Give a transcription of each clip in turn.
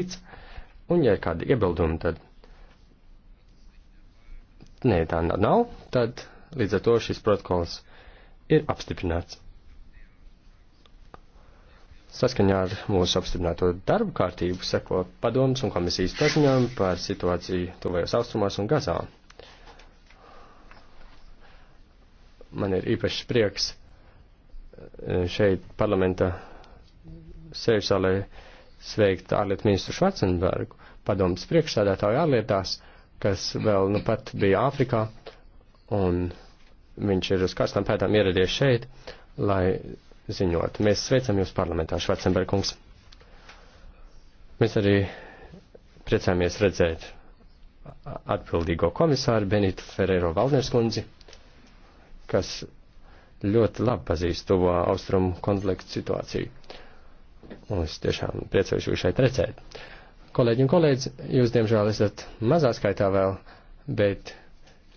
rīts, un ja ir kādi iebildumi, tad nē, tā nav, tad līdz ar to šis protokols ir apstiprināts. Saskaņā ar mūsu apstiprināto darbu kārtību seko padomus un komisijas paziņojumi par situāciju tuvajos austrumos un gazā. Man ir īpašs prieks eh, šeit parlamenta sēžsalē sveikt ārlietu ministru Švarcenbergu, padomas priekšsēdētāju ārlietās, kas vēl nu pat bija Āfrikā, un viņš ir uz karstām pētām ieradies šeit, lai ziņot. Mēs sveicam jūs parlamentā, Švarcenberkungs. Mēs arī priecāmies redzēt atbildīgo komisāru Benitu Ferrero Valnerskundzi, kas ļoti labi pazīst to austrumu konfliktu situāciju. Un es tiešām priecājos jūs šeit redzēt. Kolēģi un kolēģi, jūs diemžēl esat mazā skaitā vēl, bet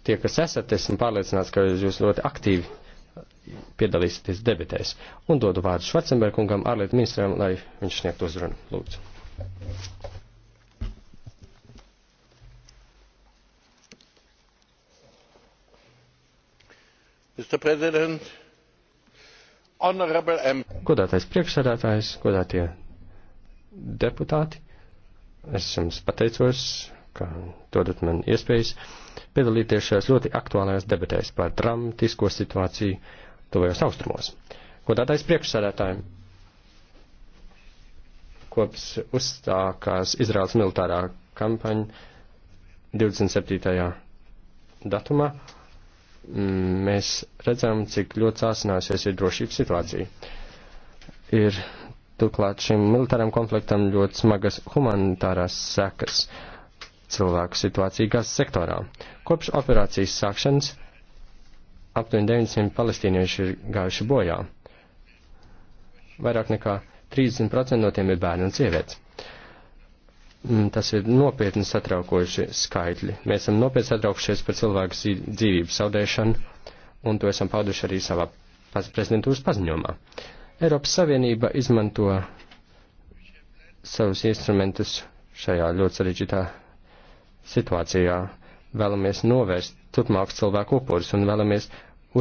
tie, kas esat, esmu pārliecināts, ka jūs ļoti aktīvi piedalīsieties debatēs. Un dodu vārdu Švarcenbergam, ārlietu ministram, lai viņš sniegtu uzrunu. Lūdzu. Mr. President, Godātais priekšsēdētājs, godātie deputāti, es jums pateicos, ka dodat man iespējas piedalīties šajās ļoti aktuālajās debatēs par dramatisko situāciju tuvajos austrumos. Godātais priekšsēdētājiem, kops uzstākās Izraels militārā kampaņa 27. datumā mēs redzam, cik ļoti sāsinājusies ir drošības situācija. Ir turklāt šim militāram konfliktam ļoti smagas humanitārās sekas cilvēku situācija Gazas sektorā. Kopš operācijas sākšanas aptuveni 900 palestīnieši ir gājuši bojā. Vairāk nekā 30% no tiem ir bērni un sievietes. Mm, tas ir nopietni satraukoši skaitļi. Mēs esam nopietni satraukušies par cilvēku dzīvību zaudēšanu, un to esam pauduši arī savā prezidentūras paziņojumā. Eiropas Savienība izmanto savus instrumentus šajā ļoti sarežģītā situācijā. Vēlamies novērst turpmākus cilvēku upurus un vēlamies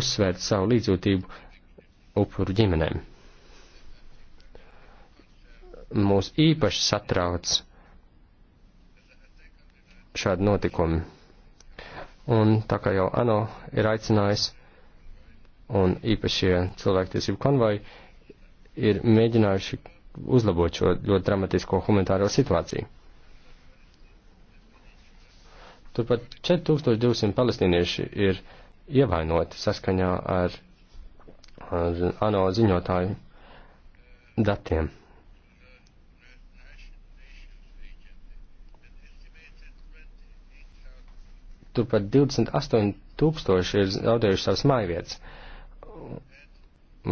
uzsvērt savu līdzjūtību upuru ģimenēm. Mūs īpaši satrauc šādi notikumi. Un tā kā jau ANO ir aicinājis, un īpašie cilvēktiesību konvoji ir mēģinājuši uzlabot šo ļoti dramatisko humanitāro situāciju. Turpat 4200 palestīnieši ir ievainoti saskaņā ar, ar ANO ziņotāju datiem. tur pat 28 tūkstoši ir zaudējuši savas mājvietas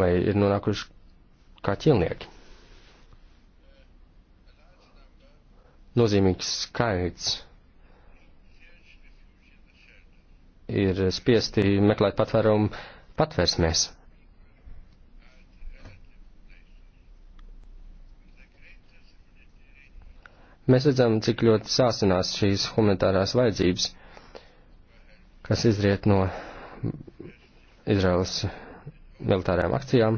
vai ir nonākuši kā ķilnieki. Nozīmīgs skaits ir spiesti meklēt patvērumu patvērsmēs. Mēs redzam, cik ļoti sāsinās šīs humanitārās vajadzības kas izriet no Izraels militārajām akcijām,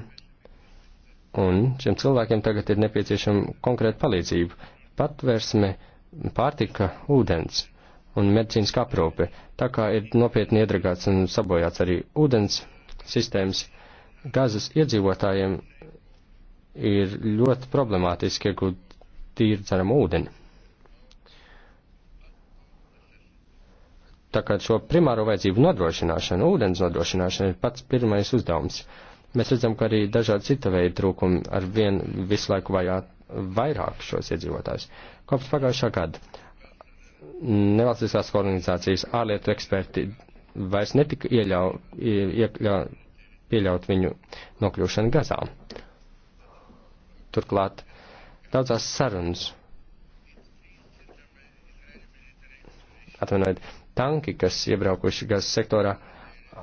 un šiem cilvēkiem tagad ir nepieciešama konkrēta palīdzība, patvērsme, pārtika, ūdens un medicīnas aprūpe. Tā kā ir nopietni iedragāts un sabojāts arī ūdens sistēmas, gazas iedzīvotājiem ir ļoti problemātiski iegūt tīru dzeramu ūdeni. Tā kā šo primāro vajadzību nodrošināšana, ūdens nodrošināšana ir pats pirmais uzdevums. Mēs redzam, ka arī dažādi cita veida trūkumi ar vien visu laiku vajā vairāk šos iedzīvotājus. Kopš pagājušā gada nevalstiskās organizācijas ārlietu eksperti vairs netika ieļau, iekļau, pieļaut viņu nokļūšanu gazā. Turklāt daudzās sarunas, atvainojiet, tanki, kas iebraukuši gazas sektorā,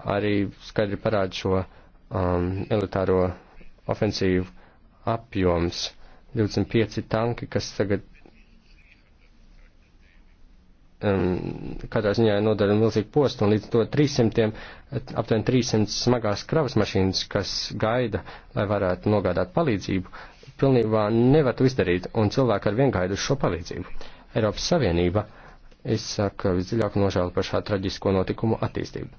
arī skaidri parāda šo um, elitāro ofensīvu apjoms. 25 tanki, kas tagad um, katrā ziņā nodara milzīgu postu, un līdz to 300, aptuveni 300 smagās kravas mašīnas, kas gaida, lai varētu nogādāt palīdzību, pilnībā nevar to izdarīt, un cilvēki ar vien gaida uz šo palīdzību. Eiropas Savienība uh, Es saku visdziļāk nožēlu par šā traģisko notikumu attīstību.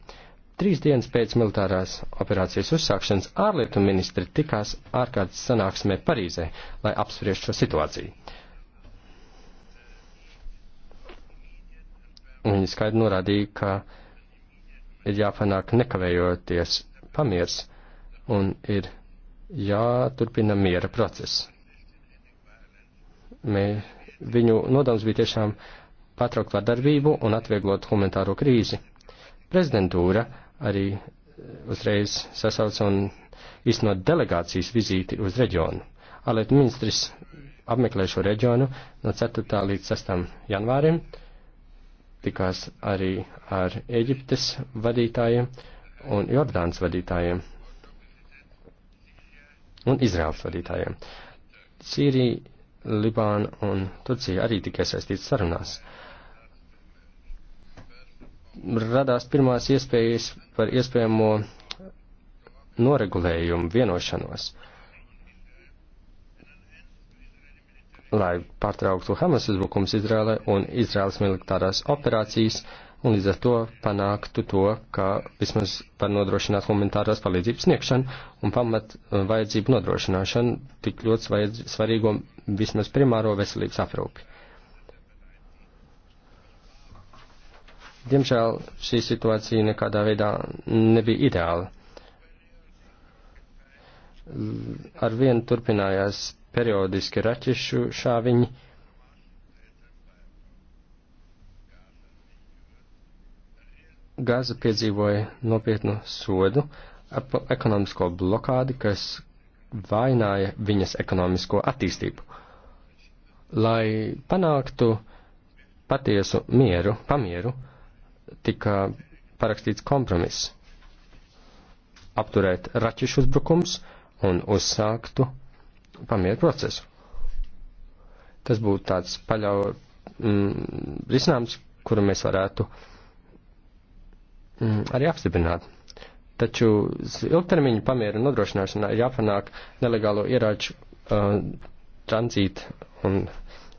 Trīs dienas pēc militārās operācijas uzsākšanas ārlietu ministri tikās ārkārtas sanāksmē Parīzē, lai apspriež šo situāciju. Viņi skaidri norādīja, ka ir jāpanāk nekavējoties pamiers un ir jāturpina miera process. Mē, viņu nodoms bija tiešām uh, patraukt vardarbību un atvieglot humanitāro krīzi. Prezidentūra arī eh, uzreiz sasauca un iznot delegācijas vizīti uz reģionu. Ārlietu ministrs apmeklē šo reģionu no 4. līdz 6. janvārim, tikās arī ar Eģiptes vadītājiem un Jordānas vadītājiem un Izraels vadītājiem. Sīrija, Libāna un Turcija arī tikai saistīts sarunās. Uh, radās pirmās iespējas par iespējamo noregulējumu vienošanos, lai pārtrauktu Hamas uzbrukums Izrēlē un Izrēlas militārās operācijas, un līdz ar to panāktu to, ka vismaz var nodrošināt humanitārās palīdzības sniegšanu un pamat uh, vajadzību nodrošināšanu tik ļoti svarīgo vismaz primāro veselības aprūpi. Diemžēl šī situācija nekādā veidā nebija ideāla. Ar vienu turpinājās periodiski raķešu šāviņi. Gaza piedzīvoja nopietnu sodu, ekonomisko blokādi, kas vaināja viņas ekonomisko attīstību. Lai panāktu patiesu mieru, pamieru, tika parakstīts kompromiss apturēt raķešu uzbrukums un uzsāktu pamieru procesu. Tas būtu tāds paļau mm, risinājums, kuru mēs varētu mm, arī apstiprināt. Taču ilgtermiņa pamieru nodrošināšanā ir jāpanāk nelegālo ierāču uh, tranzītu un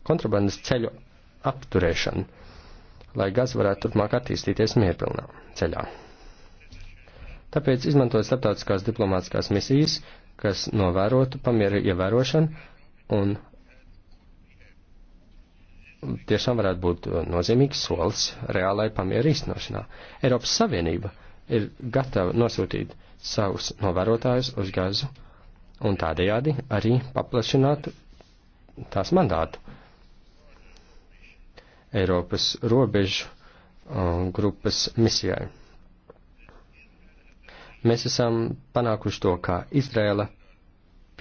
kontrabandas ceļu apturēšanu lai gaz varētu turpmāk attīstīties mierpilnā ceļā. Tāpēc izmantoja starptautiskās diplomātiskās misijas, kas novērotu pamieru ievērošanu un tiešām varētu būt uh, nozīmīgs solis reālai pamieru īstenošanā. Eiropas Savienība ir gatava nosūtīt savus novērotājus uz gazu un tādējādi arī paplašināt tās mandātu. Eiropas robežu um, grupas misijai. Mēs esam panākuši to, kā Izrēla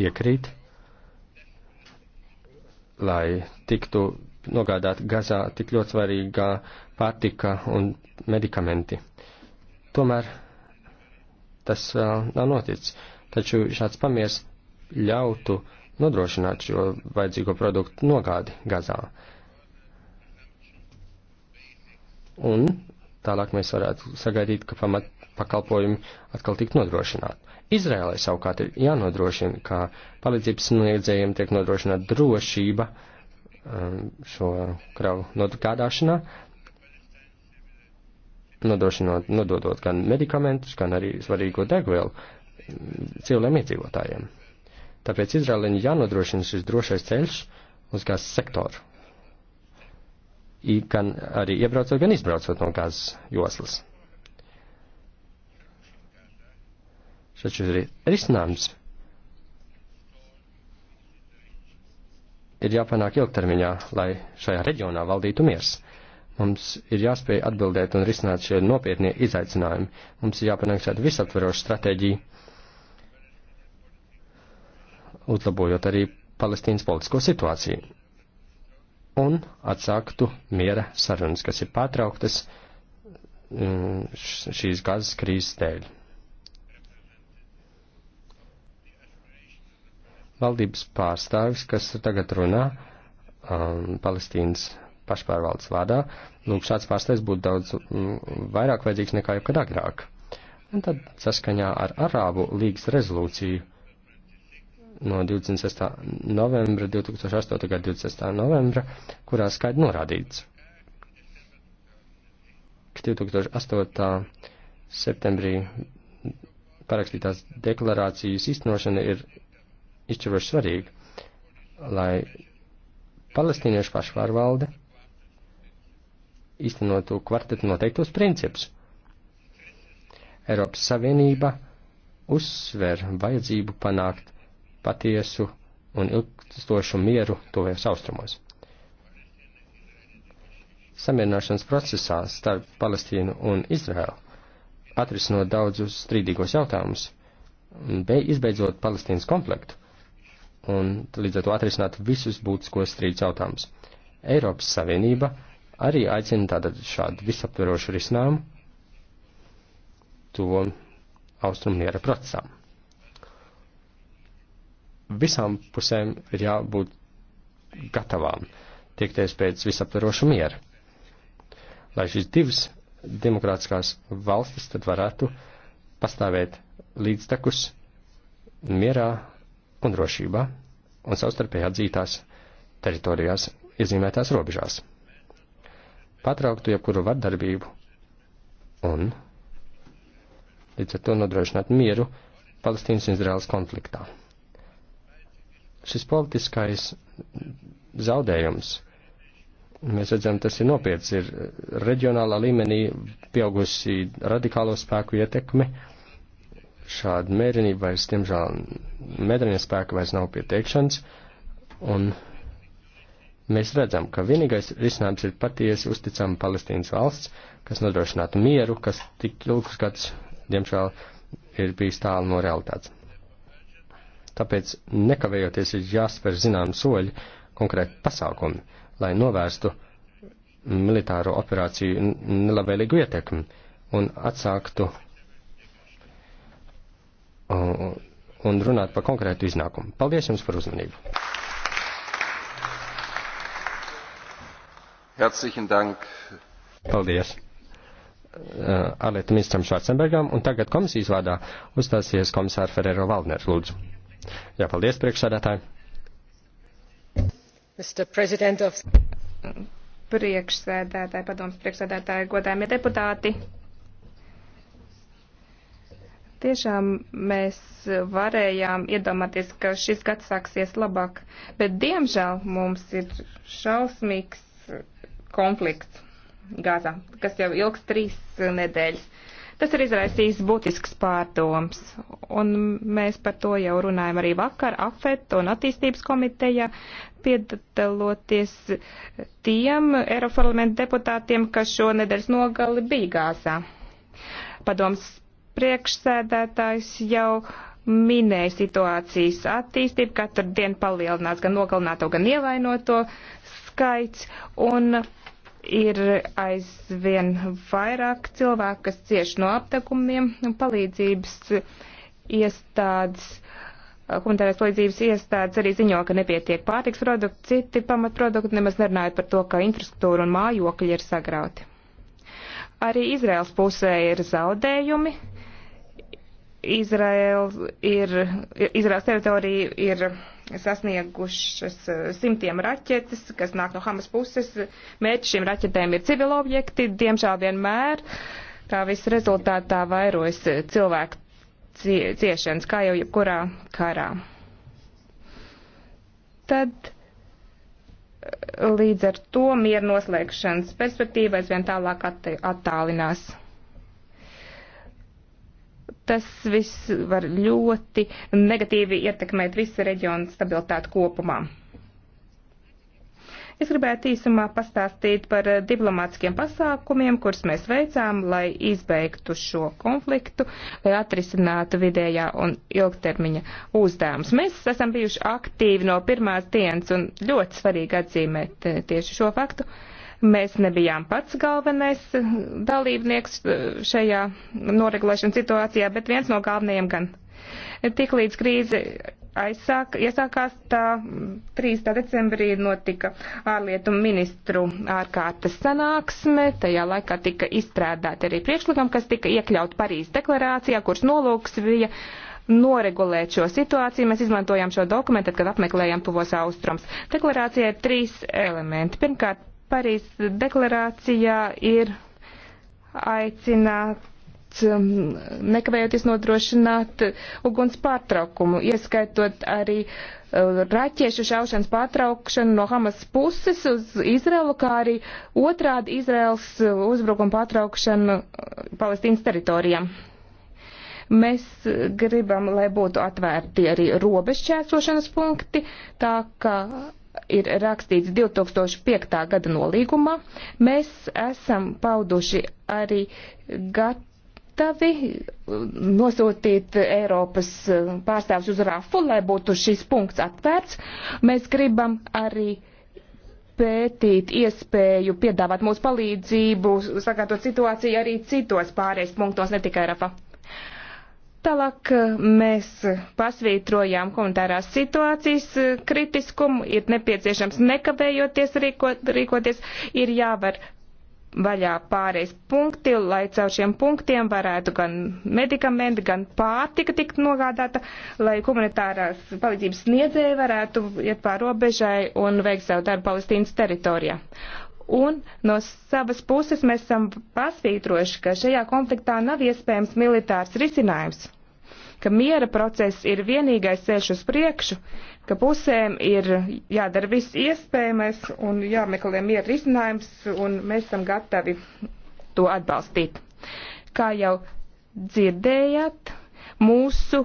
piekrīt, lai tiktu nogādāt Gazā tik ļoti svarīgā pārtika un medikamenti. Tomēr tas vēl uh, nav noticis, taču šāds pamiers ļautu nodrošināt šo vajadzīgo produktu nogādi Gazā. Uh, un tālāk mēs varētu sagaidīt, ka pamat pakalpojumi atkal tikt nodrošināti. Izrēlai savukārt ir jānodrošina, ka palīdzības sniedzējiem tiek nodrošināta drošība um, šo kravu nodrukādāšanā, nodrošinot, nododot gan medikamentus, gan arī svarīgo degvielu mm, cilvēm iedzīvotājiem. Tāpēc Izrēlai jānodrošina šis drošais ceļš uz gāzes sektoru gan arī iebraucot, gan izbraucot no gāzes joslas. Taču ir risinājums. Ir jāpanāk ilgtermiņā, lai šajā reģionā valdītu miers. Mums ir jāspēj atbildēt un risināt šie nopietnie izaicinājumi. Mums ir jāpanāk šāda visaptveroša stratēģija, uzlabojot arī Palestīnas politisko situāciju un atsāktu miera sarunas, kas ir pārtrauktas mm, šīs gazas krīzes dēļ. Valdības pārstāvis, kas tagad runā um, Palestīnas pašpārvaldes vārdā, lūk, šāds pārstāvis būtu daudz mm, vairāk vajadzīgs nekā jebkad agrāk. Un tad saskaņā ar Arābu līgas rezolūciju no 26. novembra, 2008. gada 26. novembra, kurā skaidri norādīts, ka 2008. septembrī parakstītās deklarācijas iznošana ir izšķiroši svarīga, lai palestīniešu pašvārvalde īstenotu kvartetu noteiktos principus. Eiropas Savienība uzsver vajadzību panākt patiesu un ilgstošu mieru tuvējos austrumos. Samierināšanas procesā starp Palestīnu un Izraēlu, atrisinot daudzus strīdīgos jautājumus, izbeidzot Palestīnas konfliktu un līdz ar to atrisināt visus būtiskos strīdus jautājumus. Eiropas Savienība arī aicina tātad šādu visaptverošu risinājumu tuvo austrumu miera procesām visām pusēm ir jābūt gatavām tiekties pēc visaptveroša miera. Lai šīs divas demokrātiskās valstis tad varētu pastāvēt līdztekus mierā un drošībā un savstarpēji atzītās teritorijās iezīmētās robežās. Patrauktu jebkuru vardarbību un līdz ar to nodrošināt mieru Palestīnas-Izraels konfliktā. Šis politiskais zaudējums, mēs redzam, tas ir nopietns, ir reģionālā līmenī pieaugusi radikālo spēku ietekme. Šāda mērenība vairs, diemžēl, mēdrenie spēki vairs nav pieteikšanas. Un mēs redzam, ka vienīgais risinājums ir patiesi uzticama Palestīnas valsts, kas nodrošinātu mieru, kas tik ilgus gadus, diemžēl, ir bijis tālu no realitātes. Tāpēc nekavējoties ir jāspēr zinām soļi, konkrēti pasākumi, lai novērstu militāro operāciju nelabvēlīgu ietekmi un atsāktu un runāt par konkrētu iznākumu. Paldies jums par uzmanību! Herzlichen Dank. Paldies. Ārlietu ministram Švarcenbergam un tagad komisijas vārdā uzstāsies komisāra Ferrero Valdner, lūdzu. Jā, paldies, priekšsēdētāji. Of... Priekšsēdētāji, padoms priekšsēdētāji, godājumie deputāti. Tiešām mēs varējām iedomāties, ka šis gads sāksies labāk, bet diemžēl mums ir šausmīgs konflikts Gāzā, kas jau ilgs trīs nedēļas. Tas ir izraisījis būtisks pārdoms, un mēs par to jau runājam arī vakar AFET un attīstības komiteja, piedaloties tiem Eiroparlamenta deputātiem, kas šonedēļas nogali bija Gāzā. Padoms priekšsēdētājs jau minēja situācijas attīstību, katru dienu palielinās gan nogalināto, gan ievainoto skaits, un ir aizvien vairāk cilvēku, kas cieš no aptekumiem un palīdzības iestādes. Humanitārās palīdzības iestādes arī ziņo, ka nepietiek pārtiks produkti, citi pamatprodukti nemaz nerunājot par to, ka infrastruktūra un mājokļi ir sagrauti. Arī Izraels pusē ir zaudējumi. Izraels, ir, Izraels teritorija ir sasniegušas eh, simtiem raķetes, kas nāk no Hamas puses. Mērķis šīm raķetēm ir civila objekti. Diemžēl vienmēr tā viss rezultātā vairojas eh, cilvēku ciešanas, kā jau jebkurā karā. Tad eh, līdz ar to mieru noslēgšanas perspektīva aizvien tālāk attālinās tas viss var ļoti negatīvi ietekmēt visu reģionu stabilitāti kopumā. Es gribētu īsumā pastāstīt par diplomātiskiem pasākumiem, kurus mēs veicām, lai izbeigtu šo konfliktu, lai atrisinātu vidējā un ilgtermiņa uzdevumus. Mēs esam bijuši aktīvi no pirmās dienas un ļoti svarīgi atzīmēt eh, tieši šo faktu. Uh, Mēs nebijām pats galvenais dalībnieks eh, šajā noregulēšanas situācijā, bet viens no galvenajiem gan. Tiklīdz krīze aizsāk, iesākās tā 3. decembrī notika ārlietu ministru ārkārtas sanāksme. Tajā laikā tika izstrādāti arī priekšlikumi, kas tika iekļaut Parīzes deklarācijā, kurš nolūks bija noregulēt šo situāciju. Mēs izmantojām šo dokumentu, kad apmeklējām tuvos austrums. Deklarācijai ir trīs elementi. Pirmkārt, Parīzes deklarācijā ir aicināts um, nekavējoties nodrošināt uguns pārtraukumu, ieskaitot arī uh, raķiešu šaušanas pārtraukšanu no Hamas puses uz Izraelu, kā arī otrādi Izraels uh, uzbrukumu pārtraukšanu uh, Palestīnas teritorijām mēs gribam, lai būtu atvērti arī robežšķērsošanas punkti, tā ka ir rakstīts 2005. gada nolīgumā, mēs esam pauduši arī gatavi uh, nosūtīt Eiropas uh, pārstāvs uz Rafu, lai būtu šis punkts atvērts. Mēs gribam arī pētīt iespēju piedāvāt mūsu palīdzību, sakārtot situāciju arī citos pārējais punktos, ne tikai Rafa. Tālāk eh, mēs pasvītrojām komentārās situācijas eh, kritiskumu, ir nepieciešams nekavējoties rīkot, rīkoties, ir jāvar vaļā pāreiz punkti, lai caur šiem punktiem varētu gan medikamenti, gan pārtika tikt nogādāta, lai humanitārās palīdzības sniedzēji varētu iet pār robežai un veikt savu darbu Palestīnas teritorijā. Un no savas puses mēs esam pasvītrojuši, ka šajā konfliktā nav iespējams militārs risinājums, ka miera process ir vienīgais ceļš uz priekšu, ka pusēm ir jādara viss iespējamais un jāmeklē miera risinājums, un mēs esam gatavi to atbalstīt. Kā jau dzirdējāt, mūsu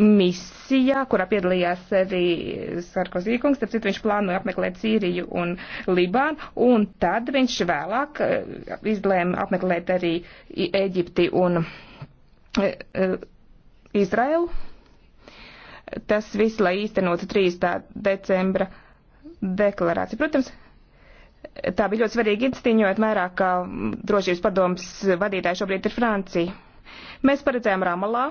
misijā, kurā piedalījās arī Sarkozī kungs, tad viņš plānoja apmeklēt Sīriju un Libānu, un tad viņš vēlāk eh, izlēma apmeklēt arī Eģipti un eh, eh, Izraelu. Tas viss, lai īstenotu 3. decembra deklarāciju. Protams, tā bija ļoti svarīga institīva, jo atmērā, ka drošības padoms vadītāji šobrīd ir Francija. Mēs paredzējām Ramalā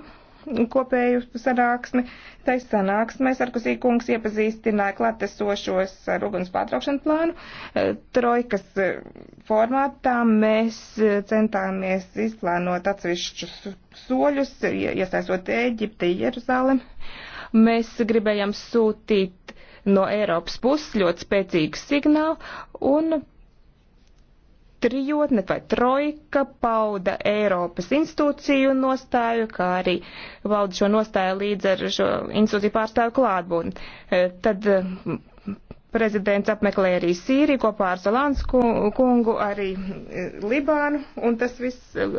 kopēju sanāksmi. Tai sanāksmē Sarkozī kungs iepazīstināja klātesošos ar uguns pārtraukšanu plānu. Eh, trojkas eh, formātā mēs eh, centāmies izplānot atsevišķus soļus, iesaistot Eģipti, Jeruzalem. Mēs gribējām sūtīt no Eiropas puses ļoti spēcīgu signālu un trijotne vai trojka pauda Eiropas institūciju nostāju, kā arī pauda šo nostāju līdz ar šo institūciju pārstāvu klātbūtni. E, tad mm, prezidents apmeklēja arī Sīriju kopā ar Solāns kungu, arī e, Libānu, un tas viss e,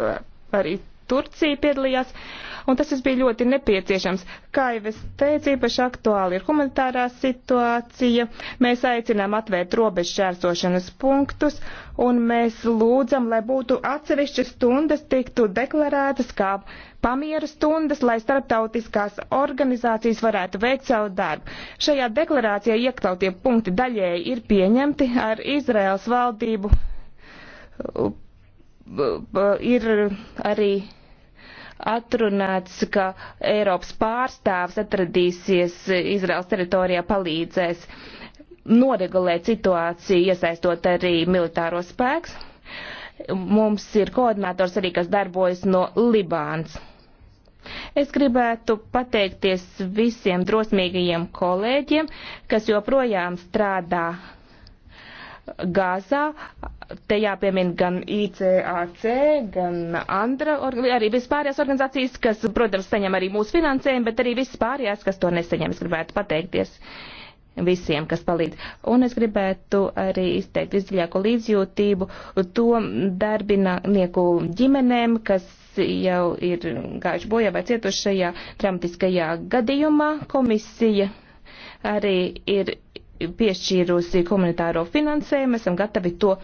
arī Turcija piedalījās un tas bija ļoti nepieciešams. Kā jau es teicu, īpaši aktuāli ir humanitārā situācija. Mēs aicinām atvērt robežu šķērsošanas punktus, un mēs lūdzam, lai būtu atsevišķas stundas tiktu deklarētas kā pamiera stundas, lai starptautiskās organizācijas varētu veikt savu darbu. Šajā deklarācijā iekļautie punkti daļēji ir pieņemti ar Izraels valdību. Ir arī atrunāts, ka Eiropas pārstāvs atradīsies Izraels teritorijā palīdzēs noregulēt situāciju, iesaistot arī militāro spēks. Mums ir koordinators arī, kas darbojas no Libāns. Es gribētu pateikties visiem drosmīgajiem kolēģiem, kas joprojām strādā Gāzā. Te jāpiemina gan ICAC, gan Andra, arī vispārējās organizācijas, kas, protams, saņem arī mūsu finansējumu, bet arī vispārējās, kas to nesaņem. Es gribētu pateikties visiem, kas palīdz. Un es gribētu arī izteikt visdziļāko līdzjūtību to darbinieku ģimenēm, kas jau ir gājuši bojā vai cietuši šajā dramatiskajā gadījumā. Komisija arī ir piešķīrusi komunitāro finansējumu, esam gatavi to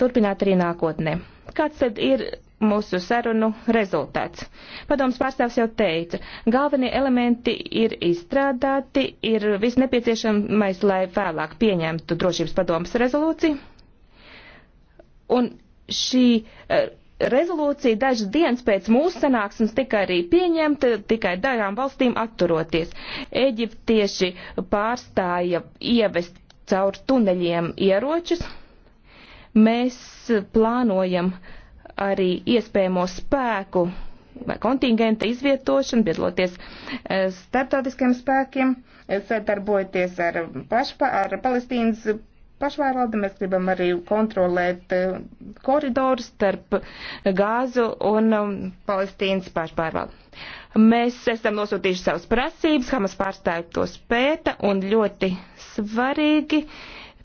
turpināt arī nākotnē. Kāds tad ir mūsu sarunu rezultāts? Padoms pārstāvs jau teica, galvenie elementi ir izstrādāti, ir viss nepieciešamais, lai vēlāk pieņemtu drošības padomas rezolūciju. Un šī uh, rezolūcija dažas dienas pēc mūsu sanāksmes tika arī pieņemta, tikai dažām valstīm atturoties. Eģiptieši pārstāja ievest caur tuneļiem ieročus. Mēs plānojam arī iespējamo spēku vai kontingenta izvietošanu, piedaloties e, starptautiskiem spēkiem, e, sadarbojoties ar, pašpa, ar Palestīnas pašvārvalde, mēs gribam arī kontrolēt eh, koridorus starp gāzu un um, Palestīnas pašpārvaldu. Mēs esam nosūtījuši savas prasības, Hamas pārstāvji to spēta un ļoti svarīgi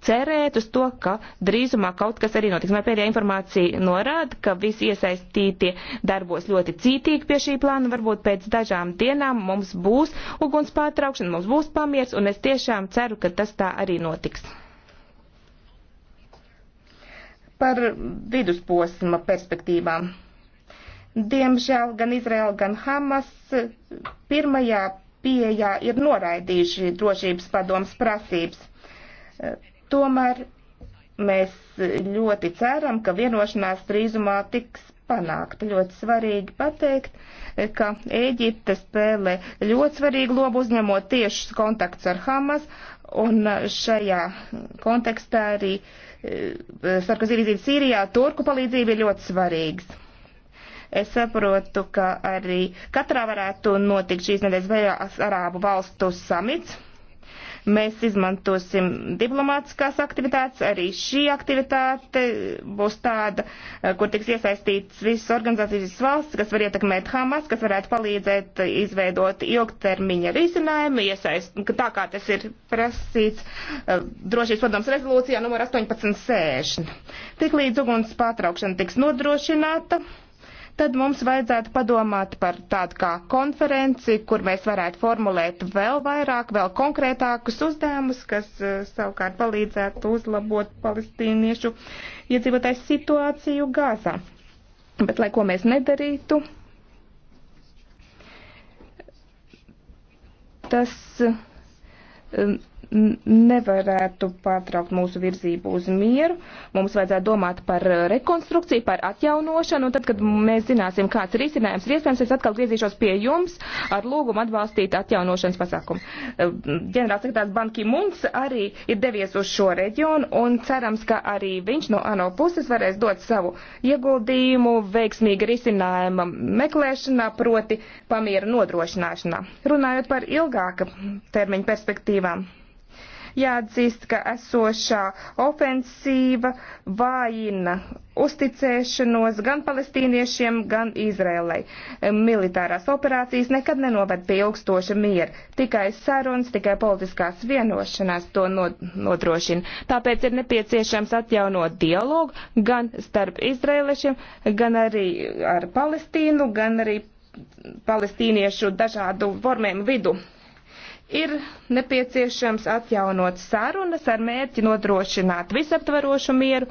cerēt uz to, ka drīzumā kaut kas arī notiks. Man pēdējā informācija norāda, ka visi iesaistītie darbos ļoti cītīgi pie šī plāna. Varbūt pēc dažām dienām mums būs uguns pārtraukšana, mums būs pamiers, un es tiešām ceru, ka tas tā arī notiks par vidusposma perspektīvām. Diemžēl gan Izraela, gan Hamas pirmajā pieejā ir noraidījuši drošības padomas prasības. Tomēr mēs ļoti ceram, ka vienošanās drīzumā tiks panākta. Ļoti svarīgi pateikt, ka Ēģipte spēlē ļoti svarīgu lobu uzņemot tiešus kontaktus ar Hamas Un šajā kontekstā arī e, Sarkozy vizīte Sīrijā turku palīdzība ir ļoti svarīgs. Es saprotu, ka arī katrā varētu notikt šīs nedēļas beigās Arābu valstu samits. Mēs izmantosim diplomātiskās aktivitātes, arī šī aktivitāte būs tāda, eh, kur tiks iesaistīts visas organizācijas visas valsts, kas var ietekmēt Hamas, kas varētu palīdzēt izveidot ilgtermiņa risinājumu, iesaist, tā kā tas ir prasīts eh, drošības padoms rezolūcijā numur 18 sēšana. Tik līdz uguns pārtraukšana tiks nodrošināta tad mums vajadzētu padomāt par tādu kā konferenci, kur mēs varētu formulēt vēl vairāk, vēl konkrētākus uzdevumus, kas eh, savukārt palīdzētu uzlabot palestīniešu iedzīvotājs situāciju Gazā. Bet, lai ko mēs nedarītu, tas eh, nevarētu pārtraukt mūsu virzību uz mieru. Mums vajadzētu domāt par rekonstrukciju, par atjaunošanu, un tad, kad mēs zināsim, kāds risinājums ir iespējams, es atkal griezīšos pie jums ar lūgumu atbalstīt atjaunošanas pasākumu. Ģenerālsekretārs Banki Munds arī ir devies uz šo reģionu, un cerams, ka arī viņš no ANO puses varēs dot savu ieguldījumu veiksmīgi risinājuma meklēšanā, proti pamiera nodrošināšanā. Runājot par ilgāka termiņa perspektīvām Jāatzīst, ka esošā ofensīva vājina uzticēšanos gan palestīniešiem, gan Izrēlai. Militārās operācijas nekad nenoved pie ilgstoša miera. Tikai sarunas, tikai politiskās vienošanās to nodrošina. Tāpēc ir nepieciešams atjaunot dialogu gan starp izrēliešiem, gan arī ar Palestīnu, gan arī palestīniešu dažādu formēm vidu ir nepieciešams atjaunot sarunas ar mērķi nodrošināt visaptvarošu mieru,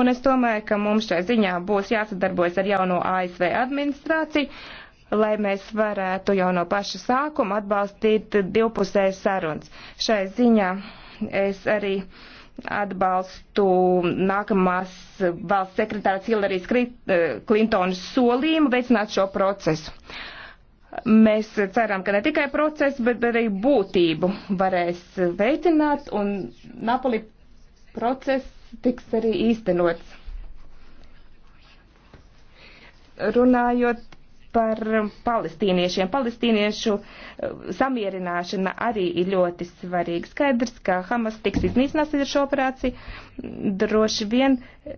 un es domāju, ka mums šai ziņā būs jāsadarbojas ar jauno ASV administrāciju, lai mēs varētu jau no paša sākuma atbalstīt divpusēju sarunas. Šai ziņā es arī atbalstu nākamās valsts sekretāras Hillarijas eh, Klintonas solījumu veicināt šo procesu. Uh, Mēs ceram, ka ne tikai procesu, bet arī būtību varēs veicināt, un Napoli process tiks arī īstenots. Runājot par palestīniešiem. Palestīniešu eh, samierināšana arī ir ļoti svarīga. Skaidrs, ka Hamas tiks iznīcināts ar šo operāciju. Droši vien eh,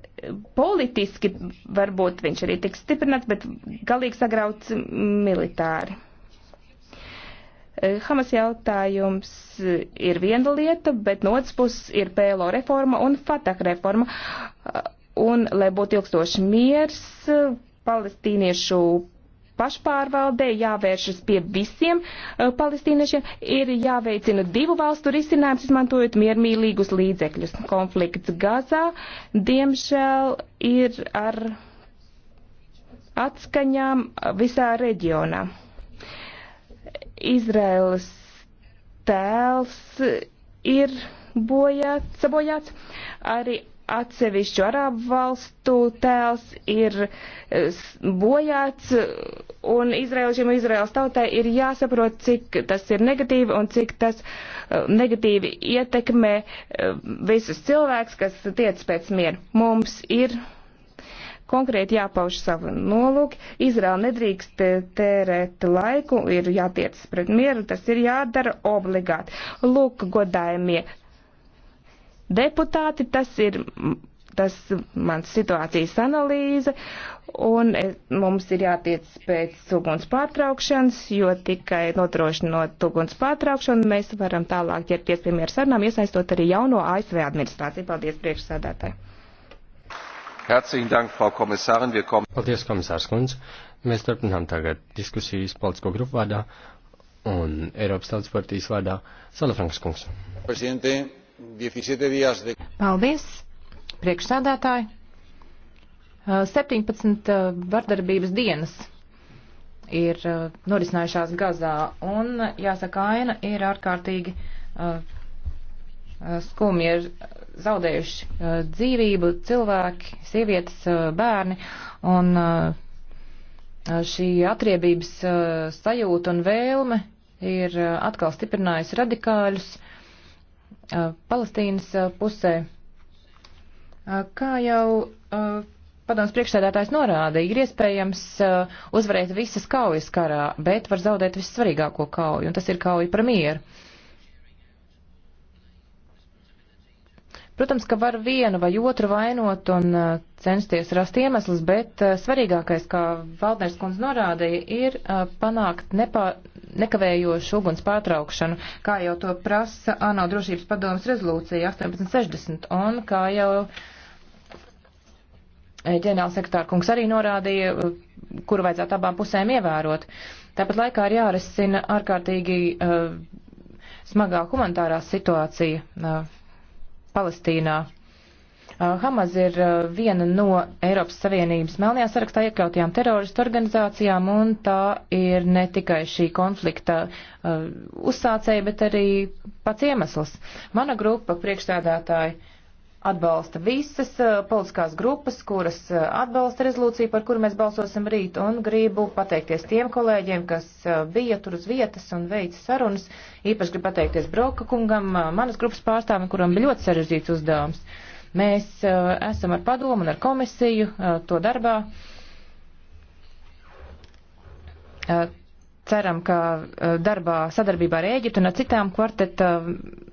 politiski varbūt viņš arī tiks stiprināts, bet galīgi sagrauts militāri. Eh, Hamas jautājums ir viena lieta, bet no otras puses ir PLO reforma un Fatah reforma. Un, lai būtu ilgstoši miers, palestīniešu pašpārvaldē, jāvēršas pie visiem uh, palestīniešiem, ir jāveicina divu valstu risinājums, izmantojot miermīlīgus līdzekļus. Konflikts Gazā, diemžēl, ir ar atskaņām visā reģionā. Izraels tēls ir bojāts, sabojāts, arī atsevišķu arābu valstu tēls ir eh, bojāts un izrēliešiem un Izraels tautai ir jāsaprot, cik tas ir negatīvi un cik tas uh, negatīvi ietekmē uh, visus cilvēks, kas tiec pēc mieru. Mums ir konkrēti jāpauž savu nolūku. Izraela nedrīkst tērēt laiku, ir jātiec pret mieru, tas ir jādara obligāti. Lūk, godājumie deputāti, tas ir tas mans situācijas analīze, un mums ir jātiec pēc uguns pārtraukšanas, jo tikai notrošinot uguns pārtraukšanu, mēs varam tālāk ķerties pie mieru sarunām, iesaistot arī jauno ASV administrāciju. Paldies, priekšsēdētāji! Herzlichen Dank, Frau Kommissarin. Wir kommen. Paldies, Kommissārs Kunz. Mēs turpinām tagad diskusijas politisko grupu vārdā un Eiropas Tautas partijas vārdā Salafrankas kungs. Paldies, priekšsēdētāji. 17 vardarbības dienas ir norisinājušās Gazā, un jāsaka, aina ir ārkārtīgi skumji, ir zaudējuši dzīvību cilvēki, sievietes, bērni, un šī atriebības sajūta un vēlme ir atkal stiprinājusi radikāļus Palestīnas pusē. Kā jau padoms priekšsēdētājs norādīja, ir iespējams uzvarēt visas kaujas karā, bet var zaudēt vissvarīgāko kauju, un tas ir kauja par mieru. Protams, ka var vienu vai otru vainot un censties rast iemeslus, bet svarīgākais, kā Valdners kundze norādīja, ir panākt nepā, nekavējošu uguns pārtraukšanu, kā jau to prasa ANO drošības padomas rezolūcija 1860 un kā jau Eh, ģenerālsektāra kungs arī norādīja, eh, kuru vajadzētu abām pusēm ievērot. Tāpat laikā ir jārisina ārkārtīgi uh, smagā humanitārā situācija uh, Palestīnā. Uh, Hamas ir uh, viena no Eiropas Savienības melnajā sarakstā iekļautajām teroristu organizācijām, un tā ir ne tikai šī konflikta uh, uzsācēja, bet arī pats iemesls. Mana grupa priekšstādātāji atbalsta visas eh, politiskās grupas, kuras eh, atbalsta rezolūciju, par kuru mēs balsosim rīt, un gribu pateikties tiem kolēģiem, kas eh, bija tur uz vietas un veica sarunas. Īpaši gribu pateikties Broka kungam, manas grupas pārstāvim, kuram bija ļoti sarežģīts uzdevums. Mēs esam ar padomu un ar komisiju to darbā. Ceram, ka darbā sadarbībā ar Ēģiptu un ar citām kvarteta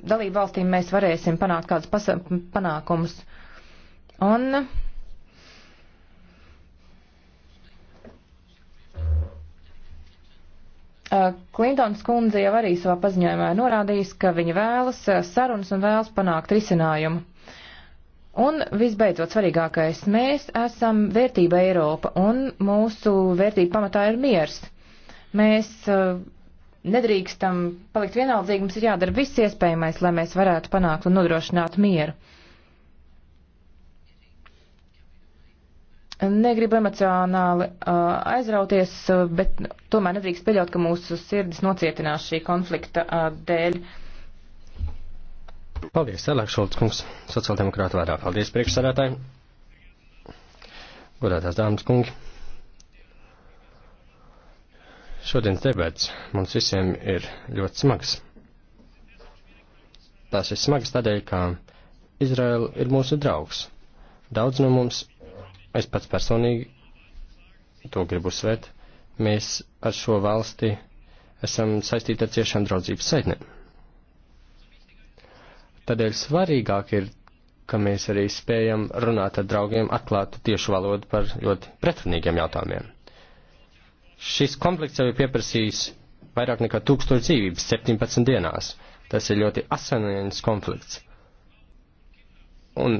dalību valstīm mēs varēsim panākt kādus panākumus. Un Klintons kundze jau arī savā paziņojumā norādījis, ka viņa vēlas sarunas un vēlas panākt risinājumu. Un visbeidzot svarīgākais, mēs esam vērtība Eiropa un mūsu vērtība pamatā ir miers. Mēs uh, nedrīkstam palikt vienaldzīgi, mums ir jādara viss iespējamais, lai mēs varētu panākt un nodrošināt mieru. Negribu emocionāli uh, aizrauties, uh, bet tomēr nedrīkst pieļaut, ka mūsu sirdis nocietinās šī konflikta uh, dēļ. Paldies, Elēks Šolts kungs, sociāldemokrāta vārdā. Paldies, priekšsarētāji. Godātās dāmas kungi. Šodienas debats mums visiem ir ļoti smags. Tas ir smags tādēļ, ka Izraela ir mūsu draugs. Daudz no mums, es pats personīgi to gribu uzsvērt, mēs ar šo valsti esam saistīti ar ciešām draudzības saitnēm. Tādēļ svarīgāk ir, ka mēs arī spējam runāt ar draugiem atklātu tiešu valodu par ļoti pretrunīgiem jautājumiem. Šis konflikts jau ir pieprasījis vairāk nekā tūkstoš dzīvības 17 dienās. Tas ir ļoti asanēns konflikts. Un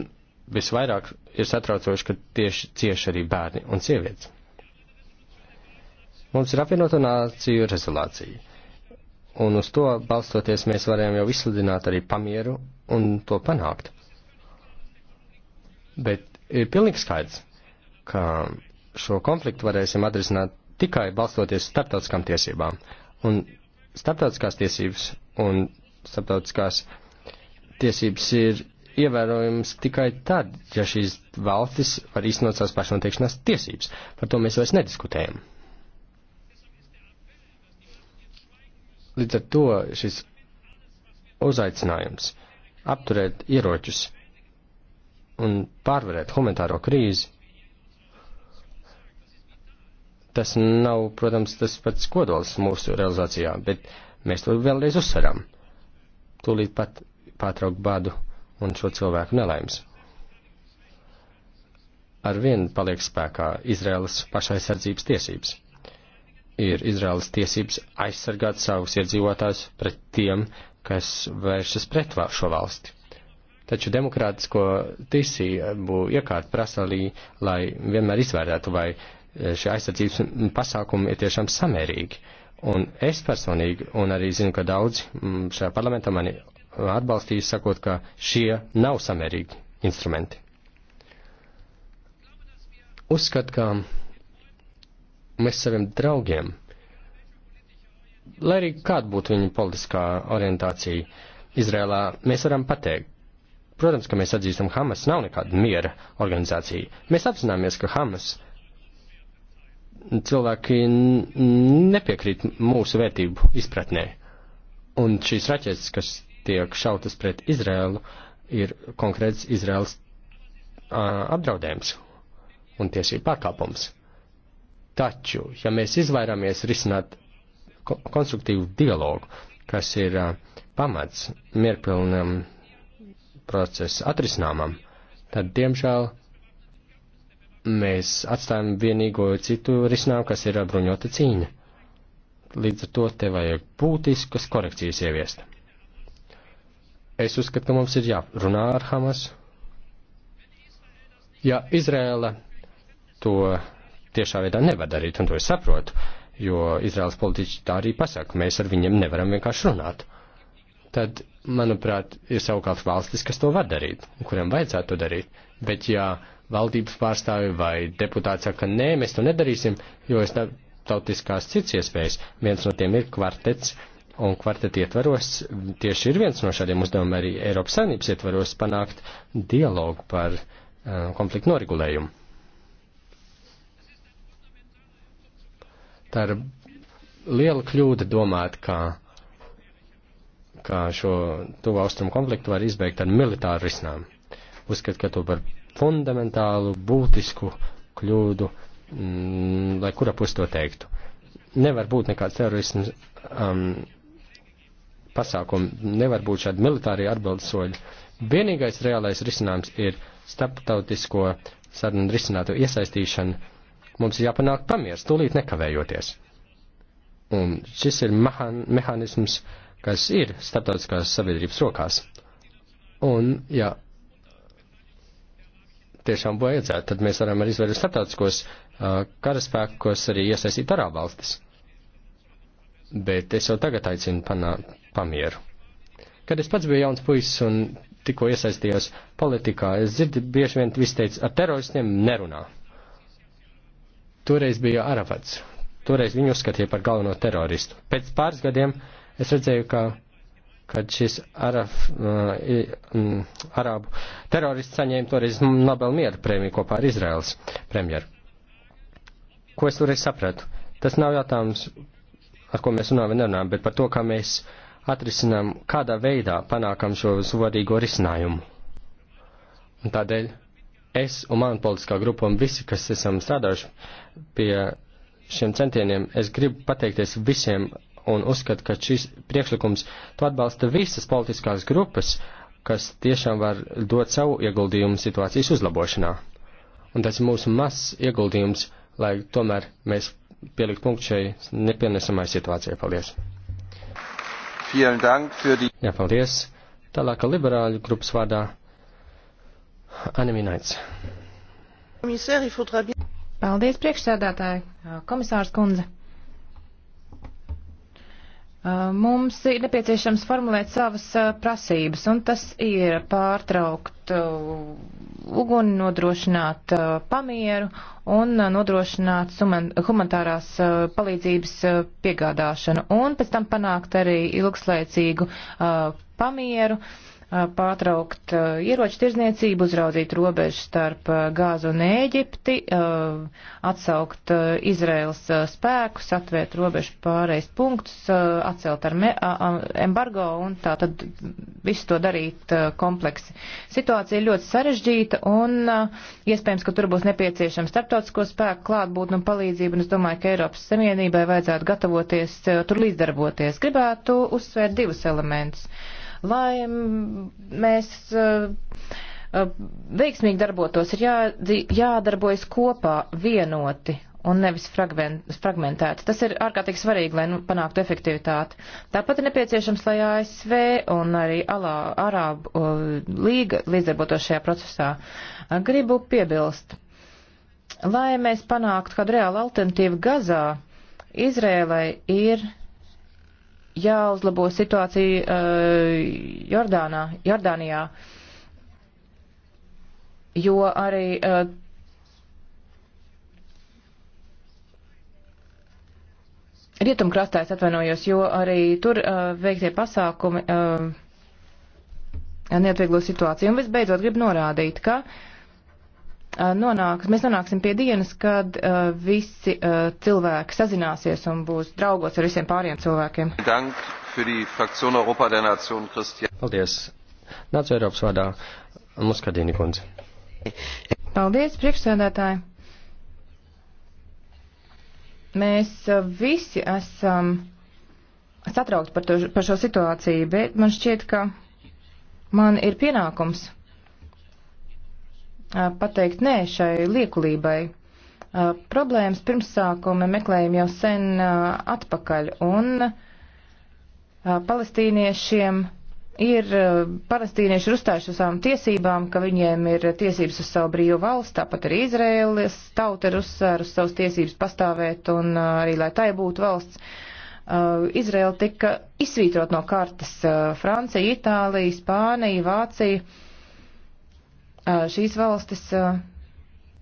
visvairāk ir satraucoši, ka tieši cieši arī bērni un sievietes. Mums ir apvienoto nāciju rezolācija, un uz to balstoties mēs varējām jau izsludināt arī pamieru un to panākt. Bet ir pilnīgi skaidrs, ka šo konfliktu varēsim atrisināt tikai balstoties starptautiskām tiesībām. Un starptautiskās tiesības un starptautiskās tiesības ir ievērojams tikai tad, ja šīs valstis var īstenot savas pašnoteikšanās tiesības. Par to mēs vairs nediskutējam. Līdz ar to šis uzaicinājums apturēt ieroķus un pārvarēt humanitāro krīzi tas nav, protams, tas pats kodols mūsu realizācijā, bet mēs to vēlreiz uzsveram. Tūlīt pat pārtraukt badu un šo cilvēku nelaimes. Ar vienu paliek spēkā Izraēlas pašaizsardzības tiesības. Ir Izraēlas tiesības aizsargāt savus iedzīvotājus pret tiem, kas vēršas pret šo valsti. Taču demokrātisko tiesību iekārt prasa arī, lai vienmēr izvērtētu, vai Eh, šie aizsardzības pasākumi ir tiešām samērīgi. Un es personīgi, un arī zinu, ka daudzi mm, šajā parlamentā mani atbalstīs, sakot, ka šie nav samērīgi instrumenti. Uzskat, ka mēs saviem draugiem, lai arī kāda būtu viņa politiskā orientācija Izrēlā, mēs varam pateikt, protams, ka mēs atzīstam, Hamas nav nekāda miera organizācija. Mēs apzināmies, ka Hamas cilvēki nepiekrīt mūsu vērtību izpratnē. Un šīs raķetes, kas tiek šautas pret Izrēlu, ir konkrēts Izrēlas apdraudējums un tiesību pārkāpums. Taču, ja mēs izvairāmies risināt ko konstruktīvu dialogu, kas ir a, pamats mierpilnam procesa atrisināmam, tad, diemžēl, mēs atstājam vienīgo citu risinājumu, kas ir bruņota cīņa. Līdz ar to te vajag būtiskas korekcijas ieviest. Es uzskatu, ka mums ir jārunā ar Hamas. Ja Izrēla to tiešā veidā nevar darīt, un to es saprotu, jo Izraels politiķi tā arī pasaka, mēs ar viņiem nevaram vienkārši runāt. Tad, manuprāt, ir savukārt valstis, kas to var darīt, kuriem vajadzētu to darīt. Bet, ja valdības pārstāvi vai deputāti saka, nē, mēs to nedarīsim, jo es tautiskās cits iespējas. Viens no tiem ir kvartets, un kvartet ietvaros tieši ir viens no šādiem uzdevumiem arī Eiropas saimnības ietvaros panākt dialogu par uh, konfliktu noregulējumu. Tā ir liela kļūda domāt, ka, ka šo tuvu austrumu konfliktu var izbeigt ar militāru risinājumu. Uzskat, ka to var fundamentālu, būtisku kļūdu, mm, lai kura pus to teiktu. Nevar būt nekāds terorisms um, pasākumi, nevar būt šādi militārie atbildes soļi. Vienīgais reālais risinājums ir starptautisko sarunu risināto iesaistīšanu. Mums ir jāpanāk pamiers, tūlīt nekavējoties. Un šis ir mehānisms, kas ir starptautiskās sabiedrības rokās. Un, ja tiešām vajadzētu, tad mēs varam arī izveidot starptautiskos uh, karaspēkos arī iesaistīt arābu valstis. Bet es jau tagad aicinu panā, pamieru. Kad es pats biju jauns puisis un tikko iesaistījos politikā, es dzirdu bieži vien viss teica, ar teroristiem nerunā. Toreiz bija Arafats. Toreiz viņu uzskatīja par galveno teroristu. Pēc pāris gadiem es redzēju, ka kad šis Arab, uh, mm, arabu terorists saņēma toreiz Nobel mieru prēmiju kopā ar Izraels premjeru. Ko es toreiz sapratu? Tas nav jautājums, ar ko mēs runājam vai nerunājam, bet par to, kā mēs atrisinām, kādā veidā panākam šo svarīgo risinājumu. Un tādēļ es un man politiskā grupa un visi, kas esam strādājuši pie šiem centieniem, es gribu pateikties visiem un uzskata, ka šis priekšlikums to atbalsta visas politiskās grupas, kas tiešām var dot savu ieguldījumu situācijas uzlabošanā. Un tas ir mūsu mazs ieguldījums, lai tomēr mēs pielikt punktu šai nepienesamai situācijai. Paldies! Jā, paldies! Tālāk liberāļu grupas vārdā Aneminaits. Paldies, priekšsēdētāji, komisārs kundze. Uh, mums ir nepieciešams formulēt savas uh, prasības, un tas ir pārtraukt uh, uguni, nodrošināt pamieru un nodrošināt humanitārās palīdzības piegādāšanu, un pēc tam panākt arī ilgslaicīgu pamieru pārtraukt ieroču tirzniecību, uzraudzīt robežu starp Gāzu un Ēģipti, atsaukt Izraels spēkus, atvērt robežu pārējais punktus, atcelt ar embargo un tā tad visu to darīt kompleksi. Situācija ir ļoti sarežģīta un iespējams, ka tur būs nepieciešama starptautisko spēku klātbūtne un palīdzība, un es domāju, ka Eiropas Savienībai vajadzētu gatavoties tur līdzdarboties. Gribētu uzsvērt divus elementus. Lai mm, mēs eh, eh, veiksmīgi darbotos, ir jā, jādarbojas kopā vienoti un nevis fragmentēti. Tas ir ārkārtīgi svarīgi, lai nu, panāktu efektivitāti. Tāpat ir nepieciešams, lai ASV un arī Alā, Arābu eh, līga līdzdarbotos šajā procesā. Gribu piebilst, lai mēs panāktu kādu reālu alternatīvu Gazā, Izrēlai ir jāuzlabo situācija uh, Jordānā, Jordānijā, jo arī uh, Rietumkrastā es atvainojos, jo arī tur uh, veiktie pasākumi uh, neatvieglo situāciju. Un visbeidzot gribu norādīt, ka uh, Eh, nonāks, mēs nonāksim pie dienas, kad uh, visi uh, cilvēki sazināsies un būs draugos ar visiem pāriem cilvēkiem. Paldies. Nācu Eiropas vārdā Muskadīni kundze. Paldies, priekšsēdētāji. Mēs uh, visi esam satraukti par, to, par šo situāciju, bet man šķiet, ka man ir pienākums pateikt nē šai liekulībai. Problēmas pirmsākumi meklējam jau sen atpakaļ, un palestīniešiem ir, palestīnieši ir uzstājuši uz savām tiesībām, ka viņiem ir tiesības uz savu brīvu valsts, tāpat arī Izraēlis tauta ir uzsvērusi uz savas tiesības pastāvēt un arī, lai tai būtu valsts. Izraēla tika izsvītrot no kartes Francija, Itālija, Spānija, Vācija šīs valstis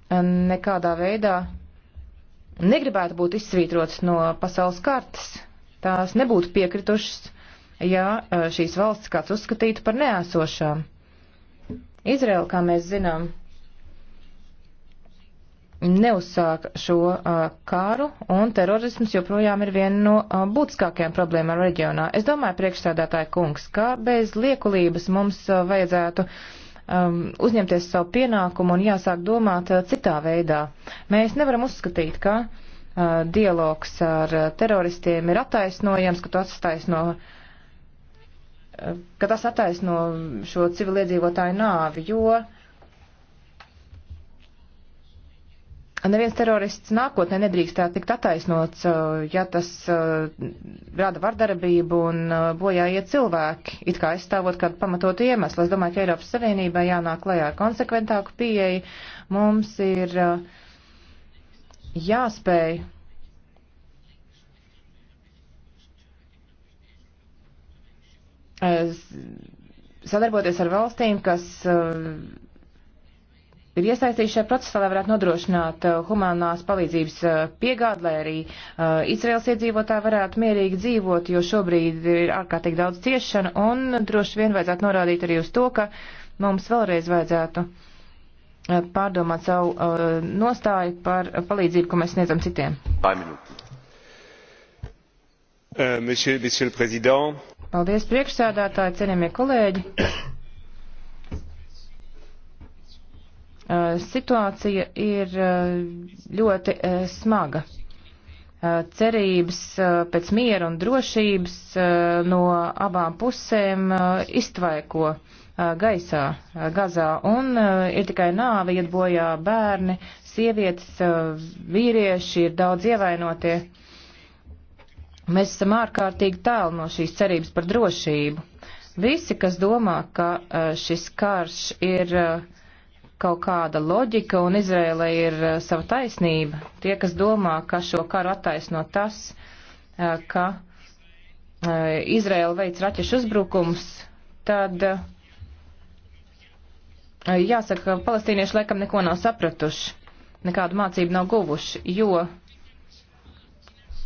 nekādā veidā negribētu būt izsvītrotas no pasaules kartes. Tās nebūtu piekritušas, ja šīs valstis kāds uzskatītu par neesošām. Izraela, kā mēs zinām, neuzsāka šo kāru, un terorisms joprojām ir viena no būtiskākajām problēmām reģionā. Es domāju, priekšstādātāja kungs, ka bez liekulības mums vajadzētu uh, um, uzņemties savu pienākumu un jāsāk domāt uh, citā veidā. Mēs nevaram uzskatīt, ka uh, dialogs ar uh, teroristiem ir attaisnojams, ka tas attaisno uh, ka tas attaisno šo civiliedzīvotāju nāvi, jo uh, Neviens terorists nākotnē nedrīkstētu tikt attaisnots, uh, ja tas uh, rada vardarbību un uh, bojā iet cilvēki, it kā aizstāvot kādu pamatotu iemeslu. Es domāju, ka Eiropas Savienībai jānāk lejā ar konsekventāku pieeju. Mums ir jāspēj sadarboties ar valstīm, kas ir iesaistījušies šajā procesā, lai varētu nodrošināt uh, humanās palīdzības uh, piegādi, lai arī uh, Izraels iedzīvotāji varētu mierīgi dzīvot, jo šobrīd ir ārkārtīgi daudz ciešana, un droši vien vajadzētu norādīt arī uz to, ka mums vēlreiz vajadzētu uh, pārdomāt savu uh, nostāju par palīdzību, ko mēs sniedzam citiem. Euh, monsieur, monsieur Paldies, priekšsēdētāji, cienījamie kolēģi! Eh, situācija ir eh, ļoti eh, smaga. Cerības pēc miera un drošības no abām pusēm iztvaiko gaisā Gazā un ir tikai nāve, iet bojā bērni, sievietes, vīrieši, ir daudz ievainotie. Mēs esam ārkārtīgi tālu no šīs cerības par drošību. Visi, kas domā, ka šis karš ir kaut kāda loģika un Izrēla ir eh, sava taisnība. Tie, kas domā, ka šo karu attaisno tas, eh, ka eh, Izrēla veids raķešu uzbrukums, tad jāsaka, ka palestīnieši laikam neko nav sapratuši, nekādu mācību nav guvuši, jo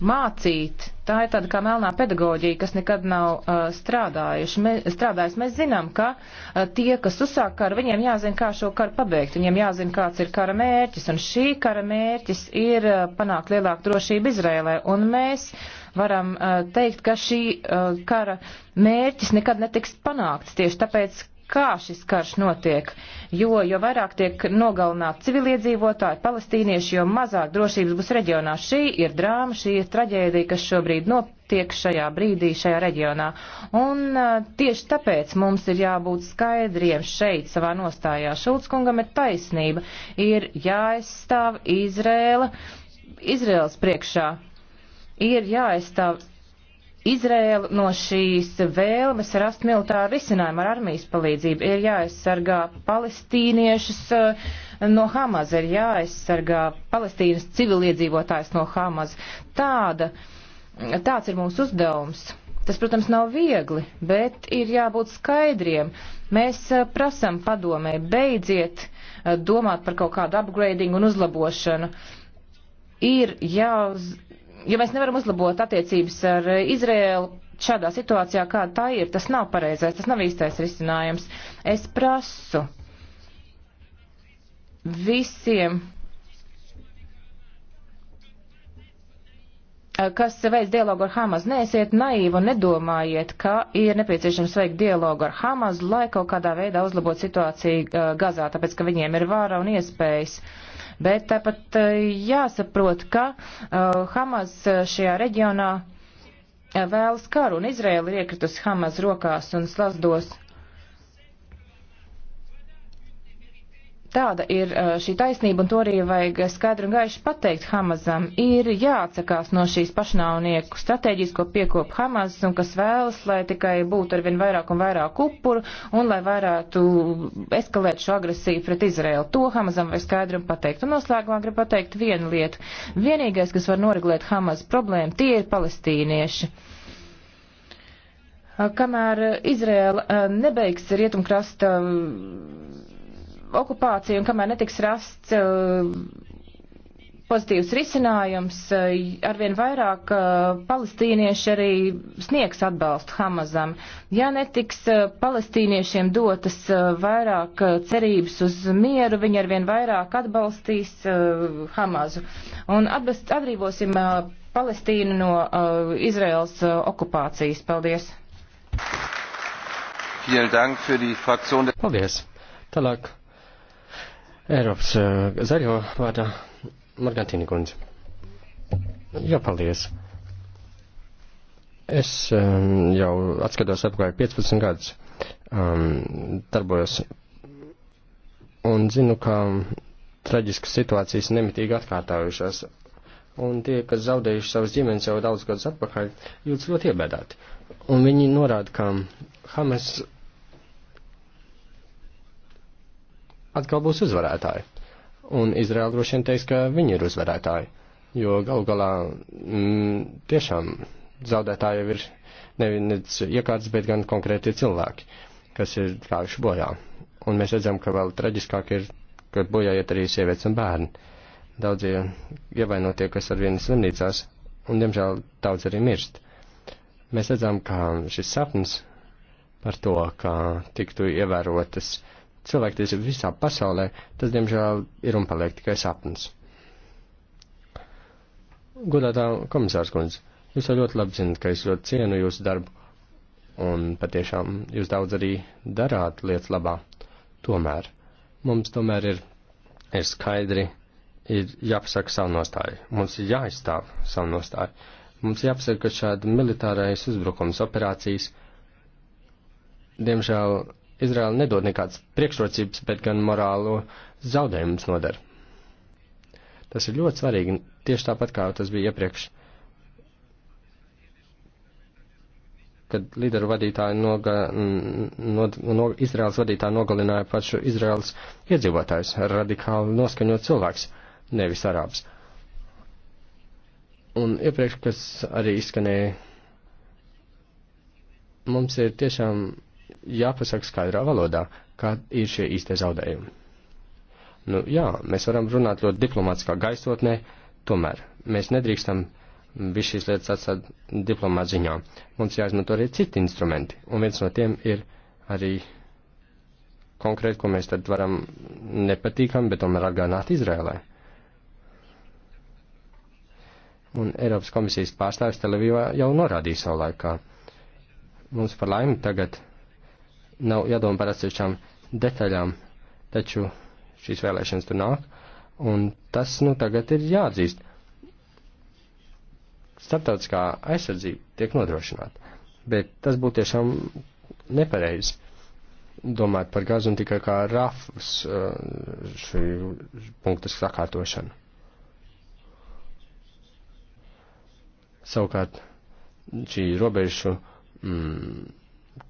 mācīt. Tā ir tāda kā melnā pedagoģija, kas nekad nav uh, strādājuši. Me, strādājis. Mēs zinām, ka uh, tie, kas uzsāk karu, viņiem jāzina, kā šo karu pabeigt. Viņiem jāzina, kāds ir kara mērķis. Un šī kara mērķis ir uh, panākt lielāku drošību Izrēlē. Un mēs varam uh, teikt, ka šī uh, kara mērķis nekad netiks panākts tieši tāpēc, kā šis karš notiek, jo, jo vairāk tiek nogalināti civiliedzīvotāji, palestīnieši, jo mazāk drošības būs reģionā. Šī ir drāma, šī ir traģēdija, kas šobrīd notiek šajā brīdī, šajā reģionā. Un uh, tieši tāpēc mums ir jābūt skaidriem šeit savā nostājā. Šulckungam ir taisnība, ir jāaizstāv Izrēla, Izrēlas priekšā. Ir jāaizstāv Izrēlu no šīs vēlmes rast militāru risinājumu ar armijas palīdzību ir jāaizsargā palestīniešus eh, no Hamas, ir jāaizsargā palestīnas civiliedzīvotājs no Hamas. Tāda, tāds ir mūsu uzdevums. Tas, protams, nav viegli, bet ir jābūt skaidriem. Mēs eh, prasam padomē, beidziet eh, domāt par kaut kādu upgradingu un uzlabošanu. Ir jāuz Ja mēs nevaram uzlabot attiecības ar Izrēlu šādā situācijā, kāda tā ir, tas nav pareizais, tas nav īstais risinājums. Es prasu visiem kas veids dialogu ar Hamas. Neesiet naīvi un nedomājiet, ka ir nepieciešams veikt dialogu ar Hamas, lai kaut kādā veidā uzlabotu situāciju uh, Gazā, tāpēc ka viņiem ir vāra un iespējas. Uh, bet tāpat eh, jāsaprot, ka eh, Hamas eh, šajā reģionā vēlas karu, un Izraela ir iekritusi Hamas rokās un slazdos Tāda ir uh, šī taisnība, un to arī vajag skaidri un gaiši pateikt Hamazam. Ir jāatsakās no šīs pašnāvnieku stratēģijas, ko piekop Hamas, un kas vēlas, lai tikai būtu arvien vairāk un vairāk upuru, un lai varētu eskalēt šo agresiju pret Izraelu. To Hamazam vajag skaidri un pateikt. Un noslēgumā gribu pateikt vienu lietu. Vienīgais, kas var noregulēt Hamas problēmu, tie ir palestīnieši. Kamēr Izraela uh, nebeigs rietumkrasta okupāciju un kamēr netiks rasts eh, pozitīvs risinājums, eh, arvien vairāk eh, palestīnieši arī sniegs atbalstu Hamazam. Ja netiks palestīniešiem dotas vairāk cerības uz mieru, viņi arvien vairāk atbalstīs Hamazu. Un atbrīvosim Palestīnu no Izraels okupācijas. Paldies! Paldies! Tālāk Eiropas eh, zaļo vārdā Margantīna kundze. Jā, paldies. Es um, jau atskatos apkārt 15 gadus, um, darbojos un zinu, ka traģiskas situācijas nemitīgi atkārtājušās. Un tie, kas zaudējuši savas ģimenes jau daudz gadus atpakaļ, jūtas ļoti iebēdāti. Un viņi norāda, ka Hamas atkal būs uzvarētāji. Un Izraela droši vien teiks, ka viņi ir uzvarētāji, jo gal galā mm, tiešām zaudētāji jau ir nevis iekārtas, bet gan konkrēti cilvēki, kas ir gājuši bojā. Un mēs redzam, ka vēl traģiskāk ir, ka bojā iet arī sievietes un bērni. Daudzie ievainotie, kas ar vienu slimnīcās, un diemžēl daudz arī mirst. Mēs redzam, ka šis sapnis par to, ka tiktu ievērotas uh, cilvēktiesību visā pasaulē, tas, diemžēl, ir un paliek tikai sapnis. Godātā komisārs kundze, jūs jau ļoti labi zinat, ka es ļoti cienu jūsu darbu, un patiešām jūs daudz arī darāt lietas labā. Tomēr mums tomēr ir, ir skaidri, ir jāpasaka savu nostāju, mums ir jāizstāv savu nostāju, mums jāpasaka, ka šāda militārais uzbrukums operācijas, diemžēl, Izraela nedod nekādas priekšrocības, bet gan morālo zaudējumus nodara. Tas ir ļoti svarīgi, tieši tāpat kā tas bija iepriekš, kad līderu vadītāji noga, no, no, Izraels vadītāji nogalināja pašu Izraels iedzīvotājus, radikāli noskaņot cilvēks, nevis arābs. Un iepriekš, kas arī izskanēja, mums ir tiešām jāpasaka skaidrā valodā, kā ir šie īstie zaudējumi. Nu, jā, mēs varam runāt ļoti diplomātiskā gaisotnē, tomēr mēs nedrīkstam visu šīs lietas atstāt diplomāta ziņā. Mums jāizmanto arī citi instrumenti, un viens no tiem ir arī konkrēti, ko mēs tad varam nepatīkam, bet tomēr atgādināt Izrēlē. Un Eiropas komisijas pārstāvis Televīvā jau norādīja savu laikā. Mums par laimi tagad nav jādoma par atsevišķām detaļām, taču šīs vēlēšanas tur nāk, un tas, nu, tagad ir jāatzīst. Startautiskā aizsardzība tiek nodrošināta, bet tas būtu tiešām nepareizi domāt par gazu un tikai kā rafus uh, šī punktu sakārtošanu. Savukārt šī robežu mm,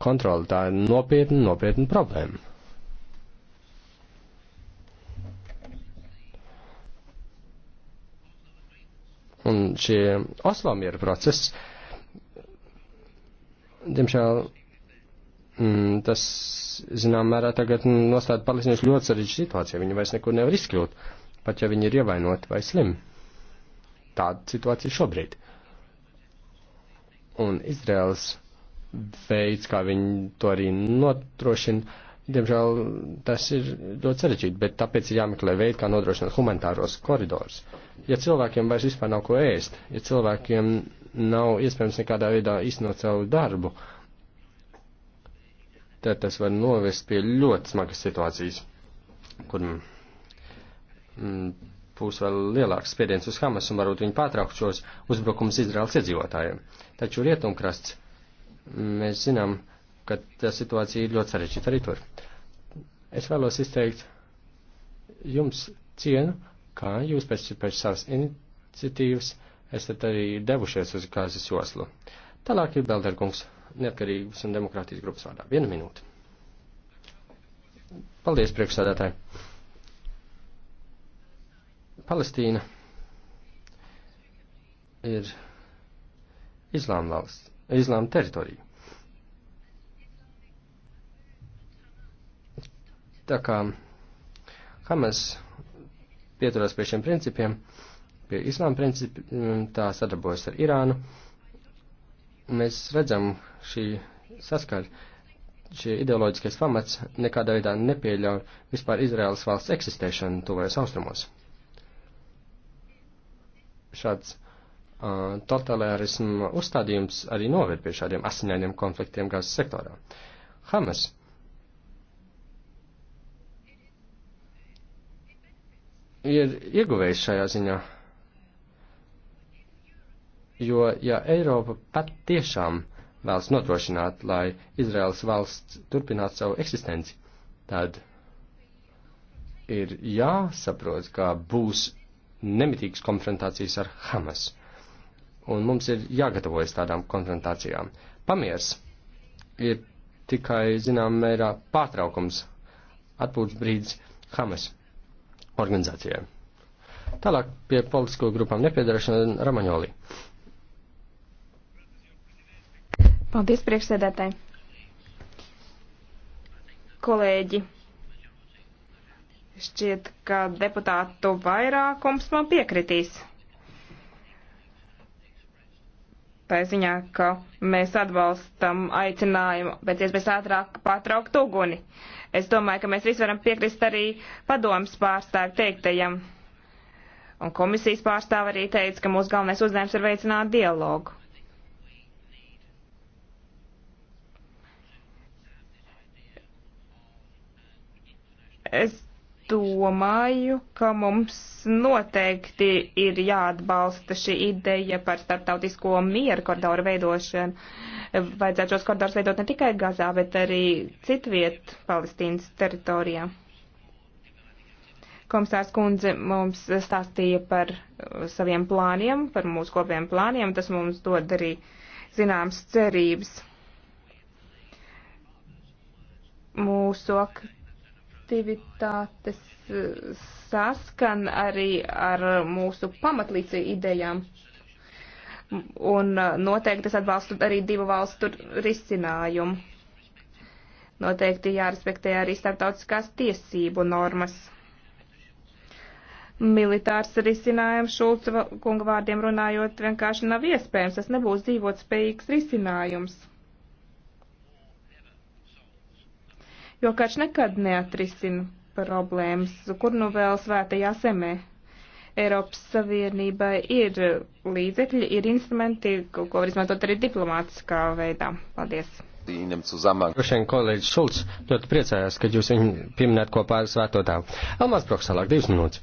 kontroli. Tā ir nopietna, nopietna problēma. Un šie Oslo miera process, diemžēl, mm, tas, zinām, mērā tagad nostāda palestīniešu ļoti sarežģītu situāciju. Viņi vairs nekur nevar izkļūt, pat ja viņi ir ievainoti vai slimi. Tāda situācija šobrīd. Un Izraels veids, kā viņi to arī notrošina. Diemžēl tas ir ļoti sarežģīti, bet tāpēc ir jāmeklē veidi, kā nodrošināt humanitāros koridors. Ja cilvēkiem vairs vispār nav ko ēst, ja cilvēkiem nav iespējams nekādā veidā iznot savu darbu, tad tas var novest pie ļoti smagas situācijas, kur mm, būs vēl lielāks spiediens uz Hamas un varbūt viņi pārtraukšos uzbrukums Izraels iedzīvotājiem. Taču rietumkrasts Mēs zinām, ka tā situācija ir ļoti sarežģīta arī tur. Es vēlos izteikt jums cienu, kā jūs pēc, pēc savas iniciatīvas esat arī devušies uz gāzes joslu. Tālāk ir Belderkungs, neatkarības un demokrātijas grupas vārdā. Viena minūte. Paldies, priekšsādātāji. Palestīna ir islāma valsts islāma teritoriju. Tā kā Hamas pieturās pie šiem principiem, pie islāma principiem, mm, tā sadarbojas ar Irānu, mēs redzam šī saskaļa, šī ideoloģiskais pamats nekādā veidā nepieļauj vispār Izraēlas valsts eksistēšanu tuvajos austrumos. Šāds totalitārismu uzstādījums arī noved pie šādiem asinainiem konfliktiem gazas sektorā. Hamas ir ieguvējis šajā ziņā, jo, ja Eiropa pat tiešām vēlas nodrošināt, lai Izraels valsts turpinātu savu eksistenci, tad ir jāsaprot, ka būs nemitīgas konfrontācijas ar Hamas. Uh, un mums ir jāgatavojas tādām konfrontācijām. Pamiers ir tikai, zinām, mērā pārtraukums, atpūtas brīdis Hamas organizācijai. Tālāk pie politisko grupām nepiedaršana Ramaņolī. Paldies priekšsēdētāji. Kolēģi, šķiet, ka deputātu vairākums man piekritīs. tā ziņā, ka mēs atbalstam aicinājumu pēc iespējas ātrāk pārtraukt uguni. Es domāju, ka mēs visi varam piekrist arī padomas pārstāvi teiktajam. Un komisijas pārstāvi arī teica, ka mūsu galvenais uzdevums ir veicināt dialogu. Es domāju, ka mums noteikti ir jāatbalsta šī ideja par starptautisko mieru koridoru veidošanu. Vajadzētu šos koridorus veidot ne tikai Gazā, bet arī citviet Palestīnas teritorijā. Komisārs kundze mums stāstīja par saviem plāniem, par mūsu kopiem plāniem. Tas mums dod arī zināmas cerības. Mūsu ak aktivitātes eh, saskan arī ar mūsu pamatlīdzību idejām. Un eh, noteikti es atbalstu arī divu valstu risinājumu. Noteikti jārespektē arī starptautiskās tiesību normas. Militārs risinājums Šulca kunga vārdiem runājot vienkārši nav iespējams. Tas nebūs dzīvot spējīgs risinājums. jo karš nekad neatrisina problēmas, kur nu vēl svētajā zemē. Eiropas Savienībai ir līdzekļi, ir instrumenti, ko var izmantot arī diplomātiskā veidā. Paldies! Droši vien kolēģis Šulcs ļoti priecājās, ka jūs viņu pieminēt kopā ar svēto tēvu. Almās Broksalāk, divas minūtes.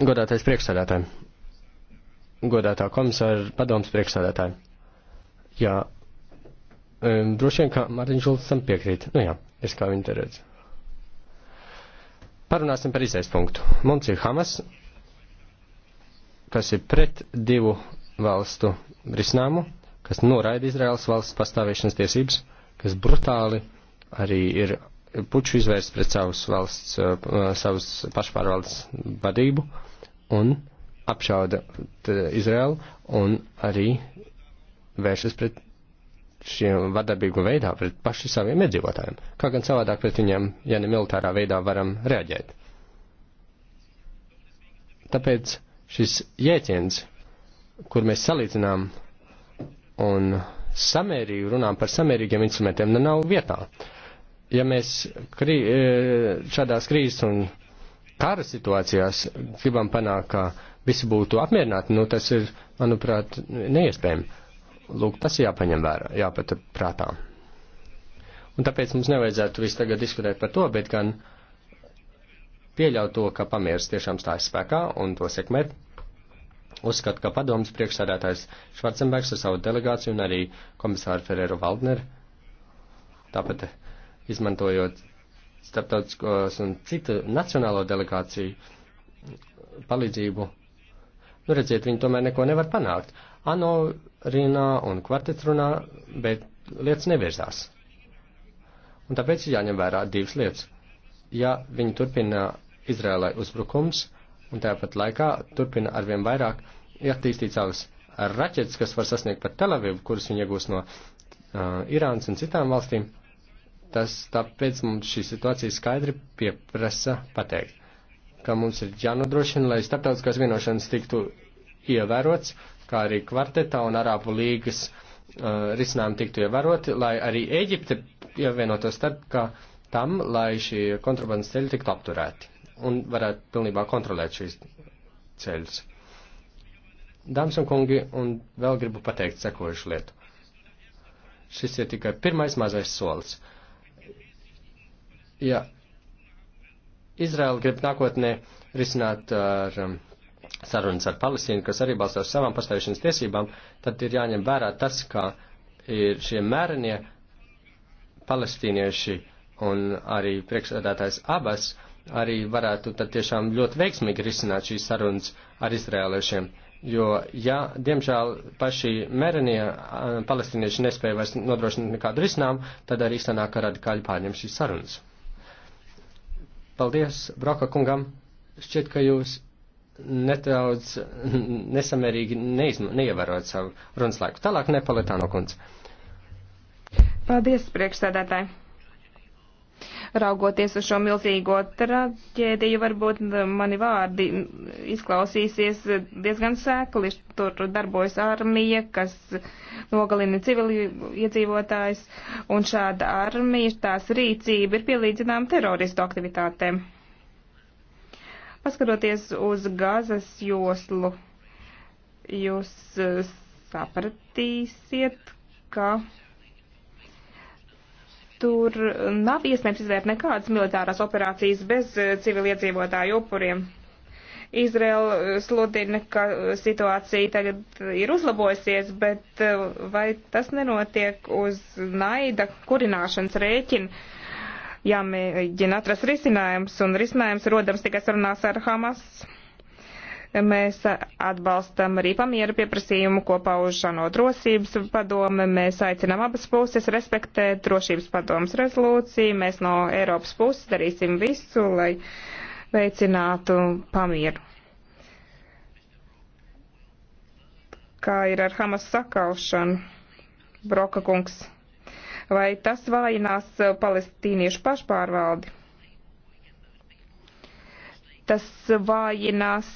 Godātais priekšsēdētāji. Godātā komisāra padoms priekšsēdētāji. Jā, um, droši vien, ka Mārtiņš Šulcs tam piekrīt. Nu jā, es kā viņu te redzu. Parunāsim par izējas punktu. Mums ir Hamas, kas ir pret divu valstu risinājumu, kas noraida Izraels valsts pastāvēšanas tiesības, kas brutāli arī ir puču izvērst pret savus valsts, eh, eh, savus pašpārvaldes vadību un apšauda Izraelu un arī vēršas pret šiem vardarbīgu veidā pret paši saviem iedzīvotājiem. Kā gan savādāk pret viņiem, ja ne militārā veidā varam reaģēt. Tāpēc šis jēdziens, kur mēs salīdzinām un samērīgi runām par samērīgiem instrumentiem, nu nav vietā. Ja mēs krī, e, šādās krīzes un kara situācijās gribam panākt, ka visi būtu apmierināti, nu tas ir, manuprāt, neiespējami Lūk, tas ir jāpaņem vērā, jāpatur prātā. Un tāpēc mums nevajadzētu visu tagad diskutēt par to, bet gan pieļaut to, ka pamieris tiešām stājas spēkā un to sekmēt. Uzskatu, ka padomas priekšsādātājs Švarcenbergs ar savu delegāciju un arī komisāru Ferreru Valdneru, tāpat izmantojot starptautiskos un citu nacionālo delegāciju palīdzību. Nu, redziet, viņi tomēr neko nevar panākt. Ano rinā un kvartets runā, bet lietas nevirzās. Un tāpēc ir jāņem vērā divas lietas. Ja viņi turpina Izrēlai uzbrukums, un tāpat laikā turpina arvien vairāk attīstīt savas raķetes, kas var sasniegt pat Telavivu, kuras viņi iegūst no uh, Irānas un citām valstīm, tas tāpēc mums šī situācija skaidri pieprasa pateikt, ka mums ir jānodrošina, lai starptautiskās vienošanas tiktu ievērots, kā arī kvartetā un Arābu līgas uh, risinājumi tiktu ievēroti, lai arī Eģipte pievienotos starp, ka tam, lai šie kontrabandas ceļi tiktu apturēti un varētu pilnībā kontrolēt šīs ceļus. Dāmas un kungi, un vēl gribu pateikt sekojušu lietu. Šis ir tikai pirmais mazais solis. Ja Izraela grib nākotnē risināt ar um, sarunas ar Palestīnu, kas arī balstās uz savām pastāvēšanas tiesībām, tad ir jāņem vērā tas, ka ir šie mērenie palestīnieši un arī priekšsēdētājs abas arī varētu tad tiešām ļoti veiksmīgi risināt šīs sarunas ar izrēliešiem. Jo, ja, diemžēl, paši mērenie palestīnieši nespēja vairs nodrošināt nekādu risinājumu, tad arī sanāk, ka radikāļi pārņem šīs sarunas. Paldies, Broka kungam! Šķiet, ka jūs nedaudz nesamērīgi neizma, neievērot savu runas laiku. Tālāk Napolitāno kundze. Paldies, priekšstādātāji. Raugoties uz šo milzīgo traģēdiju, varbūt mani vārdi izklausīsies diezgan sēkli. Tur darbojas armija, kas nogalina civili iedzīvotājs, un šāda armija, tās rīcība ir pielīdzināma teroristu aktivitātēm Paskatoties uz gazas joslu, jūs eh, sapratīsiet, ka tur nav iespējams izvērt nekādas militārās operācijas bez eh, civiliedzīvotāju upuriem. Izraela eh, sludina, ka situācija tagad ir uzlabojusies, bet vai tas nenotiek uz naida kurināšanas rēķina? jāmēģina atrast risinājums, un risinājums rodams tikai sarunās ar Hamas. Mēs atbalstam arī pamieru pieprasījumu kopā uz Žano drošības padome. Mēs aicinām abas puses respektēt drošības padomas rezolūciju. Mēs no Eiropas puses darīsim visu, lai veicinātu pamieru. Kā ir ar Hamas sakaušanu, Broka kungs? vai tas vājinās eh, palestīniešu pašpārvaldi? tas vājinās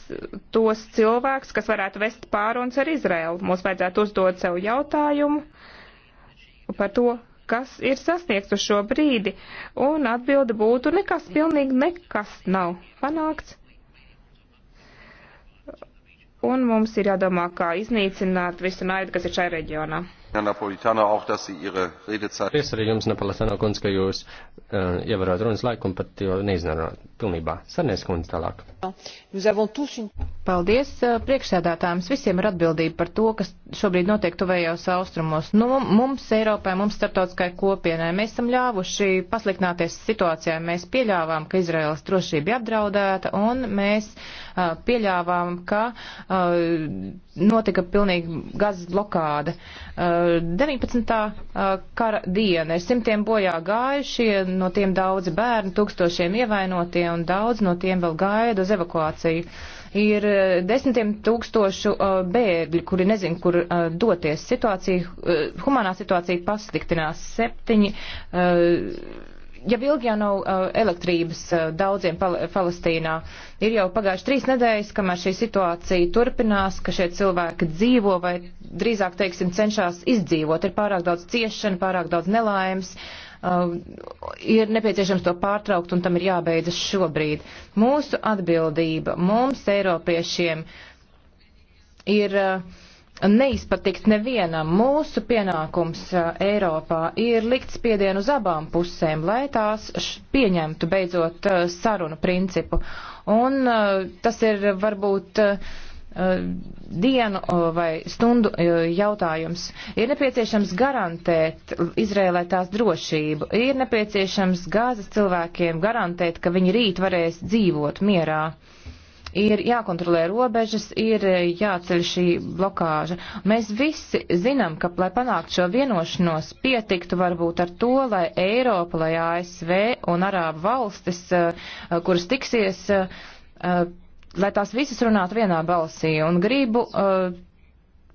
tos cilvēkus, kas varētu vest pārunas ar Izraelu. Mums vajadzētu uzdot sev jautājumu par to, kas ir sasniegts uz šo brīdi, un atbilde būtu nekas, pilnīgi nekas nav panākts. Un mums ir jādomā, kā iznīcināt visu naidu, kas ir šajā reģionā. Paldies arī jums, Napolitāno kundze, ka jūs uh, eh, ievērojat runas laiku un pat jau neiznarāt pilnībā. Sarnēs kundze tālāk. Paldies priekšsēdētājiem. Visiem ir atbildība par to, kas šobrīd notiek tuvējos austrumos. Nu, mums Eiropai, mums starptautiskai kopienai, mēs esam ļāvuši pasliktināties situācijā. Mēs pieļāvām, ka Izraels drošība ir apdraudēta un mēs uh, pieļāvām, ka uh, notika pilnīgi gazas blokāde. Uh, 19. kara diena ir simtiem bojā gājušie, no tiem daudzi bērni, tūkstošiem ievainotie un daudz no tiem vēl gaida uz evakuāciju. Ir eh, desmitiem tūkstošu eh, bēgļi, kuri nezin, kur eh, doties. Situācija, humanā situācija pasliktinās septiņi ja ilgi jau nav uh, elektrības uh, daudziem pal Palestīnā, ir jau pagājuši trīs nedēļas, kamēr šī situācija turpinās, ka šie cilvēki dzīvo vai drīzāk, teiksim, cenšas izdzīvot. Ir pārāk daudz ciešana, pārāk daudz nelaimes. Uh, Uh, ir nepieciešams to pārtraukt un tam ir jābeidzas šobrīd. Mūsu atbildība mums, Eiropiešiem, ir uh, neizpatikt nevienam. Mūsu pienākums uh, Eiropā ir likt spiedienu uz abām pusēm, lai tās pieņemtu beidzot sarunu principu. Un tas ir varbūt Eh, dienu eh, vai stundu eh, jautājums. Ir nepieciešams garantēt Izrēlē tās drošību, ir nepieciešams gāzes cilvēkiem garantēt, ka viņi rīt varēs dzīvot mierā. Ir jākontrolē robežas, ir jāceļ šī blokāža. Mēs visi zinām, ka, lai panāktu šo vienošanos, pietiktu varbūt ar to, lai Eiropa, lai ASV un Arābu valstis, kuras tiksies, lai tās visas runātu vienā balsī. Un gribu uh,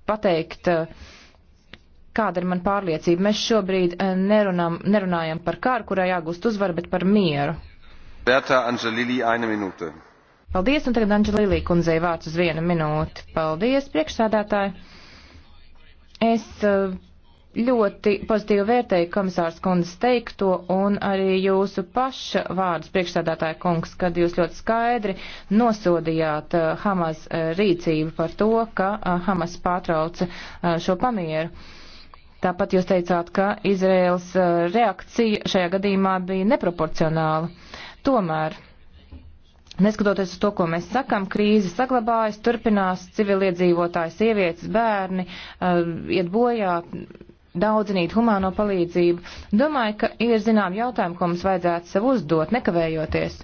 pateikt, uh, kāda ir man pārliecība. Mēs šobrīd uh, nerunam, nerunājam par kāru, kurā jāgūst uzvaru, bet par mieru. Berta Angelili, viena minūte. Paldies, un tagad Anģelīlī kundzei vārds uz vienu minūti. Paldies, priekšsādātāji. Es uh, ļoti pozitīvi vērtēju komisārs kundzes teikto un arī jūsu paša vārdus priekšstādātāja kungs, kad jūs ļoti skaidri nosodījāt uh, Hamas uh, rīcību par to, ka uh, Hamas pārtrauca uh, šo pamieru. Tāpat jūs teicāt, ka Izraels uh, reakcija šajā gadījumā bija neproporcionāla. Tomēr Neskatoties uz to, ko mēs sakam, krīze saglabājas, turpinās civiliedzīvotāji, sievietes, bērni, uh, iet bojā, daudzinīt humāno palīdzību. Domāju, ka ir zinām jautājumi, ko mums vajadzētu sev uzdot, nekavējoties.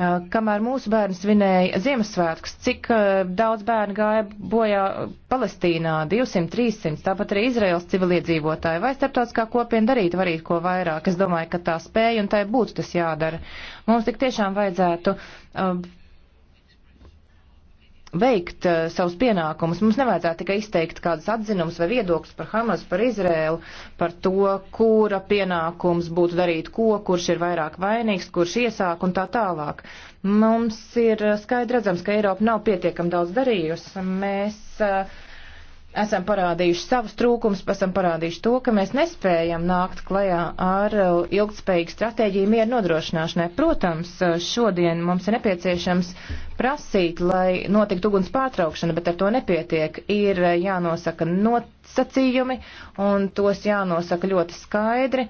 Uh, kamēr mūsu bērni svinēja Ziemassvētkus, cik uh, daudz bērnu gāja bojā Palestīnā - 200, 300, tāpat arī Izraels civiliedzīvotāji, vai starptautiskā kopiena darītu varīt ko vairāk? Es domāju, ka tā spēja un tai būtu tas jādara. Mums tik tiešām vajadzētu uh, veikt uh, savus pienākumus. Mums nevajadzētu tikai izteikt kādas atzinumus vai viedokļus par Hamas, par Izrēlu, par to, kura pienākums būtu darīt ko, kurš ir vairāk vainīgs, kurš iesāk un tā tālāk. Mums ir eh, skaidrs redzams, ka Eiropa nav pietiekam daudz darījusi. Mēs uh, esam parādījuši savus trūkumus, esam parādījuši to, ka mēs nespējam nākt klajā ar uh, ilgspējīgu stratēģiju mieru nodrošināšanai. Protams, uh, šodien mums ir nepieciešams prasīt, lai notiktu uguns pārtraukšana, bet ar to nepietiek. Ir uh, jānosaka nosacījumi un tos jānosaka ļoti skaidri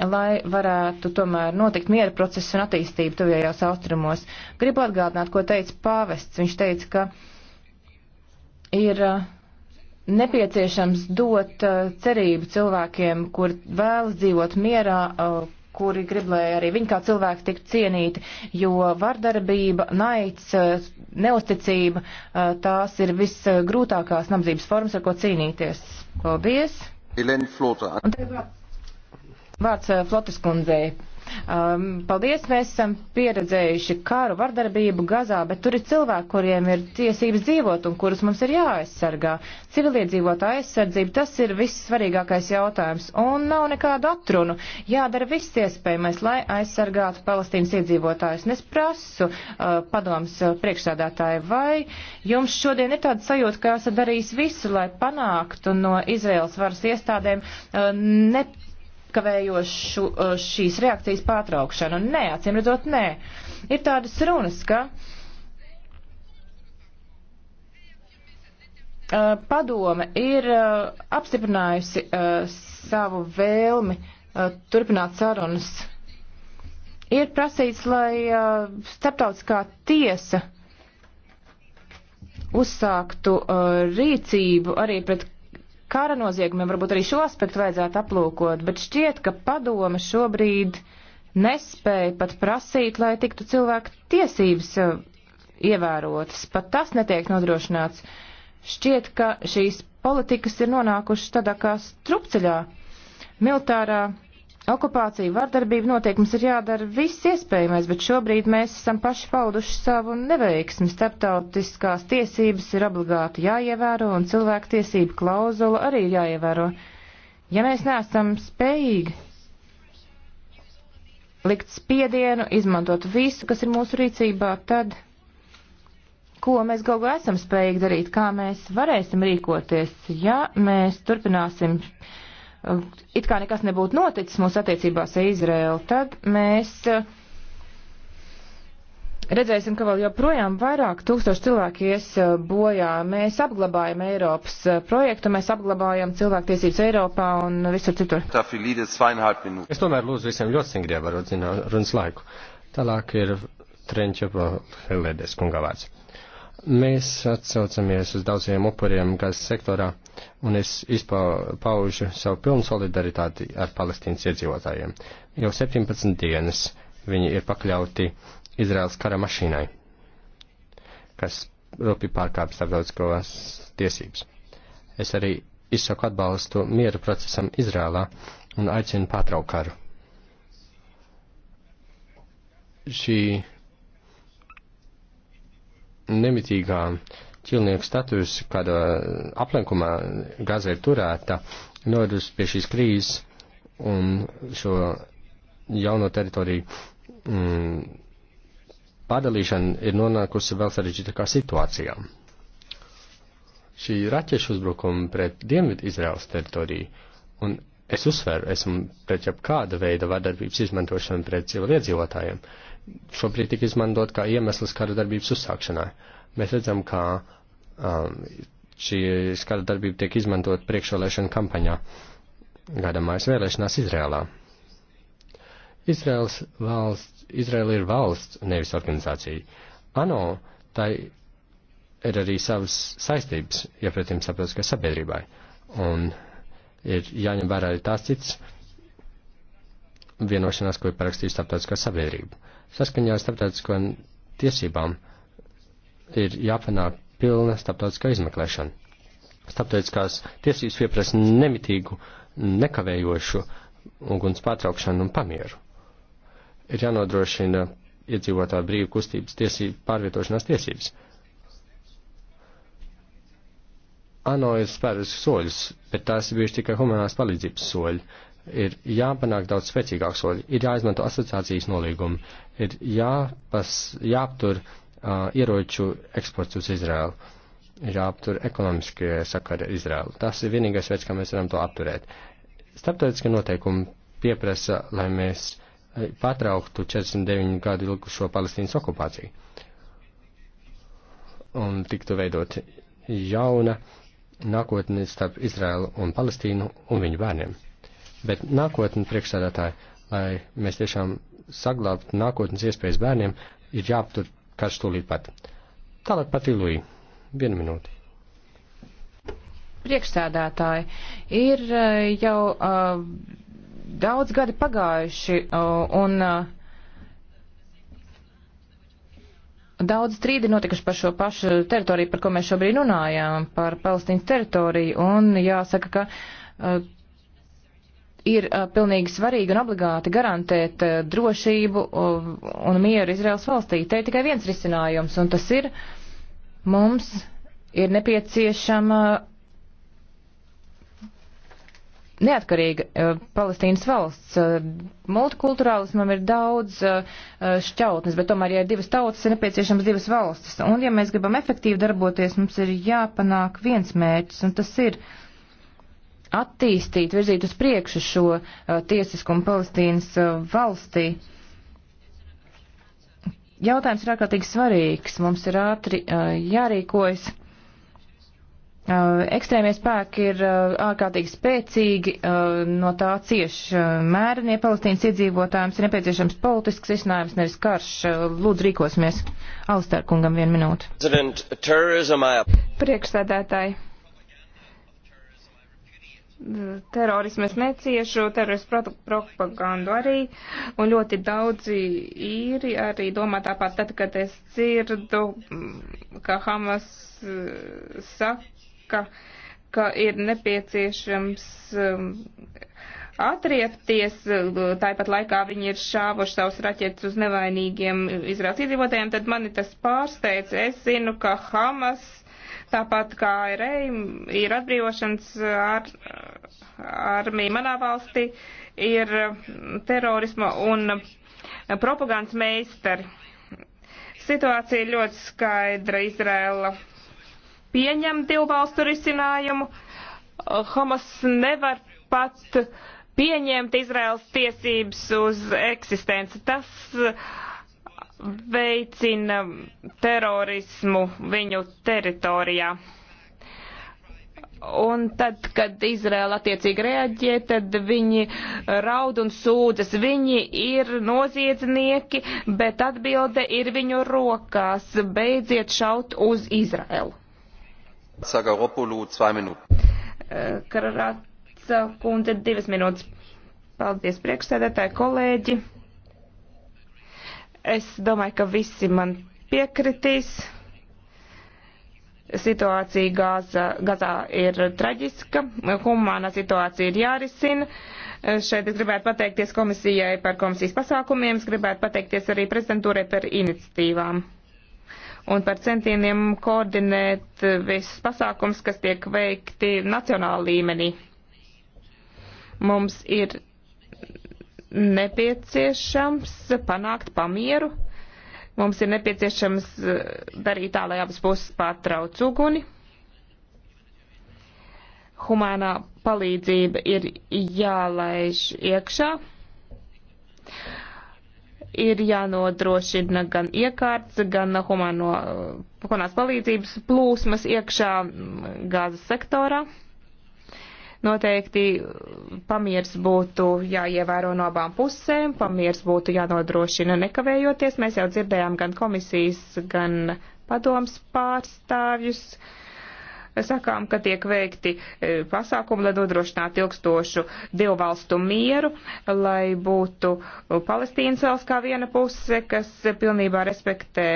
lai varētu tomēr notikt miera process un attīstība tuvējos austrumos. Gribu atgādināt, ko teica pāvests. Viņš teica, ka ir uh, nepieciešams dot uh, cerību cilvēkiem, kur vēlas dzīvot mierā, uh, kuri grib, lai arī viņi kā cilvēki tik cienīti, jo vardarbība, naids, uh, neusticība, tās ir visgrūtākās nabadzības formas, ar ko cīnīties. Paldies! Vārds Flotas kundzei. Um, paldies, mēs esam pieredzējuši karu, vardarbību Gazā, bet tur ir cilvēki, kuriem ir tiesības dzīvot un kurus mums ir jāaizsargā. Civiliedzīvotāja aizsardzība, tas ir vissvarīgākais jautājums un nav nekādu atrunu. Jādara viss iespējamais, lai aizsargātu Palestīnas iedzīvotājus. Un es prasu uh, padoms uh, priekšsādātāju, vai jums šodien ir tāda sajūta, ka esat darījis visu, lai panāktu no Izraels varas iestādēm uh, ne kavējošu uh, šīs reakcijas pārtraukšanu. Nē, acīm redzot, nē. Ir tādas runas, ka uh, padome ir uh, apstiprinājusi savu vēlmi turpināt sarunas. Ir prasīts, lai starptautiskā tiesa uzsāktu rīcību arī pret kara noziegumiem, varbūt arī šo aspektu vajadzētu aplūkot, bet šķiet, ka padome šobrīd nespēja pat prasīt, lai tiktu cilvēku tiesības eh, ievērotas. Pat tas netiek nodrošināts. Šķiet, ka šīs politikas ir nonākušas tādā kā strupceļā. Militārā Okupācija, vardarbība notiekums ir jādara viss iespējamais, bet šobrīd mēs esam paši pauduši savu neveiksmi. Starptautiskās tiesības ir obligāti jāievēro un cilvēku tiesību klauzula arī ir jāievēro. Ja mēs neesam spējīgi likt spiedienu, izmantot visu, kas ir mūsu rīcībā, tad ko mēs galu esam spējīgi darīt, kā mēs varēsim rīkoties, ja mēs turpināsim it kā nekas nebūtu noticis mūsu attiecībās ar Izraēlu, tad mēs eh, redzēsim, ka vēl joprojām vairāk tūkstoši cilvēki ies eh, bojā. Mēs apglabājam Eiropas eh, projektu, mēs apglabājam cilvēktiesības Eiropā un visur citur. Es tomēr lūdzu visiem ļoti stingri ievērot runas laiku. Tālāk ir Trenča Helēdes kungavārds. Mēs atsaucamies uz daudziem upuriem gazas sektorā, un es izpaužu savu pilnu solidaritāti ar palestīnas iedzīvotājiem. Jau 17 dienas viņi ir pakļauti Izraels kara mašīnai, kas rupi pārkāpj starptautiskās tiesības. Es arī izsaku atbalstu miera procesam Izrēlā un aicinu pārtraukt karu. Šī nemitīgā ķilnieku status, kāda aplenkumā Gaza ir turēta, novedus pie šīs krīzes un šo jauno teritoriju mm, pārdalīšana ir nonākusi vēl sarežģītākā situācijā. Šī raķešu uzbrukuma pret Dienvidu Izraels teritoriju, un es uzsveru, esmu pret jebkāda veida vardarbības izmantošanu pret civiliedzīvotājiem, uh, šobrīd tika izmantot kā iemesls kara darbības uzsākšanai. Mēs redzam, ka um, šī kara darbība tiek izmantot priekšvēlēšana kampaņā gadamājas vēlēšanās Izrēlā. Izraels valsts, Izraela ir valsts, nevis organizācija. ANO, tai ir arī savas saistības, ja pretim saprotiskai sabiedrībai. Un ir jāņem vērā arī tās cits vienošanās, ko ir parakstījusi starptautiskā sabiedrība. Saskaņā ar starptautisko tiesībām ir jāpanāk pilna starptautiskā izmeklēšana. Starptautiskās tiesības pieprasa nemitīgu, nekavējošu uguns pārtraukšanu un pamieru. Ir jānodrošina iedzīvotāju brīvu kustības tiesību, pārvietošanās tiesības. ANO ir spērus soļus, bet tās ir bijuši tikai humanās palīdzības soļi ir jāpanāk daudz spēcīgāk soļi, ir jāizmanto asociācijas nolīgumi, ir jāpas, jāaptur uh, ieroču eksports uz Izraēlu, ir jāaptur ekonomiskie sakari ar Izraēlu. Tas ir vienīgais veids, kā mēs varam to apturēt. Starptautiskie noteikumi pieprasa, lai mēs patrauktu 49 gadu ilgušo Palestīnas okupāciju un tiktu veidot jauna nākotne starp Izraēlu un Palestīnu un viņu bērniem. Bet nākotnē priekšsēdētāji, lai mēs tiešām saglabātu nākotnes iespējas bērniem, ir jāaptur karš tūlīt pat. Tālāk pat Ilūija. Vienu minūti. Priekšsēdētāji, ir e, jau uh, daudz gadi pagājuši uh, un. Uh, Daudz strīdi notikuši par šo pašu teritoriju, par ko mēs šobrīd runājām, par Palestīnas teritoriju, un jāsaka, ka uh, ir uh, pilnīgi svarīgi un obligāti garantēt uh, drošību uh, un mieru Izraels valstī. Te ir tikai viens risinājums, un tas ir mums ir nepieciešama neatkarīga uh, Palestīnas valsts. Uh, multikulturālismam ir daudz uh, uh šķautnes, bet tomēr, ja ir divas tautas, ir nepieciešams divas valstis. Un, ja mēs gribam efektīvi darboties, mums ir jāpanāk viens mērķis, un tas ir uh, attīstīt, virzīt uz priekšu šo uh, tiesiskumu Palestīnas uh, valstī. Jautājums ir ārkārtīgi svarīgs. Mums ir ātri uh, jārīkojas. Uh, ekstrēmie spēki ir uh, ārkārtīgi spēcīgi, uh, no tā cieši uh, mērenie Palestīnas iedzīvotājiem. Ir nepieciešams politisks risinājums, nevis karš. Uh, lūdzu, rīkosimies. Alstērkungam vienu minūtu. Priekšsēdētāji terorismu es neciešu, terorismu propagandu arī, un ļoti daudzi īri arī domā tāpat, tad, kad es dzirdu, mm, ka Hamas eh, saka, ka ir nepieciešams mm, atriepties, eh, tāpat laikā viņi ir šāvuši savus raķetes uz nevainīgiem Izraels iedzīvotājiem, tad mani tas pārsteidz. Es zinu, ka Hamas Tāpat kā ir, ir atbrīvošanas ar, armija manā valstī, ir terorisma un propagandas meistari. Situācija ir ļoti skaidra. Izrēla pieņem divu valstu risinājumu. Hamas nevar pat pieņemt Izraels tiesības uz eksistenci. Tas uh, veicina terorismu viņu teritorijā. Un tad, kad Izraela attiecīgi reaģē, tad viņi raud un sūdzas. Viņi ir noziedznieki, bet atbilde ir viņu rokās. Beidziet šaut uz Izraelu. Sagaropulu, zwei minūtes. Karāca kundze, divas minūtes. Paldies priekšsēdētāji, kolēģi. Es domāju, ka visi man piekritīs. Situācija Gaza, Gazā ir traģiska, humāna situācija ir jārisina. Šeit es gribētu pateikties komisijai par komisijas pasākumiem, es gribētu pateikties arī prezidentūrai par iniciatīvām un par centieniem koordinēt visus pasākums, kas tiek veikti nacionāla līmenī. Mums ir nepieciešams panākt pamieru. Mums ir nepieciešams eh, darīt tā, lai abas puses pārtrauc uguni. Humānā palīdzība ir jālaiž iekšā ir jānodrošina gan iekārts, gan humano, eh, humanās palīdzības plūsmas iekšā mm, gāzes sektorā. Noteikti pamieris būtu jāievēro no abām pusēm, pamieris būtu jānodrošina nekavējoties. Mēs jau dzirdējām gan komisijas, gan padoms pārstāvjus sakām, ka tiek veikti e, pasākumi, lai nodrošinātu ilgstošu divu valstu mieru, lai būtu Palestīnas valsts kā viena puse, kas pilnībā respektē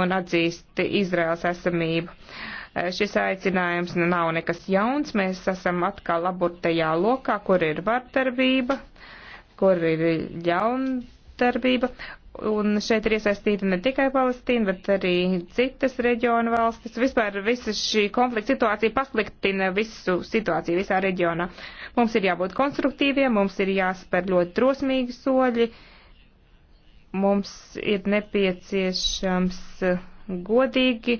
un atzīst Izraels esamību. Uh, Eh, šis aicinājums nav nekas jauns. Mēs esam atkal aburtajā lokā, kur ir vardarbība, kur ir ļaundarbība. Un šeit ir iesaistīta ne tikai Palestīna, bet arī citas reģiona valstis. Vispār visa šī konflikta situācija pasliktina visu situāciju visā reģionā. Mums ir jābūt konstruktīviem, mums ir jāspēr ļoti drosmīgi soļi, mums ir nepieciešams. Uh, godīgi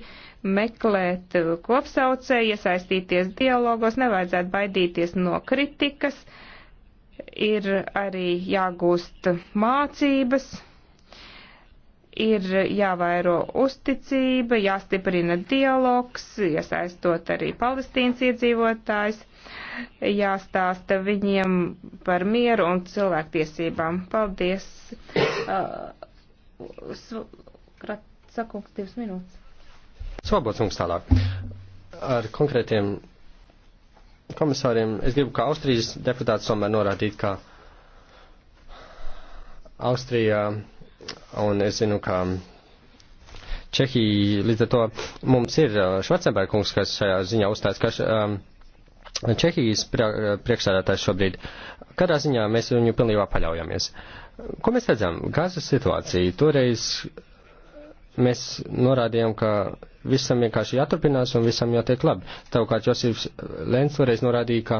meklēt kopsaucēju, iesaistīties dialogos, nevajadzētu baidīties no kritikas, ir arī jāgūst mācības, ir jāvairo uzticība, jāstiprina dialogs, iesaistot arī palestīnas iedzīvotājs, jāstāsta viņiem par mieru un cilvēktiesībām. Paldies! Uh, Sakungs, divas minūtes. Svobods mums tālāk. Ar konkrētiem komisāriem es gribu, ka Austrijas deputāts tomēr norādīt, ka Austrija un es zinu, ka Čehija līdz ar to mums ir uh, Švarcenbergs, kas šajā ziņā uzstājas, ka um, Čehijas priekšsēdētājs šobrīd, kādā ziņā mēs viņu pilnībā paļaujamies. Ko mēs redzam? Gāzes situācija toreiz mēs norādījām, ka visam vienkārši jāturpinās un visam jātiek labi. Tavukārt Josifs Lēns toreiz norādīja, ka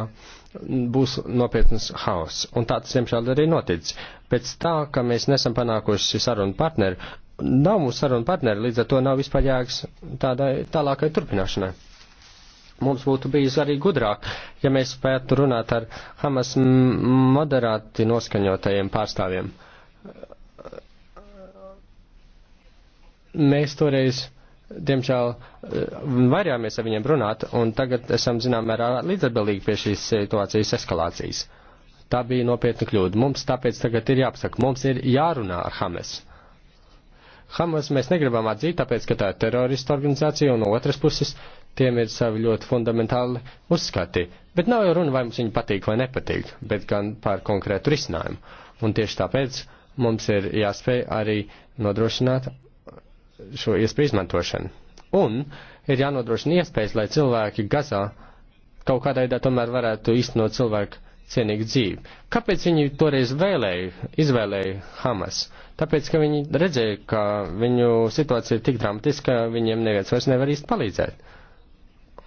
būs nopietnas haoss. Un tāds, diemžēl, arī noticis. Pēc tā, ka mēs nesam panākuši sarunu partneri, nav mūsu sarunu partneri, līdz ar to nav vispār jēgas tādai tālākai turpināšanai. Mums būtu bijis arī gudrāk, ja mēs spētu runāt ar Hamas moderāti noskaņotajiem pārstāvjiem mēs toreiz, diemžēl, eh, varējāmies ar viņiem runāt, un tagad esam, zinām, mērā līdzatbildīgi pie šīs situācijas eskalācijas. Tā bija nopietna kļūda. Mums tāpēc tagad ir jāapsaka, mums ir jārunā ar Hamas. Hamas mēs negribam atzīt, tāpēc, ka tā ir terorista organizācija, un no otras puses tiem ir savi ļoti fundamentāli uzskati. Bet nav jau runa, vai mums viņi patīk vai nepatīk, bet gan par konkrētu risinājumu. Un tieši tāpēc mums ir jāspēj arī nodrošināt šo iespēju izmantošanu. Un ir jānodrošina iespējas, lai cilvēki Gazā kaut kādā veidā tomēr varētu īstenot cilvēku cienīgu dzīvi. Kāpēc viņi toreiz vēlēja, izvēlēja Hamas? Tāpēc, ka viņi redzēja, ka viņu situācija ir tik dramatiska, ka viņiem neviens vairs nevar īsti palīdzēt.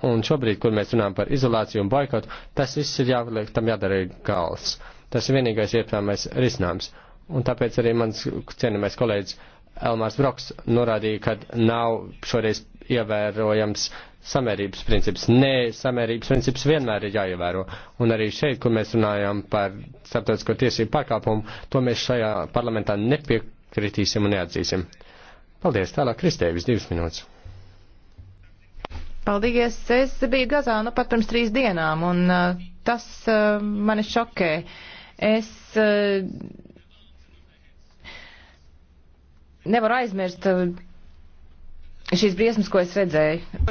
Un šobrīd, kur mēs runājam par izolāciju un boikotu, tas viss ir jāliek, tam jādara gals. Tas ir vienīgais iepējamais risinājums. Un tāpēc arī mans cienījamais kolēģis Elmārs Broks norādīja, ka nav šoreiz ievērojams samērības princips. Nē, samērības princips vienmēr ir jāievēro. Un arī šeit, kur mēs runājam par starptautisko tiesību pārkāpumu, to mēs šajā parlamentā nepiekritīsim un neatzīsim. Paldies, tālāk Kristēvis, divas minūtes. Paldies, es biju Gazā nu pat pirms trīs dienām, un uh, tas uh, mani šokē. Es uh, nevar aizmirst eh, šīs briesmas, ko es redzēju.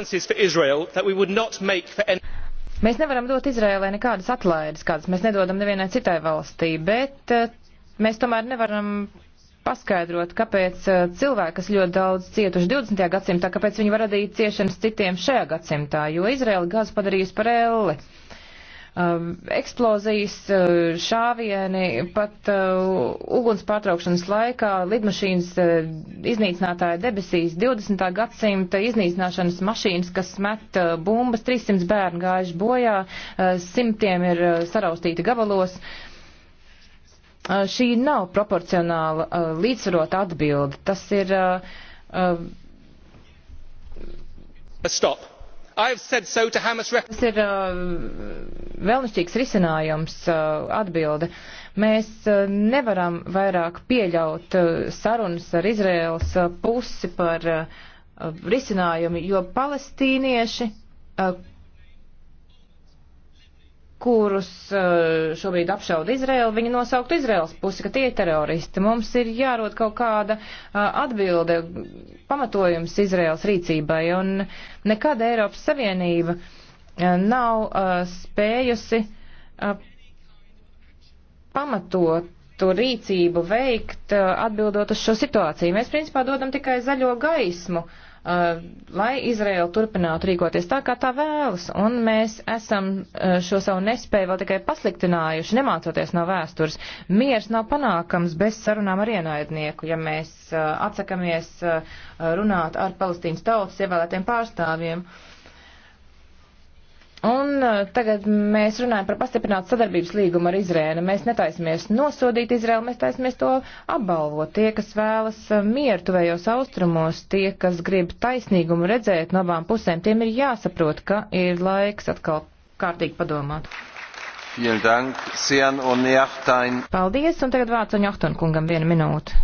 Mēs nevaram dot Izrēlē nekādas atlaides, kādas mēs nedodam nevienai citai valstī, bet eh, mēs tomēr nevaram paskaidrot, kāpēc eh, cilvēki, kas ļoti daudz cietuši 20. gadsimtā, kāpēc viņi var radīt ciešanas citiem šajā gadsimtā, jo Izraela gaz padarījusi par elli. Um, eksplozijas, uh, šāvieni, pat uh, uguns pārtraukšanas laikā lidmašīnas uh, iznīcinātāja debesīs, 20. gadsimta iznīcināšanas mašīnas, kas met bumbas, 300 bērnu gājuši bojā, simtiem ir saraustīti gabalos. Šī nav proporcionāla līdzsvarota atbilde. Tas ir. Stop. So Tas ir uh, vēlnišķīgs risinājums, uh, atbilde. Mēs uh, nevaram vairāk pieļaut uh, sarunas ar Izraēlas uh, pusi par uh, uh, risinājumu, jo palestīnieši. Uh, kurus eh, šobrīd apšauda Izraela, viņi nosauktu Izraels pusi, ka tie ir teroristi. Mums ir jārod kaut kāda eh, atbilde, pamatojums Izraels rīcībai, un nekad Eiropas Savienība eh, nav spējusi pamatot tu rīcību veikt atbildot uz šo situāciju. Mēs principā dodam tikai zaļo gaismu uh, Uh, lai Izraela turpinātu rīkoties tā, kā tā vēlas, un mēs esam uh, šo savu nespēju vēl tikai pasliktinājuši, nemācoties no vēstures. Miers nav panākams bez sarunām ar ienaidnieku, ja mēs uh, atsakamies runāt ar Palestīnas tautas ievēlētiem pārstāvjiem. Uh, Un eh, tagad mēs runājam par pastiprinātu sadarbības līgumu ar Izrēnu. Mēs netaisamies nosodīt Izrēlu, mēs taisamies to apbalvot. Tie, kas vēlas eh, mieru tuvējos austrumos, tie, kas grib taisnīgumu redzēt no abām pusēm, tiem ir jāsaprot, ka ir laiks atkal kārtīgi padomāt. Dank, Sien un Paldies, un tagad vārds un Johton kungam vienu minūtu.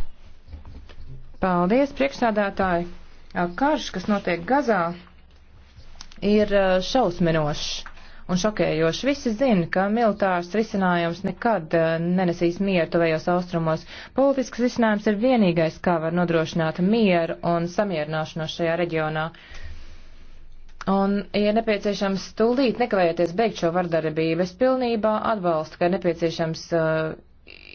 Paldies, priekšsādātāji. Karš, kas notiek Gazā, ir eh, šausminošs un šokējošs. Visi zina, ka militārs risinājums nekad eh, nenesīs mieru tuvējos austrumos. Politisks risinājums ir vienīgais, kā var nodrošināt mieru un samierināšanos šajā reģionā. Un ir nepieciešams tūlīt nekavējoties beigt šo vardarbību. Es pilnībā atbalstu, ka ir nepieciešams uh,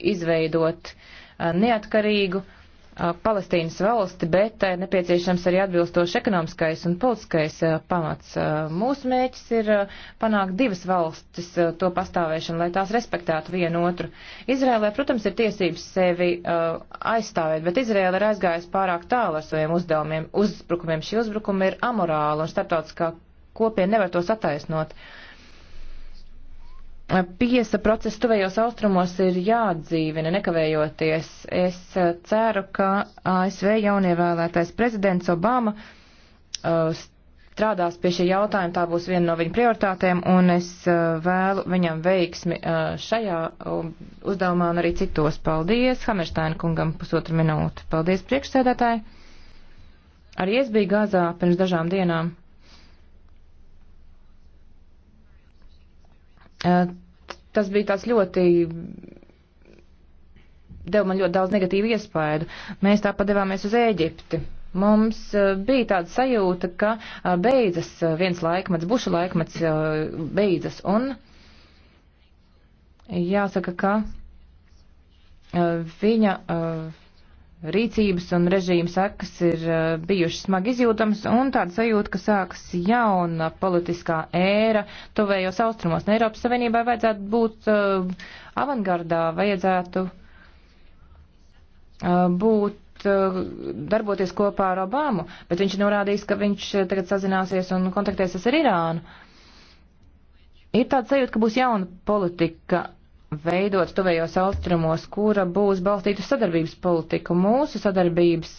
izveidot uh, neatkarīgu uh, Uh, Palestīnas valsti, bet tai uh, nepieciešams arī atbilstoši ekonomiskais un politiskais uh, pamats. Mūsu mēķis ir panākt divas valstis to pastāvēšanu, lai tās respektētu vienu otru. Izrēlē, protams, ir tiesības sevi aizstāvēt, bet Izrēla ir aizgājusi pārāk tālu ar saviem uzdevumiem, uzbrukumiem. Šie uzbrukumi ir amorāli un starptautiskā kopiena nevar tos attaisnot. Uh, Piesa process tuvējos austrumos ir jāatdzīvina nekavējoties. Es eh, ceru, ka ASV jaunievēlētais prezidents Obama eh, strādās pie šī jautājuma, tā būs viena no viņa prioritātēm, un es eh, vēlu viņam veiksmi šajā um, uzdevumā un arī citos. Paldies Hamersteina kungam pusotru minūtu. Paldies priekšsēdētāji. Arī es biju Gazā pirms dažām dienām. Tas bija tāds ļoti deva man ļoti daudz negatīvu iespēju. Mēs tāpat devāmies uz Ēģipti. Mums bija tāda sajūta, ka beidzas viens laikmets, buša laikmets beidzas. Un jāsaka, ka viņa rīcības un režīma sekas ir eh, bijušas smagi izjūtams un tāda sajūta, ka sāks jauna politiskā ēra tuvējos austrumos. Un Eiropas Savienībai vajadzētu būt uh, avangardā, vajadzētu uh, būt uh, darboties kopā ar Obamu, bet viņš norādījis, ka viņš tagad sazināsies un kontaktēsies ar Irānu. Ir tāda sajūta, ka būs jauna politika veidot tuvējos austrumos, kura būs balstīta uz sadarbības politiku. Mūsu sadarbības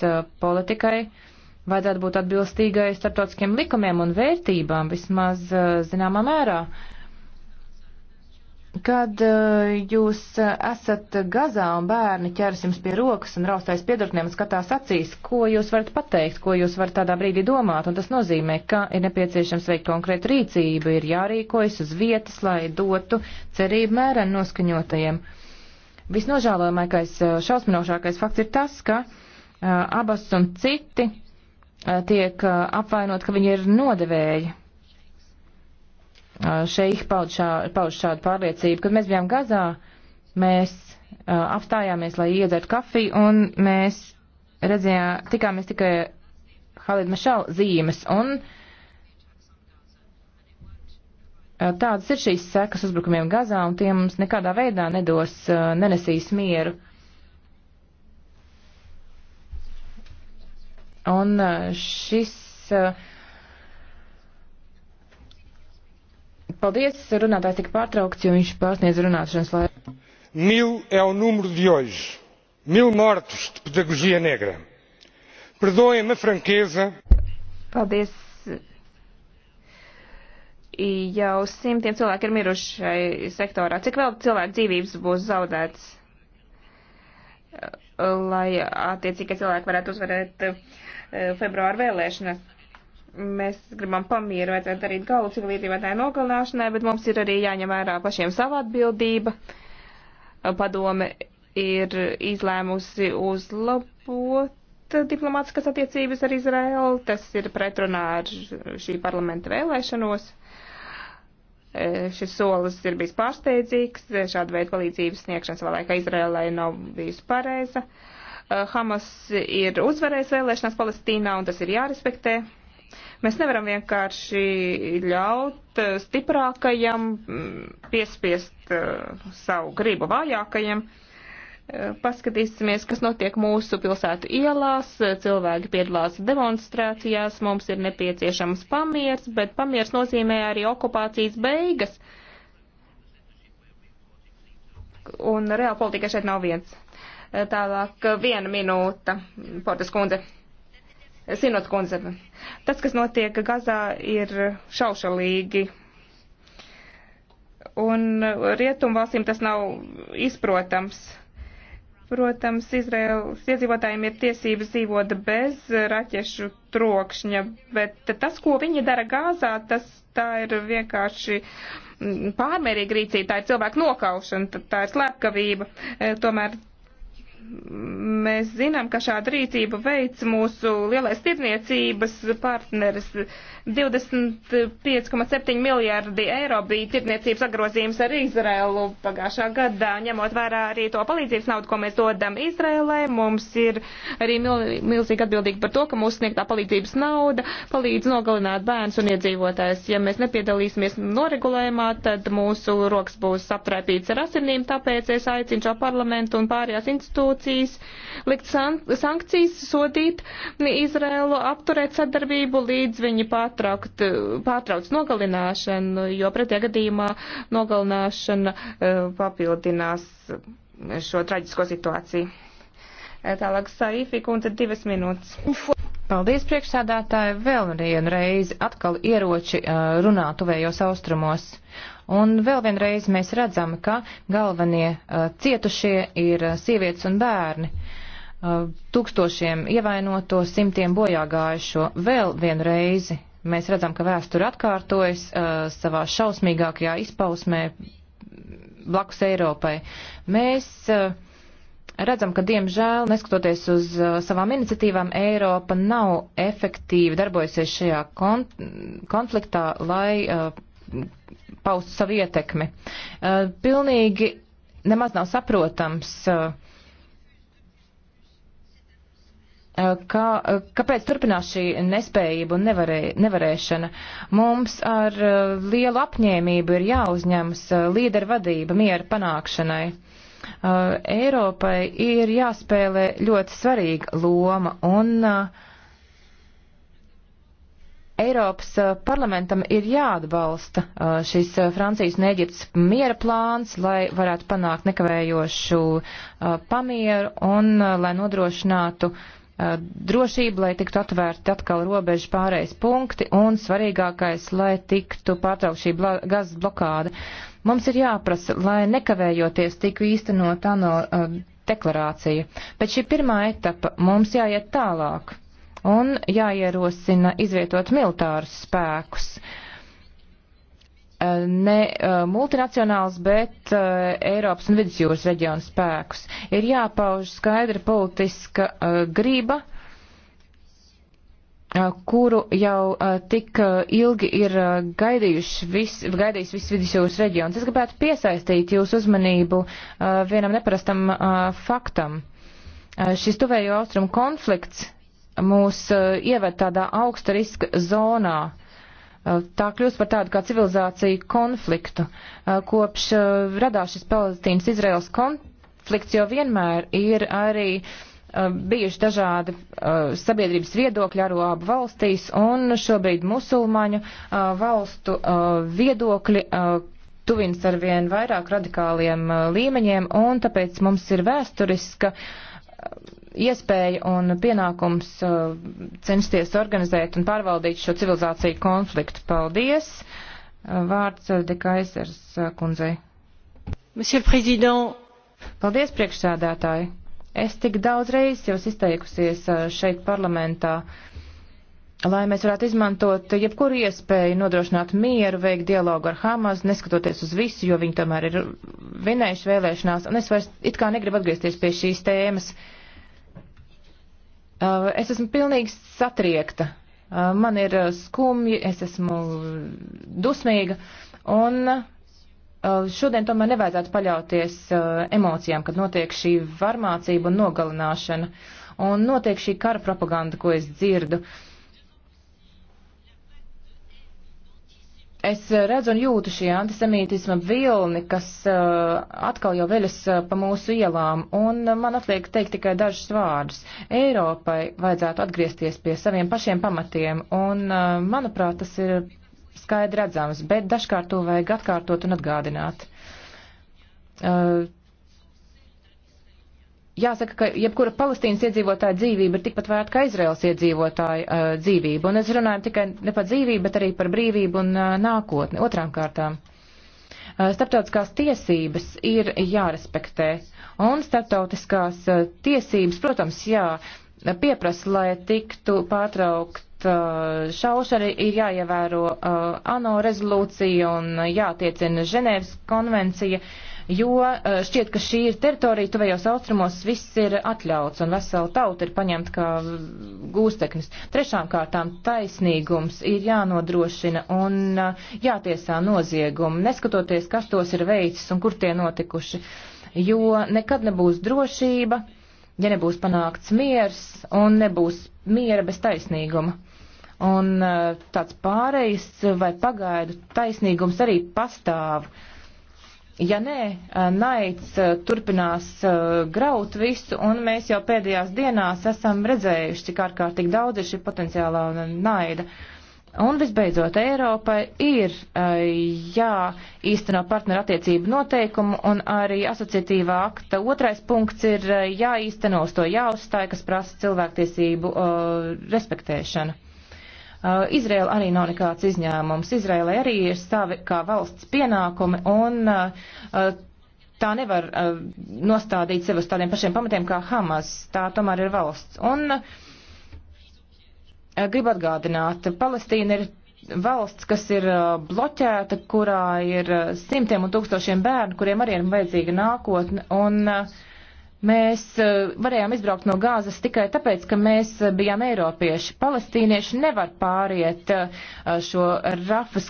politikai vajadzētu būt atbilstīgai starptautiskiem likumiem un vērtībām vismaz zināmā mērā. Uh, Kad eh, jūs eh, esat gazā un bērni ķeras jums pie rokas un raustais piedurkniem un skatās acīs, ko jūs varat pateikt, ko jūs varat tādā brīdī domāt, un tas nozīmē, ka ir nepieciešams veikt konkrētu rīcību, ir jārīkojas uz vietas, lai dotu cerību mēreni noskaņotajiem. Visnožēlojamākais, eh, šausminošākais fakts ir tas, ka abas un citi tiek apvainot, ka viņi ir nodevēji Uh, šeih pauž, šā, pauž šādu pārliecību. Kad mēs bijām Gazā, mēs uh, apstājāmies, lai iedzertu kafiju, un mēs redzējām, tikāmies tikai Halid Mašal zīmes, un uh, tādas ir šīs sekas uzbrukumiem Gazā, un tie mums nekādā veidā nedos, nenesīs mieru. Un šis uh, Paldies, runātājs tika pārtraukts, jo viņš pārsniedz runāšanas laiku. Mil é o número de hoje. Mil mortos de pedagogia negra. Perdoem a franqueza. Paldies. Jau simtiem cilvēku ir miruši šai sektorā. Cik vēl cilvēku dzīvības būs zaudētas? Lai attiecīgi cilvēki varētu uzvarēt eh, februāru vēlēšanas mēs gribam pamieru, vajadzētu darīt galu civilizētāju nogalināšanai, bet mums ir arī jāņem vērā pašiem sava atbildība. Padome ir izlēmusi uzlabot diplomātiskas attiecības ar Izraēlu. Tas ir pretrunā ar šī parlamenta vēlēšanos. E, šis solis ir bijis pārsteidzīgs, šāda veida palīdzības sniegšana savā laikā Izraēlai nav bijusi pareiza. E, Hamas ir uzvarējis vēlēšanās Palestīnā, un tas ir jārespektē. Mēs nevaram vienkārši ļaut eh, stiprākajam mm, piespiest eh, savu gribu vājākajiem. Eh, paskatīsimies, kas notiek mūsu pilsētu ielās. Cilvēki piedalās demonstrācijās, mums ir nepieciešams pamiers, bet pamiers nozīmē arī okupācijas beigas. Un reāla politika šeit nav viens. Tālāk viena minūta, Portas kundze. Sinot kundzeve, tas, kas notiek Gazā, ir šaušalīgi. Un rietumvalstīm tas nav izprotams. Protams, Izraels iedzīvotājiem ir tiesības dzīvot bez raķešu trokšņa, bet tas, ko viņi dara Gāzā, tas tā ir vienkārši pārmērīga rīcība, tā ir cilvēku nokaušana, tā ir slepkavība. E, tomēr Mēs zinām, ka šāda rīcība veids mūsu lielais tirniecības partneris. 25,7 miljārdi eiro bija tirniecības agrozījums ar Izraelu pagājušā gadā, ņemot vērā arī to palīdzības naudu, ko mēs dodam Izraelē. Mums ir arī mil milzīgi atbildīgi par to, ka mūsu sniegtā palīdzības nauda palīdz nogalināt bērns un iedzīvotājs. Ja mēs nepiedalīsimies noregulējumā, tad mūsu rokas būs aptraipīts ar asinīm, tāpēc es aicinu šo parlamentu un pārējās institūcijas rezolūcijas, likt sankcijas, sodīt Izraelu, apturēt sadarbību līdz viņi pārtraukt, pārtrauc nogalināšanu, jo pretie gadījumā nogalināšana e, papildinās šo traģisko situāciju. E, tālāk Saifī kundze divas minūtes. Paldies priekšsādātāji vēl vienu reizi atkal ieroči e, runā tuvējos austrumos. Un vēl vienreiz mēs redzam, ka galvenie uh, cietušie ir uh, sievietes un bērni. Uh, tūkstošiem ievainoto, simtiem bojāgājušo. Vēl vienreiz mēs redzam, ka vēsture atkārtojas savā šausmīgākajā izpausmē blakus Eiropai. Mēs redzam, ka diemžēl, neskatoties uz savām iniciatīvām, Eiropa nav efektīvi darbojusies šajā konfliktā, lai paust savu ietekmi. Eh, pilnīgi nemaz nav saprotams, eh, eh, kā, kāpēc turpinās šī nespējība un nevarē, nevarēšana. Mums ar lielu apņēmību ir jāuzņemas līdervadība miera panākšanai. Eiropai ir jāspēlē ļoti svarīga loma un uh, Eiropas eh, parlamentam ir jāatbalsta eh, šis eh, Francijas un Eģiptes miera plāns, lai varētu panākt nekavējošu pamieru un lai nodrošinātu drošību, lai tiktu atvērti atkal robežu pārējais punkti un svarīgākais, lai tiktu pārtraukt šī gazas blokāda. Mums ir jāprasa, lai nekavējoties tiku īstenot ANO deklarācija. Pēc šī pirmā etapa mums jāiet tālāk un jāierosina izvietot militārus spēkus. Eh, ne eh, multinacionāls, bet eh, Eiropas un Vidusjūras reģiona spēkus. Ir jāpauž skaidra politiska grība, kuru jau tik ilgi ir gaidījuši vis, gaidījis viss vidusjūras reģions. Es gribētu piesaistīt jūsu uzmanību vienam neparastam faktam. Šis tuvējo austrumu konflikts mūs uh, ieved tādā augsta riska zonā. Uh, tā kļūst par tādu kā civilizāciju konfliktu. Uh, kopš radās šis Palestīnas-Izraels konflikts jau vienmēr ir arī bijuši dažādi sabiedrības viedokļi ar abu valstīs un šobrīd musulmaņu valstu viedokļi tuvins ar vien vairāk radikāliem līmeņiem un tāpēc mums ir vēsturiska iespēja un pienākums uh, censties organizēt un pārvaldīt šo civilizāciju konfliktu. Paldies! Uh, vārds uh, Dekaisers uh, kundzei. Monsieur le Président. Paldies, priekšsēdētāji. Es tik daudz reizes jau izteikusies šeit parlamentā, lai mēs varētu izmantot jebkuru iespēju nodrošināt mieru, veikt dialogu ar Hamas, neskatoties uz visu, jo viņi tomēr ir vinējuši vēlēšanās, un es vairs it kā negribu atgriezties pie šīs tēmas. Uh, Uh, es esmu pilnīgi satriekta. Uh, man ir uh, skumji, es esmu dusmīga un šodien tomēr nevajadzētu paļauties emocijām, kad notiek šī varmācība un nogalināšana un notiek šī kara propaganda, ko es dzirdu. Uh, Es eh, redzu un jūtu šī antisemītisma vilni, kas uh, atkal jau veļas uh, pa mūsu ielām, un uh, man atliek teikt tikai dažus vārdus. Eiropai vajadzētu atgriezties pie saviem pašiem pamatiem, un, uh, manuprāt, tas ir skaidri redzams, bet dažkārt to vajag atkārtot un atgādināt. Uh, jāsaka, ka jebkura Palestīnas iedzīvotāja dzīvība ir tikpat vērta kā Izraels iedzīvotāja uh, dzīvība. Un es runāju tikai ne par dzīvību, bet arī par brīvību un uh, nākotni. Otrām kārtām. Uh, starptautiskās tiesības ir jārespektē. Un starptautiskās uh, tiesības, protams, jā, pieprasa, lai tiktu pārtraukt uh, šaušana, ir jāievēro uh, ANO rezolūcija un uh, jātiecina Ženēvas konvencija. Uh, jo eh, šķiet, ka šī ir teritorija, tuvējos austrumos viss ir atļauts un vesela tauta ir paņemta kā gūsteknis. Trešām kārtām taisnīgums ir jānodrošina un eh, jātiesā noziegumi, neskatoties, kas tos ir veicis un kur tie notikuši, jo nekad nebūs drošība, ja nebūs panākts miers un nebūs miera bez taisnīguma. Un eh, tāds pārejas vai pagaidu taisnīgums arī pastāv. Uh, Ja nē, eh, naids eh, turpinās eh, graut visu, un mēs jau pēdējās dienās esam redzējuši, cik ārkārtīgi daudz ir šī potenciālā naida. Un visbeidzot, Eiropai ir jāīsteno partneru attiecību noteikumu, un arī asociatīvā akta otrais punkts ir jāīsteno uz to jāuzstāj, kas prasa cilvēktiesību respektēšanu. Uh, Izraela arī nav nekāds izņēmums. Izraela arī ir savi kā valsts pienākumi un uh, uh, tā nevar nostādīt sevi uz tādiem pašiem pamatiem kā Hamas. Tā tomēr ir valsts. Un gribu atgādināt, Palestīna ir valsts, kas ir bloķēta, kurā ir simtiem un tūkstošiem bērnu, kuriem arī ir vajadzīga nākotne. Un, uh, Mēs eh, varējām izbraukt no gāzes tikai tāpēc, ka mēs eh, bijām eiropieši. Palestīnieši nevar pāriet eh, šo rafas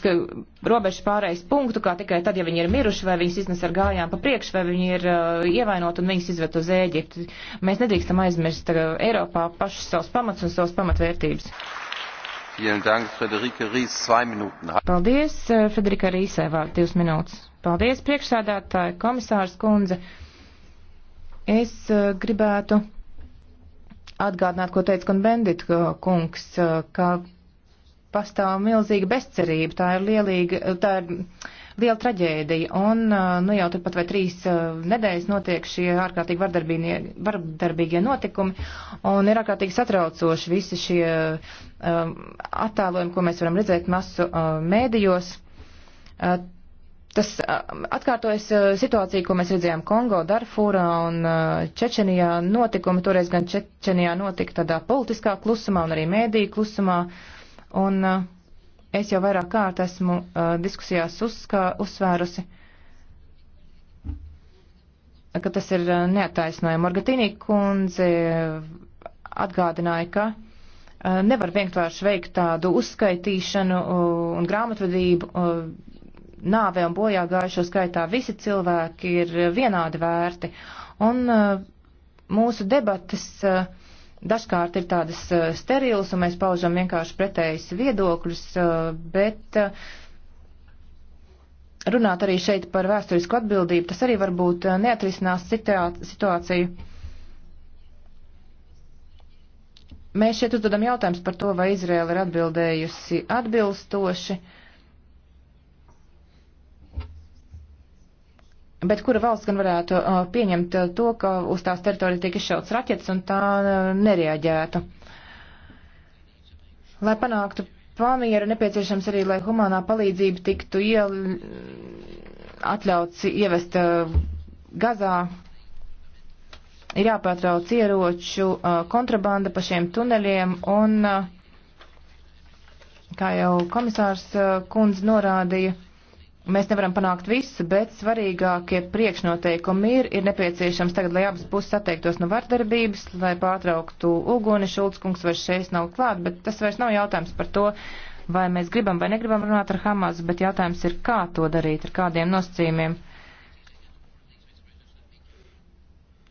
robežu pārējais punktu, kā tikai tad, ja viņi ir miruši, vai viņus iznes ar gājām pa priekšu, vai viņi ir ievainot un viņus izved uz Ēģipti. Mēs nedrīkstam aizmirst Eiropā pašus savus pamats un savus pamatvērtības. Paldies, Frederika Rīsē, vārds divas minūtes. Paldies, priekšsādātāji, komisārs kundze. Es eh, gribētu atgādināt, ko teica Konbendita kungs, eh, ka pastāv milzīga bezcerība, tā ir lielīga, eh, tā ir liela traģēdija, un nu jau turpat vai trīs nedēļas notiek šie ārkārtīgi vardarbīgie notikumi, un ir ārkārtīgi satraucoši visi šie um, attēlojumi, ko mēs varam redzēt masu uh, mēdījos. Uh, Tas atkārtojas situācija, ko mēs redzējām Kongo, Darfūrā un Čečenijā notikumi. Toreiz gan Čečenijā notika tādā politiskā klusumā un arī mēdīja klusumā. Un es jau vairāk kārt esmu diskusijās uzskā, uzsvērusi, ka tas ir neataisnojami. Argatīnī kundze atgādināja, ka nevar vienkārši veikt tādu uzskaitīšanu un grāmatvedību nāvē un bojā gājušo skaitā visi cilvēki ir vienādi vērti. Un eh, mūsu debatas eh, dažkārt ir tādas eh, sterilas, un mēs paužam vienkārši pretējas viedokļus, bet runāt arī šeit par vēsturisku atbildību, tas arī varbūt neatrisinās situāciju. Mēs šeit uzdodam jautājums par to, vai Izraela ir atbildējusi atbilstoši. Uh, Bet kura valsts gan varētu uh, pieņemt uh, to, ka uz tās teritorijas tiek izšauts raķetes un tā uh, nereaģētu? Lai panāktu pamieru, nepieciešams arī, lai humanā palīdzība tiktu iel... atļauts ievest Gazā. Ir jāpārtrauc ieroču kontrabanda pa šiem tuneļiem un, kā jau komisārs kundze norādīja, Mēs nevaram panākt visu, bet svarīgākie priekšnoteikumi ir, ir nepieciešams tagad, lai abas puses atteiktos no vardarbības, lai pārtrauktu uguni. Šulc kungs vairs šeit nav klāt, bet tas vairs nav jautājums par to, vai mēs gribam vai negribam runāt ar Hamas, bet jautājums ir, kā to darīt, ar kādiem nosacījumiem.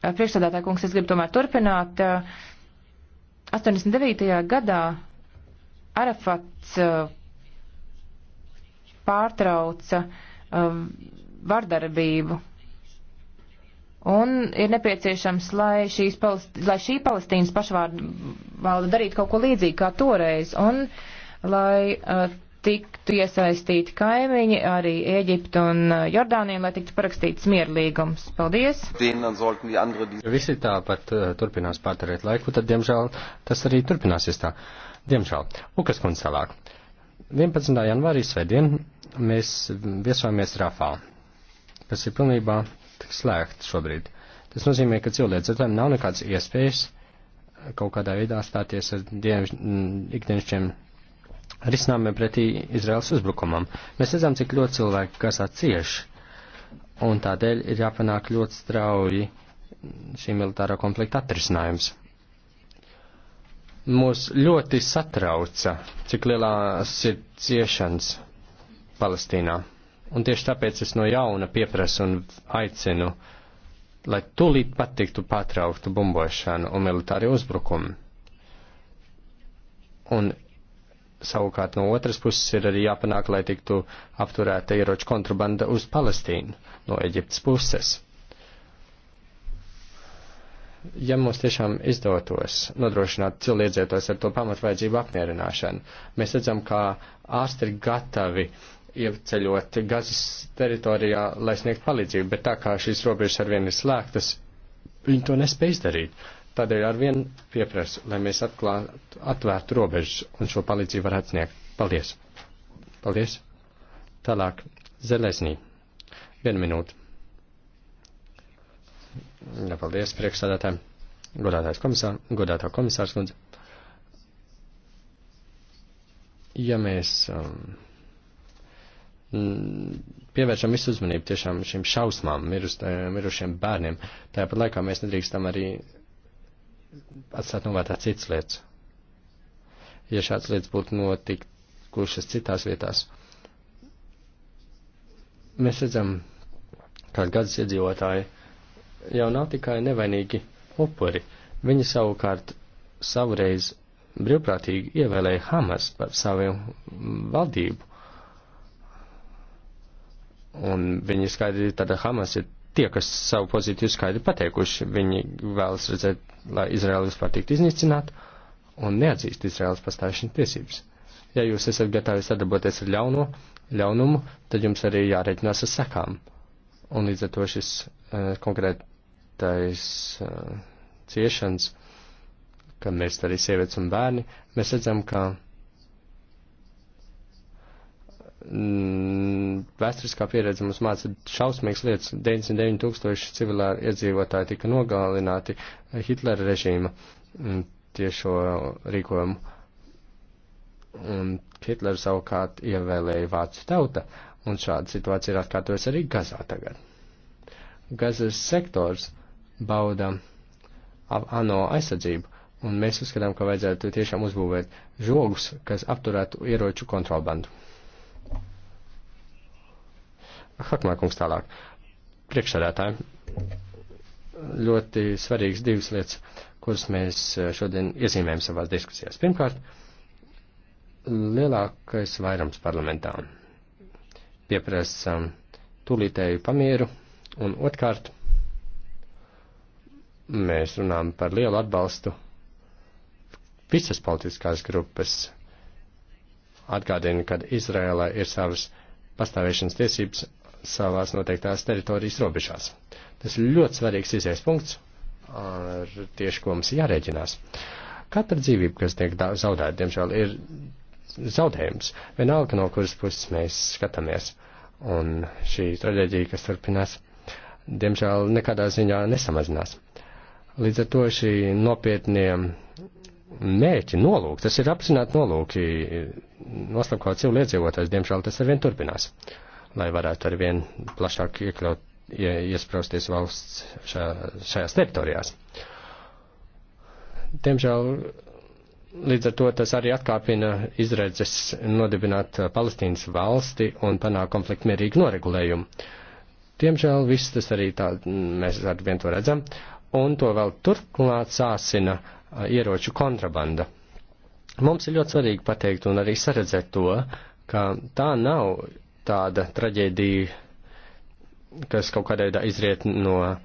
Priekšsēdētāj kungs, es gribu tomēr turpināt. 89. gadā Arafats pārtrauca uh, vardarbību. Un ir nepieciešams, lai, šīs, lai šī Palestīnas pašvārdu valda darītu kaut ko līdzīgu kā toreiz, un lai uh, tiktu iesaistīti kaimiņi, arī Ēģipta un uh, Jordānija, lai tiktu parakstīts mierlīgums. Paldies! Visi tāpat uh, turpinās pārtarēt laiku, tad, diemžēl, tas arī turpināsies tā. Diemžēl. Ukas kundze salāk. 11. janvārī svētdien mēs viesojamies Rafā, kas ir pilnībā slēgts šobrīd. Tas nozīmē, ka cilvēcētājiem nav nekādas iespējas eh, kaut kādā veidā stāties ar mm, ikdienišķiem risinājumiem pretī Izraels uzbrukumam. Mēs redzam, cik ļoti cilvēki, kas atcieš, un tādēļ ir jāpanāk ļoti strauji šī militārā konflikta atrisinājums mūs ļoti satrauca, cik lielās ir ciešanas Palestīnā. Un tieši tāpēc es no jauna pieprasu un aicinu, lai tūlīt pat tiktu pārtrauktu bumbošanu un militāri uzbrukumi. Un savukārt no otras puses ir arī jāpanāk, lai tiktu apturēta ieroču kontrabanda uz Palestīnu no Eģiptes puses. Ja mums tiešām izdotos nodrošināt cilvēcietos ar to pamatvajadzību apmierināšanu, mēs redzam, ka ārsti ir gatavi uh, ieceļot Gazas teritorijā, lai sniegt palīdzību, bet tā kā šīs robežas arvien ir slēgtas, viņi to nespēj izdarīt. Tādēļ arvien pieprasu, lai mēs atklātu, atvērtu robežas un šo palīdzību varētu sniegt. Paldies! Paldies! Tālāk, Zelesnī. Vienu minūtu. Jā, paldies priekšsādātājiem. Godātais komisār, godātā komisārs, lūdzu. Ja mēs um, Mm, pievēršam visu uzmanību tiešām šīm šausmām, mirus, eh, mirušiem bērniem. Tāpat laikā mēs nedrīkstam arī atstāt novērtā citas lietas. Ja šāds lietas būtu notikušas citās vietās. Mēs redzam, kā gadas iedzīvotāji jau nav tikai nevainīgi upuri. Viņi savukārt savureiz brīvprātīgi ievēlēja Hamas par savu valdību Un viņi skaidri, tad Hamas ir tie, kas savu pozīciju skaidri pateikuši. Viņi vēlas redzēt, lai Izraela vispār tiktu iznīcināta un neatzīst Izraels pastāvēšanas tiesības. Ja jūs esat gatavi sadarboties ar ļauno, ļaunumu, tad jums arī jāreķinās ar sekām. Un līdz ar to šis uh, konkrētais uh, ciešanas, kad mēs arī sievietes un bērni, mēs redzam, ka Mm, vēsturiskā pieredze mums māca šausmīgas lietas. 99 tūkstoši civilā iedzīvotāji tika nogalināti Hitlera režīma mm, tiešo rīkojumu. Un Hitleru savukārt ievēlēja vācu tauta, un šāda situācija ir atkārtojas arī Gazā tagad. Gazas sektors bauda ANO aizsardzību, un mēs uzskatām, ka vajadzētu tiešām uzbūvēt žogus, kas apturētu ieroču kontrabandu. Hakmākungs tālāk. Priekšsēdētāji, ļoti svarīgas divas lietas, kuras mēs eh, šodien iezīmējam savās diskusijās. Pirmkārt, lielākais vairums parlamentā pieprasa tūlītēju pamieru, un otrkārt, mēs runājam par lielu atbalstu visas politiskās grupas. Atgādina, ka Izrēlē ir savas pastāvēšanas tiesības savās noteiktās teritorijas robežās. Tas ir ļoti svarīgs izies punkts, ar tieši ko mums jārēķinās. Katra dzīvība, kas tiek zaudēta, diemžēl, ir zaudējums, vienalga no kuras puses mēs skatāmies. Un šī traģēdija, kas turpinās, diemžēl nekādā ziņā nesamazinās. Līdz ar to šī nopietnie mērķi, nolūki, tas ir apzināti nolūki, noslapkot civiliedzīvotājs, diemžēl tas arvien turpinās. Uh, lai varētu arvien plašāk iekļaut, iesprausties valsts šā, šajās teritorijās. Diemžēl līdz ar to tas arī atkāpina izredzes nodibināt Palestīnas valsti un panākt konfliktu mierīgu noregulējumu. Diemžēl viss tas arī tā, mēs ar vien to redzam, un to vēl turklāt sāsina ieroču kontrabanda. Mums ir ļoti svarīgi pateikt un arī saredzēt to, ka tā nav tāda traģēdija, kas kaut kādā veidā izriet no uh,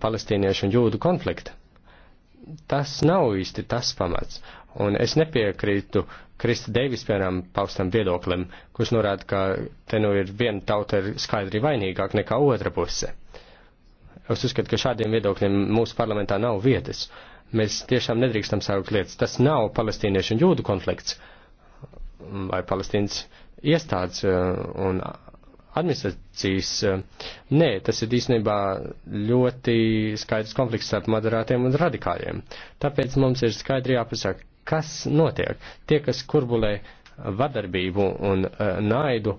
palestīniešu un jūdu konflikta. Tas nav īsti tas pamats, un es nepiekrītu Krista Deivis, piemēram, paustam viedoklim, kurš norāda, ka te nu ir viena tauta ir skaidri vainīgāk nekā otra puse. Es uzskatu, ka šādiem viedokļiem mūsu parlamentā nav vietas. Mēs tiešām nedrīkstam saukt lietas. Tas nav palestīniešu un jūdu konflikts vai palestīnas iestādes eh, un administrācijas. Eh, nē, tas ir īstenībā ļoti skaidrs konflikts starp moderātiem un radikāļiem. Tāpēc mums ir skaidri jāpasaka, kas notiek. Tie, kas kurbulē vardarbību un uh, naidu,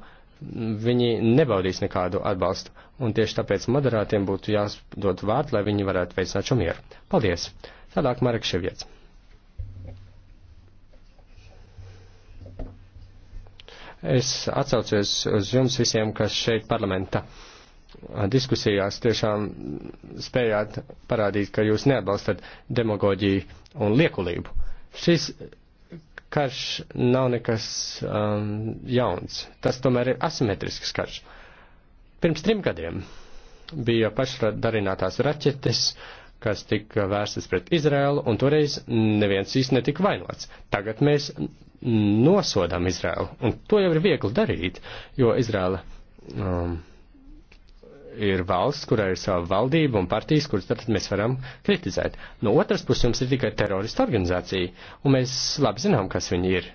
viņi nebaudīs nekādu atbalstu. Un tieši tāpēc moderātiem būtu jāsdod vārds, lai viņi varētu veicināt šo mieru. Paldies! Tālāk Marek Ševjets. Es atsaucos uz jums visiem, kas šeit parlamenta diskusijās tiešām spējāt parādīt, ka jūs neatbalstat demagoģiju un liekulību. Šis karš nav nekas um, jauns. Tas tomēr ir asimetrisks karš. Pirms trim gadiem bija pašradarinātās raķetes, kas tika vērstas pret Izrēlu, un toreiz neviens īsti netika vainots. Tagad mēs nosodām Izrēlu. Un to jau ir viegli darīt, jo Izrēla um, ir valsts, kurā ir sava valdība un partijas, kuras tad mēs varam kritizēt. No otras puses jums ir tikai terorista organizācija, un mēs labi zinām, kas viņi ir.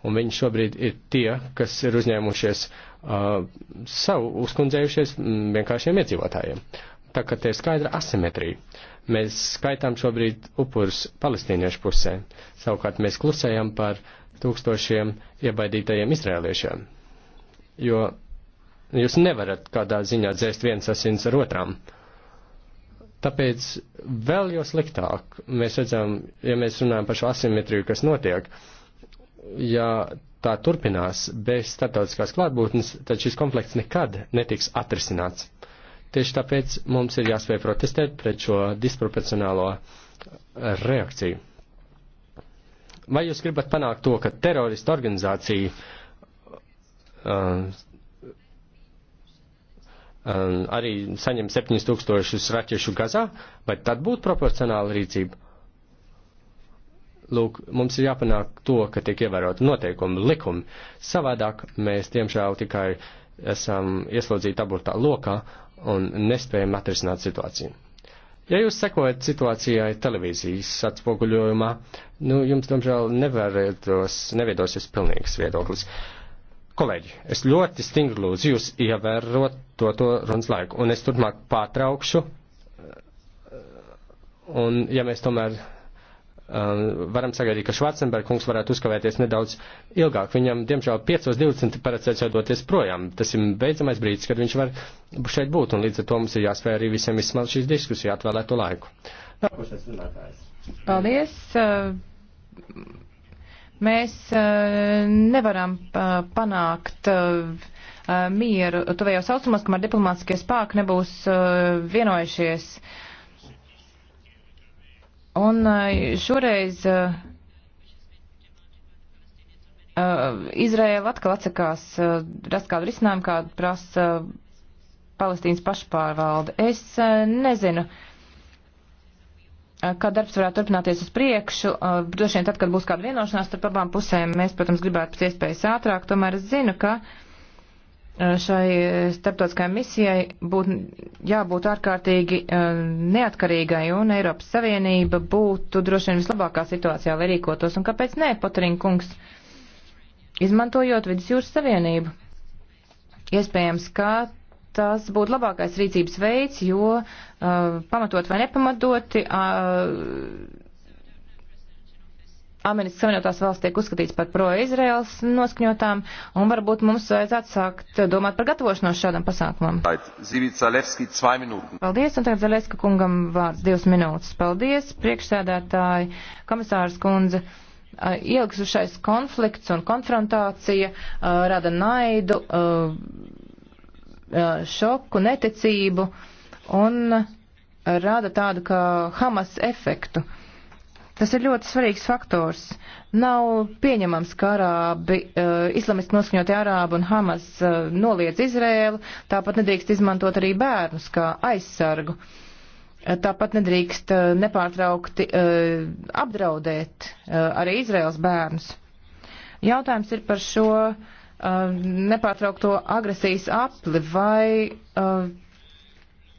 Un viņi šobrīd ir tie, kas ir uzņēmušies uh, savu uzkundzējušies m, mm, vienkāršiem iedzīvotājiem. Tā kā te ir skaidra asimetrija. Mēs skaitām šobrīd upurus palestīniešu pusē. Savukārt mēs klusējam par uh, tūkstošiem iebaidītajiem izrēliešiem. Jo jūs nevarat kādā ziņā dzēst viens asins ar otrām. Tāpēc vēl jau sliktāk mēs redzam, ja mēs runājam par šo asimetriju, kas notiek, ja tā turpinās bez starptautiskās klātbūtnes, tad šis konflikts nekad netiks atrisināts. Tieši tāpēc mums ir jāspēj protestēt pret šo disproporcionālo reakciju. Vai jūs gribat panākt to, ka terorista organizācija uh, um, arī saņem 7000 raķešu gazā, vai tad būtu proporcionāla rīcība? Lūk, mums ir jāpanāk to, ka tiek ievērot noteikumi, likumi. Savādāk mēs, tiemžēl, tikai esam ieslodzīti aburtā lokā un nespējam atrisināt situāciju. Ja jūs sekojat situācijai televīzijas atspoguļojumā, nu, jums, domžēl, neviedosies pilnīgs viedoklis. Kolēģi, es ļoti stingri lūdzu jūs ievērot to, to runas laiku, un es turpmāk pārtraukšu, un ja mēs tomēr um, varam sagaidīt, ka Švarcenberg kungs varētu uzkavēties nedaudz ilgāk. Viņam, diemžēl, 5.20 paredzēts jau doties projām. Tas ir beidzamais brīdis, kad viņš var šeit būt, un līdz ar to mums ir jāspēj arī visiem izsmelt šīs diskusijas atvēlēto laiku. Nākošais runātājs. Paldies. Ehm, mēs ehm, nevaram panākt mieru tuvējos austrumos, kamēr diplomātskie spēki nebūs vienojušies. Uh, Un eh, šoreiz uh, eh, eh, Izraēla atkal atsakās uh, rast kādu risinājumu, kādu prasa uh, Palestīnas pašpārvalde. Es uh, nezinu, uh, kā darbs varētu turpināties uz priekšu. Uh, droši vien tad, kad būs kāda vienošanās starp abām pusēm, mēs, protams, gribētu pēc iespējas ātrāk, tomēr es zinu, ka uh, Eh, šai starptautiskajai misijai būtu jābūt ārkārtīgi eh, neatkarīgai un Eiropas Savienība būtu droši vien vislabākā situācijā, lai rīkotos. Un kāpēc nē, Poteriņa kungs, izmantojot Vidusjūras Savienību? Iespējams, ka tas būtu labākais rīcības veids, jo uh, pamatot vai nepamatoti. Uh, Amerikas Savienotās valsts tiek uzskatīts par pro-Izraels noskaņotām, un varbūt mums vajadzētu sākt domāt par gatavošanos šādam pasākumam. Paldies, un tagad Zaleska kungam vārds divas minūtes. Paldies, priekšsēdētāji, komisārs kundze. Ielgsušais konflikts un konfrontācija uh, rada naidu, uh, šoku, neticību un rada tādu kā Hamas efektu. Uh, Tas ir ļoti svarīgs faktors. Nav pieņemams, ka arābi, uh, eh, islamiski noskaņotie arābi un Hamas uh, noliedz Izrēlu, tāpat nedrīkst izmantot arī bērnus kā aizsargu. Eh, tāpat nedrīkst uh, nepārtraukti uh, apdraudēt uh, arī Izraels bērnus. Jautājums ir par šo uh, nepārtraukto agresijas apli, vai uh,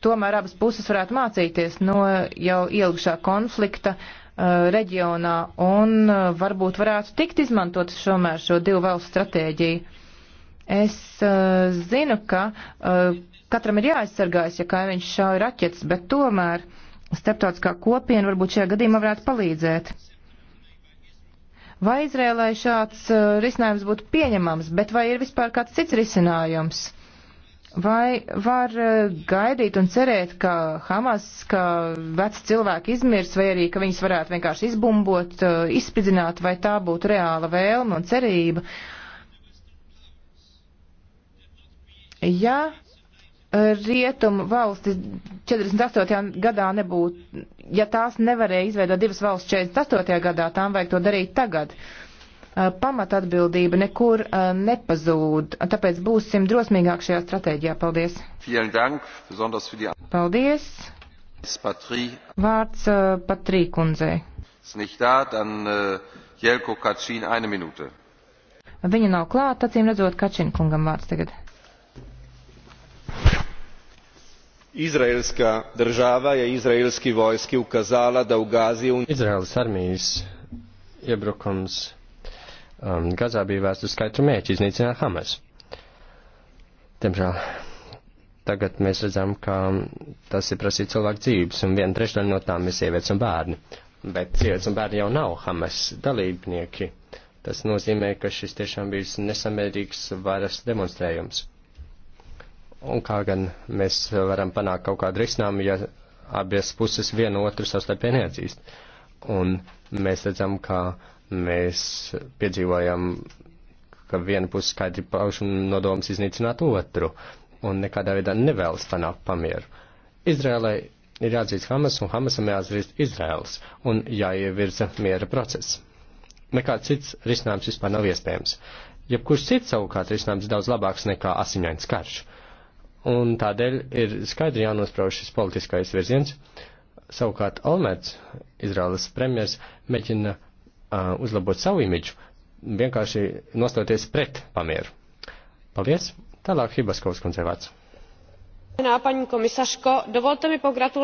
tomēr abas puses varētu mācīties no jau ilgšā konflikta uh, Uh, reģionā un uh, varbūt varētu tikt izmantot šomēr šo divu valstu stratēģiju. Es uh, zinu, ka uh, katram ir jāaizsargājas, ja kaimiņš šauj raķetes, bet tomēr starptautiskā kopiena varbūt šajā gadījumā varētu palīdzēt. Vai Izrēlai šāds uh, risinājums būtu pieņemams, bet vai ir vispār kāds cits risinājums? Vai var eh, gaidīt un cerēt, ka Hamas, ka veci cilvēki izmirs, vai arī, ka viņus varētu vienkārši izbumbot, eh, izspridzināt, vai tā būtu reāla vēlme un cerība? Ja eh, rietumu valstis 48. gadā nebūtu, ja tās nevarēja izveidot divas valsts 48. gadā, tām vajag to darīt tagad. Uh, Eh, pamat atbildība nekur eh, nepazūd. Tāpēc būsim drosmīgāk šajā stratēģijā. Paldies! Paldies! Vārds eh, Patrī kundzei. Viņa nav klāt, acīm redzot, Kačina kungam vārds tagad. izraelska država je izraelski vojski ukazala da u gazi un... izraels armijas iebrukums um, Gazā bija vērsts uz skaidru mērķi iznīcināt Hamas. Diemžēl tagad mēs redzam, ka tas ir prasīt cilvēku dzīvības, un viena trešdaļa no tām ir sievietes un bērni. Bet sievietes un bērni jau nav Hamas dalībnieki. Tas nozīmē, ka šis tiešām bijis nesamērīgs varas demonstrējums. Un kā gan mēs varam panākt kaut kādu risinājumu, ja abies puses vienu otru savstarpēji neatzīst. Un mēs redzam, ka mēs piedzīvojam, ka viena puse skaidri pauž nodoms iznīcināt otru un nekādā veidā nevēlas panākt pamieru. Izrēlai ir jāatzīst Hamas un Hamasam jāatzīst Izrēls un jāievirza miera process. Nekāds cits risinājums vispār nav iespējams. Jebkurš cits savukārt risinājums daudz labāks nekā asiņains karš. Un tādēļ ir skaidri jānosprauž šis politiskais virziens. Savukārt Olmets, Izraels premjers, mēģina uh, uzlabot savu imidžu, vienkārši nostoties pret pamieru. Paldies! Tālāk Hibaskovs kundzei vārds.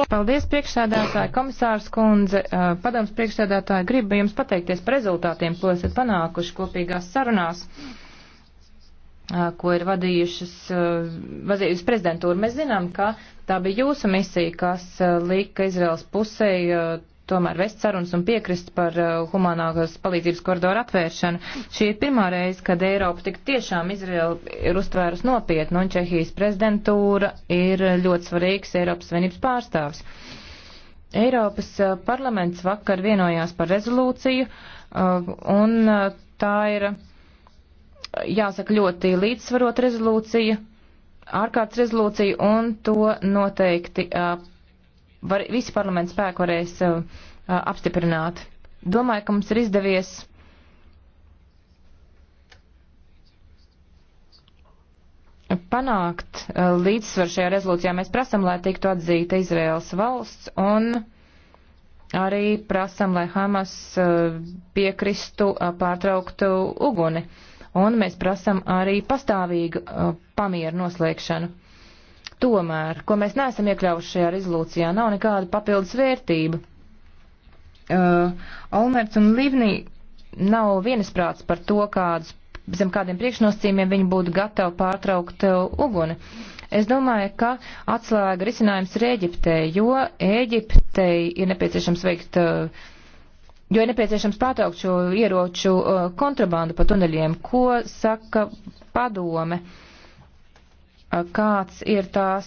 Paldies, priekšsēdētāji, komisārs kundze, uh, padoms priekšsēdētāji, gribu jums pateikties par rezultātiem, ko esat panākuši kopīgās sarunās uh, ko ir vadījušas, uh, vadījusi prezidentūra. Mēs zinām, ka tā bija jūsu misija, kas lika Izraels pusē tomēr vest sarunas un piekrist par uh, humanākās palīdzības koridoru atvēršanu. Šī ir pirmā reize, kad Eiropa tik tiešām Izraela ir uztvērus nopietni, un Čehijas prezidentūra ir ļoti svarīgs Eiropas Savienības pārstāvs. Eiropas uh, parlaments vakar vienojās par rezolūciju, uh, un tā ir, jāsaka, ļoti līdzsvarot rezolūcija, ārkārtas rezolūcija, un to noteikti var, visi parlamentu spēku varēs uh, uh, apstiprināt. Domāju, ka mums ir izdevies panākt uh, līdzsvaru šajā rezolūcijā. Mēs prasam, lai tiktu atzīta Izraels valsts un arī prasam, lai Hamas uh, piekristu uh, pārtrauktu uguni. Un mēs prasam arī pastāvīgu uh, pamieru noslēgšanu. Tomēr, ko mēs neesam iekļaujuši šajā rezolūcijā, nav nekāda papildus vērtība. Uh, Olmerts un Livni nav vienisprāts par to, kādus, zem kādiem priekšnosacījumiem viņi būtu gatavi pārtraukt uh, uguni. Es domāju, ka atslēga risinājums ir Ēģiptē, jo Ēģiptei ir nepieciešams veikt uh, jo ir nepieciešams pārtraukt šo ieroču uh, kontrabandu pa tuneļiem, ko saka padome kāds ir tās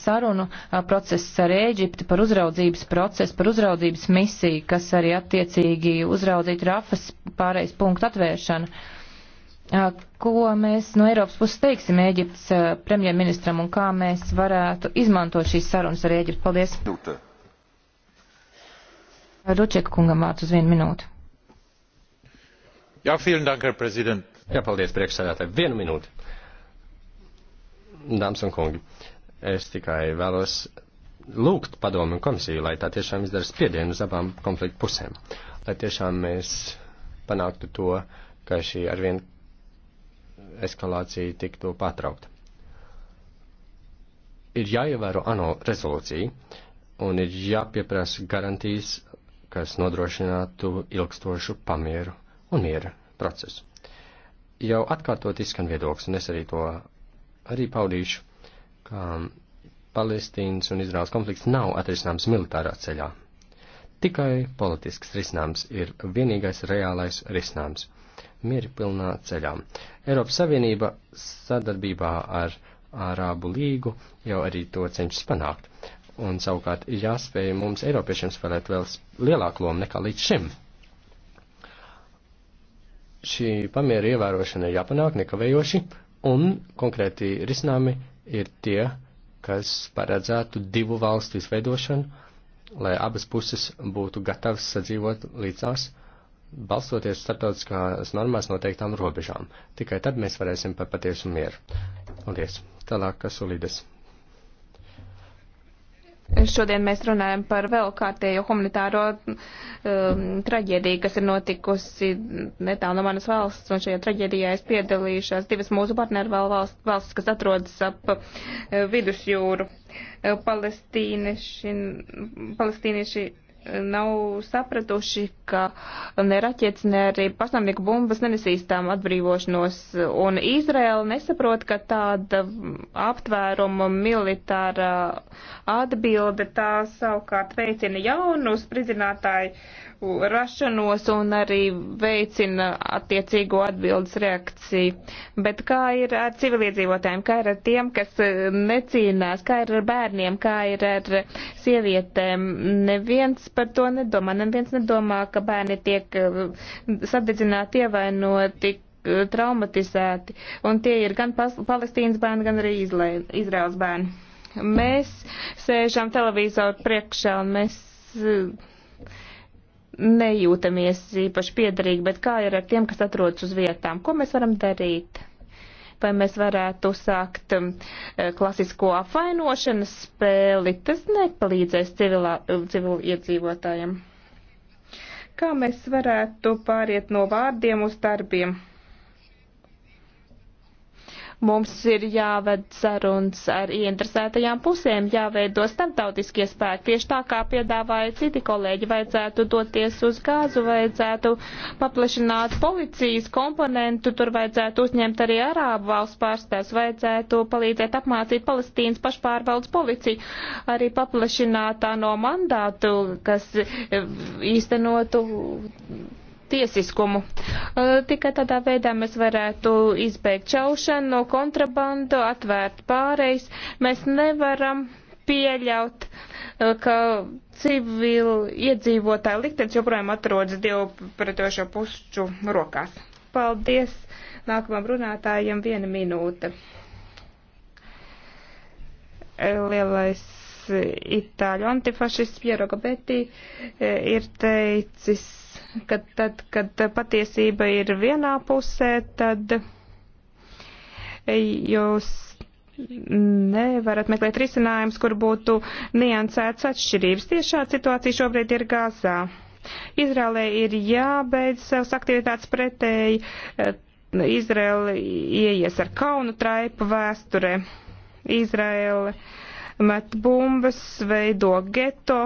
sarunu process ar Ēģipti par uzraudzības procesu, par uzraudzības misiju, kas arī attiecīgi uzraudzītu Rafas pārējais punktu atvēršanu. Ko mēs no Eiropas puses teiksim Ēģiptes premjerministram un kā mēs varētu izmantot šīs sarunas ar Ēģiptu? Paldies! Ručeka kungam vārds uz vienu minūtu. Jā, ja, vielen dank, Herr Prezident. Jā, paldies, priekšsēdētāji. Vienu minūti. Dāmas un kungi, es tikai vēlos lūgt padomu un komisiju, lai tā tiešām izdara spiedienu uz abām konfliktu pusēm, lai tiešām mēs panāktu to, ka šī arvien eskalācija tiktu pārtraukta. Ir jāievēro ANO rezolūcija un ir jāpieprasa garantijas, kas nodrošinātu ilgstošu pamieru un miera procesu. Jau atkārtot izskan viedoklis, un es arī to arī paudīšu, ka Palestīnas un Izraels konflikts nav atrisināms militārā ceļā. Tikai politisks risinājums ir vienīgais reālais risinājums - mieri pilnā ceļā. Eiropas Savienība sadarbībā ar Ārābu līgu jau arī to cenšas panākt, un savukārt ir jāspēj mums Eiropiešiem spēlēt vēl lielāku lomu nekā līdz šim šī pamiera ievērošana ir jāpanāk nekavējoši, Un konkrēti risinājumi ir tie, kas paredzētu divu valstu izveidošanu, lai abas puses būtu gatavas sadzīvot līdzās, balstoties starptautiskās normās noteiktām robežām. Tikai tad mēs varēsim par patiesu mieru. Paldies! Tālāk, kas ulīdes. Šodien mēs runājam par vēl kārtējo humanitāro um, traģēdiju, kas ir notikusi netālu no manas valsts, un šajā traģēdijā es piedalījušās divas mūsu partneru valsts, valsts, kas atrodas ap uh, vidusjūru. Uh, palestīnieši, palestīnieši nav sapratuši, ka ne raķets, ne arī pašnamnieku bumbas nenesīs tām atbrīvošanos. Un Izraela nesaprot, ka tāda aptvēruma militāra atbilde tā savukārt veicina jaunus prizinātāju rašanos un arī veicina attiecīgo atbildes reakciju. Bet kā ir ar civiliedzīvotājiem, kā ir ar tiem, kas e, necīnās, kā ir ar bērniem, kā ir ar sievietēm? Neviens par to nedomā, neviens nedomā, ka bērni tiek e, sadedzināti, ievainoti, e, traumatizēti, un tie ir gan palestīnas bērni, gan arī Izraels bērni. Mēs sēžam televizoru priekšā un mēs nejūtamies īpaši piederīgi, bet kā ir ar tiem, kas atrodas uz vietām? Ko mēs varam darīt? Vai mēs varētu sākt um, klasisko apvainošanas spēli? Tas nepalīdzēs civilā, civilu iedzīvotājiem. Kā mēs varētu pāriet no vārdiem uz darbiem? Mums ir jāved sarunas ar ieinteresētajām pusēm, jāveido starptautiskie spēki. Tieši tā kā piedāvāja citi kolēģi, vajadzētu doties uz gāzu, vajadzētu paplašināt policijas komponentu, tur vajadzētu uzņemt arī arābu valsts pārstāvs, vajadzētu palīdzēt apmācīt Palestīnas pašpārvaldes policiju, arī paplašināt tā no mandātu, kas īstenotu tiesiskumu. Uh, tikai tādā veidā mēs varētu izbeigt čaušanu, kontrabandu, atvērt pārejas. Mēs nevaram pieļaut, uh, ka civili iedzīvotāji liktenis joprojām atrodas divu pretošo pušu rokās. Paldies! Nākamam runātājam viena minūte. Lielais itāļu antifašists Piero Gabetti eh, ir teicis ka tad, kad patiesība ir vienā pusē, tad jūs nevarat meklēt risinājums, kur būtu niansēts atšķirības. Tieši šāda situācija šobrīd ir Gazā. Izrēlē ir jābeidz savas aktivitātes pretēji. Izrēla ieies ar kaunu traipu vēsturē. Izrēla met bumbas, veido geto,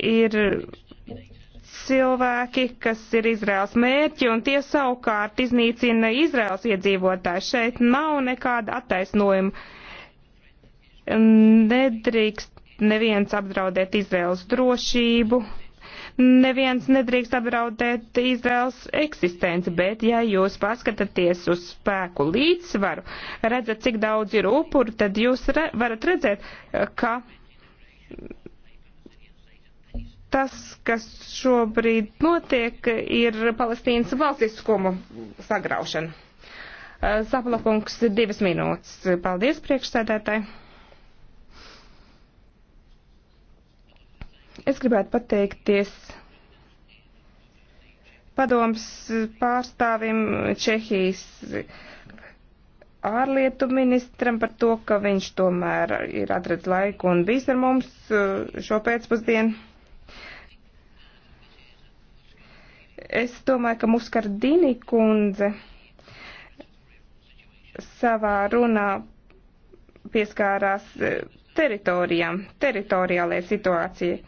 ir cilvēki, kas ir Izraels mērķi, un tie savukārt iznīcina Izraels iedzīvotājs. Šeit nav nekāda attaisnojuma. Nedrīkst neviens apdraudēt Izraels drošību, neviens nedrīkst apdraudēt Izraels eksistenci, bet ja jūs paskatāties uz spēku līdzsvaru, redzat, cik daudz ir upuru, tad jūs re varat redzēt, ka tas, kas šobrīd notiek, ir Palestīnas valstiskumu sagraušana. Eh, Zaplakungs, divas minūtes. Paldies priekšsēdētāji. Es gribētu pateikties padoms pārstāvim Čehijas ārlietu ministram par to, ka viņš tomēr ir atradis laiku un bijis ar mums eh, šo pēcpusdienu. Es domāju, ka Muskardini kundze savā runā pieskārās e, teritorijām, teritoriālajai situācijai.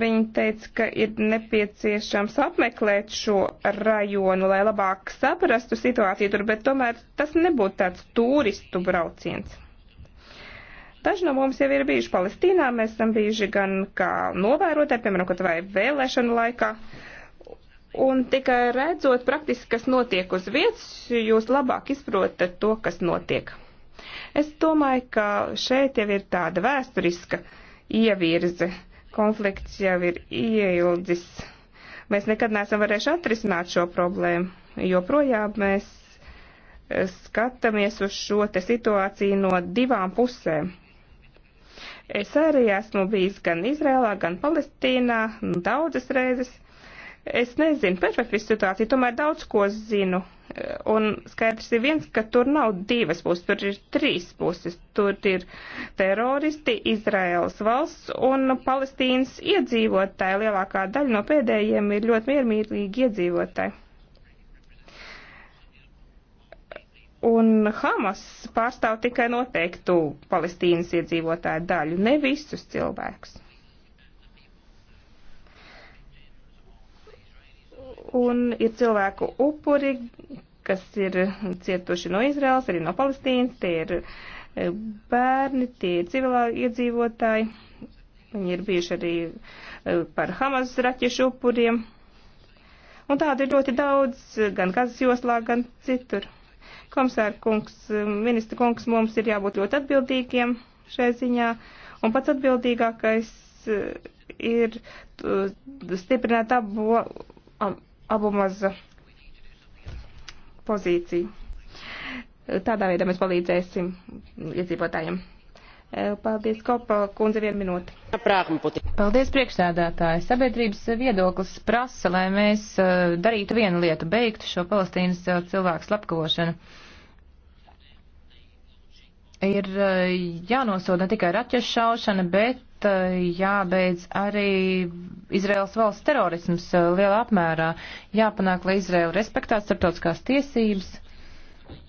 Viņa teica, ka ir nepieciešams apmeklēt šo rajonu, lai labāk saprastu situāciju tur, bet tomēr tas nebūtu tāds turistu brauciens. Daži no mums jau ir bijuši Palestīnā, mēs esam bijuši gan kā novērotāji, piemēram, kaut vai vēlēšanu laikā. Uh, Un tikai redzot praktiski, kas notiek uz vietas, jūs labāk izprotat to, kas notiek. Es domāju, ka šeit jau ir tāda vēsturiska ievirze. Konflikts jau ir ieildzis. Mēs nekad neesam varējuši atrisināt šo problēmu, jo projām mēs eh, skatāmies uz šo te situāciju no divām pusēm. Es arī esmu bijis gan Izrēlā, gan Palestīnā nu, daudzas reizes Es nezinu perfektu situāciju, tomēr daudz ko zinu. Un skaidrs ir viens, ka tur nav divas puses, tur ir trīs puses. Tur ir teroristi, Izraels valsts un Palestīnas iedzīvotāji. Lielākā daļa no pēdējiem ir ļoti miermīlīgi iedzīvotāji. Un Hamas pārstāv tikai noteiktu Palestīnas iedzīvotāju daļu, ne visus cilvēkus. un ir cilvēku upuri, kas ir cietuši no Izraels, arī no Palestīnas, tie ir e, bērni, tie ir civilā iedzīvotāji, viņi ir bijuši arī e, par Hamas raķešu upuriem. Un tādu ir ļoti daudz, gan Gazas joslā, gan citur. Komisāra kungs, e, ministra kungs, mums ir jābūt ļoti atbildīgiem šai ziņā, un pats atbildīgākais ir stiprināt abu Abumaza pozīciju. Tādā veidā mēs palīdzēsim iedzīvotājiem. Eh, paldies, Kopa kundze, vienu minūti. Paldies, priekšsēdētāji. Sabiedrības viedoklis prasa, lai mēs eh, darītu vienu lietu, beigtu šo Palestīnas eh, cilvēku slapkošanu ir eh, jānosoda ne tikai raķešu šaušana, bet eh, jābeidz arī Izraels valsts terorisms eh, lielā apmērā. Jāpanāk, lai Izraela respektētu starptautiskās tiesības.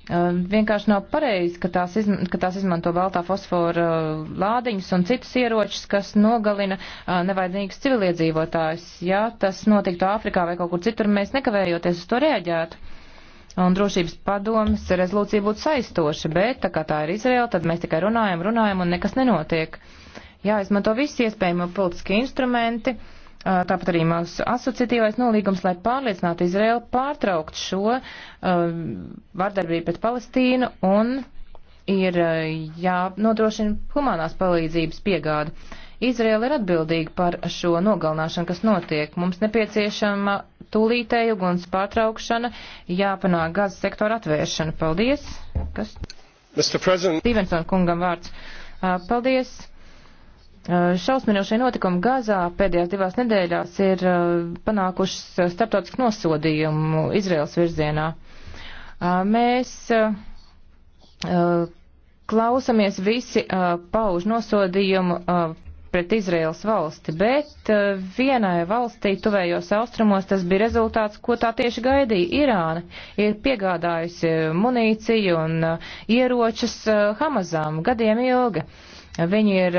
Vienkārši nav pareizi, ka tās, izm ka tās izmanto baltā fosfora lādiņus un citus ieročus, kas nogalina nevajadzīgus civiliedzīvotājus. Ja tas notiktu Āfrikā vai kaut kur citur, mēs nekavējoties uz to reaģētu un drošības padomas rezolūcija būtu saistoša, bet tā kā tā ir Izraela, tad mēs tikai runājam, runājam un nekas nenotiek. Jāizmanto visi iespējami politiskie instrumenti, tāpat arī mūsu asociatīvais nolīgums, lai pārliecinātu Izraelu pārtraukt šo uh, vardarbību pret Palestīnu un ir jānodrošina humanās palīdzības piegāda. Izraela ir atbildīga par šo nogalināšanu, kas notiek. Mums nepieciešama tūlītēja uguns pārtraukšana, jāpanāk gazas sektora atvēršana. Paldies. Kas? Stevenson kungam vārds. Paldies. Šausminošie notikumi Gazā pēdējās divās nedēļās ir panākušas starptautisku nosodījumu Izraels virzienā. Mēs klausamies visi pauž nosodījumu pret Izraels valsti, bet uh, vienai valstī tuvējos austrumos tas bija rezultāts, ko tā tieši gaidīja Irāna. Ir piegādājusi munīciju un uh, ieročus uh, Hamazām gadiem ilgi. Viņi ir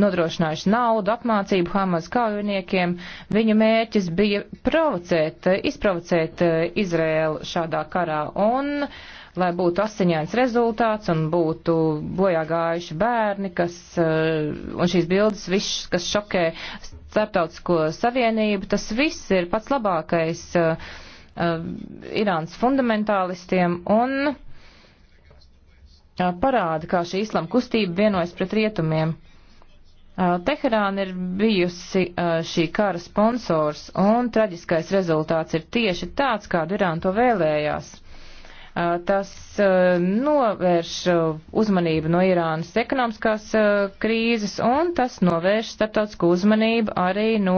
nodrošinājuši naudu, apmācību Hamas kaujiniekiem. Viņu mērķis bija provocēt, izprovocēt Izraēlu šādā karā. Un uh, lai būtu asiņains rezultāts un būtu bojā gājuši bērni, kas, eh, un šīs bildes, viss, kas šokē starptautisko savienību, tas viss ir pats labākais uh, Irānas fundamentālistiem un parāda, kā šī islama kustība vienojas pret rietumiem. Teherāna ir bijusi šī kara sponsors, un traģiskais rezultāts ir tieši tāds, kādu Irāna to vēlējās. Eh, tas eh, novērš eh, uzmanību no Irānas ekonomiskās krīzes un tas novērš starptautisku uzmanību arī no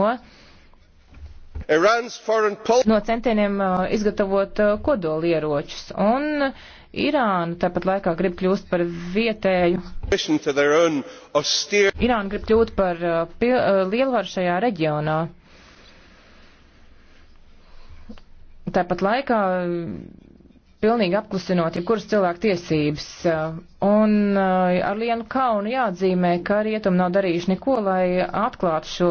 no centieniem izgatavot kodolieročus. Un Irāna tāpat laikā grib kļūst par vietēju. Irāna grib kļūt par pie, lielvaru šajā reģionā. Tāpat laikā pilnīgi apklusinot jebkuras ja cilvēku tiesības. Eh, un eh, ar lienu kaunu jāatzīmē, ka rietumi nav darījuši neko, lai atklātu šo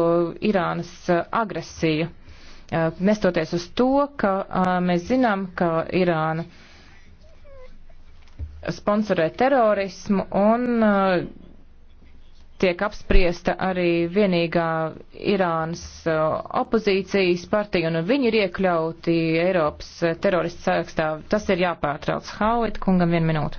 Irānas eh, agresiju. Nestoties uz to, ka mēs zinām, ka Irāna sponsorē terorismu un tiek apspriesta arī vienīgā Irānas uh, opozīcijas partija, un viņi ir iekļauti Eiropas uh, teroristu sarakstā. Tas ir jāpārtrauc. Hauit kungam vienu minūtu.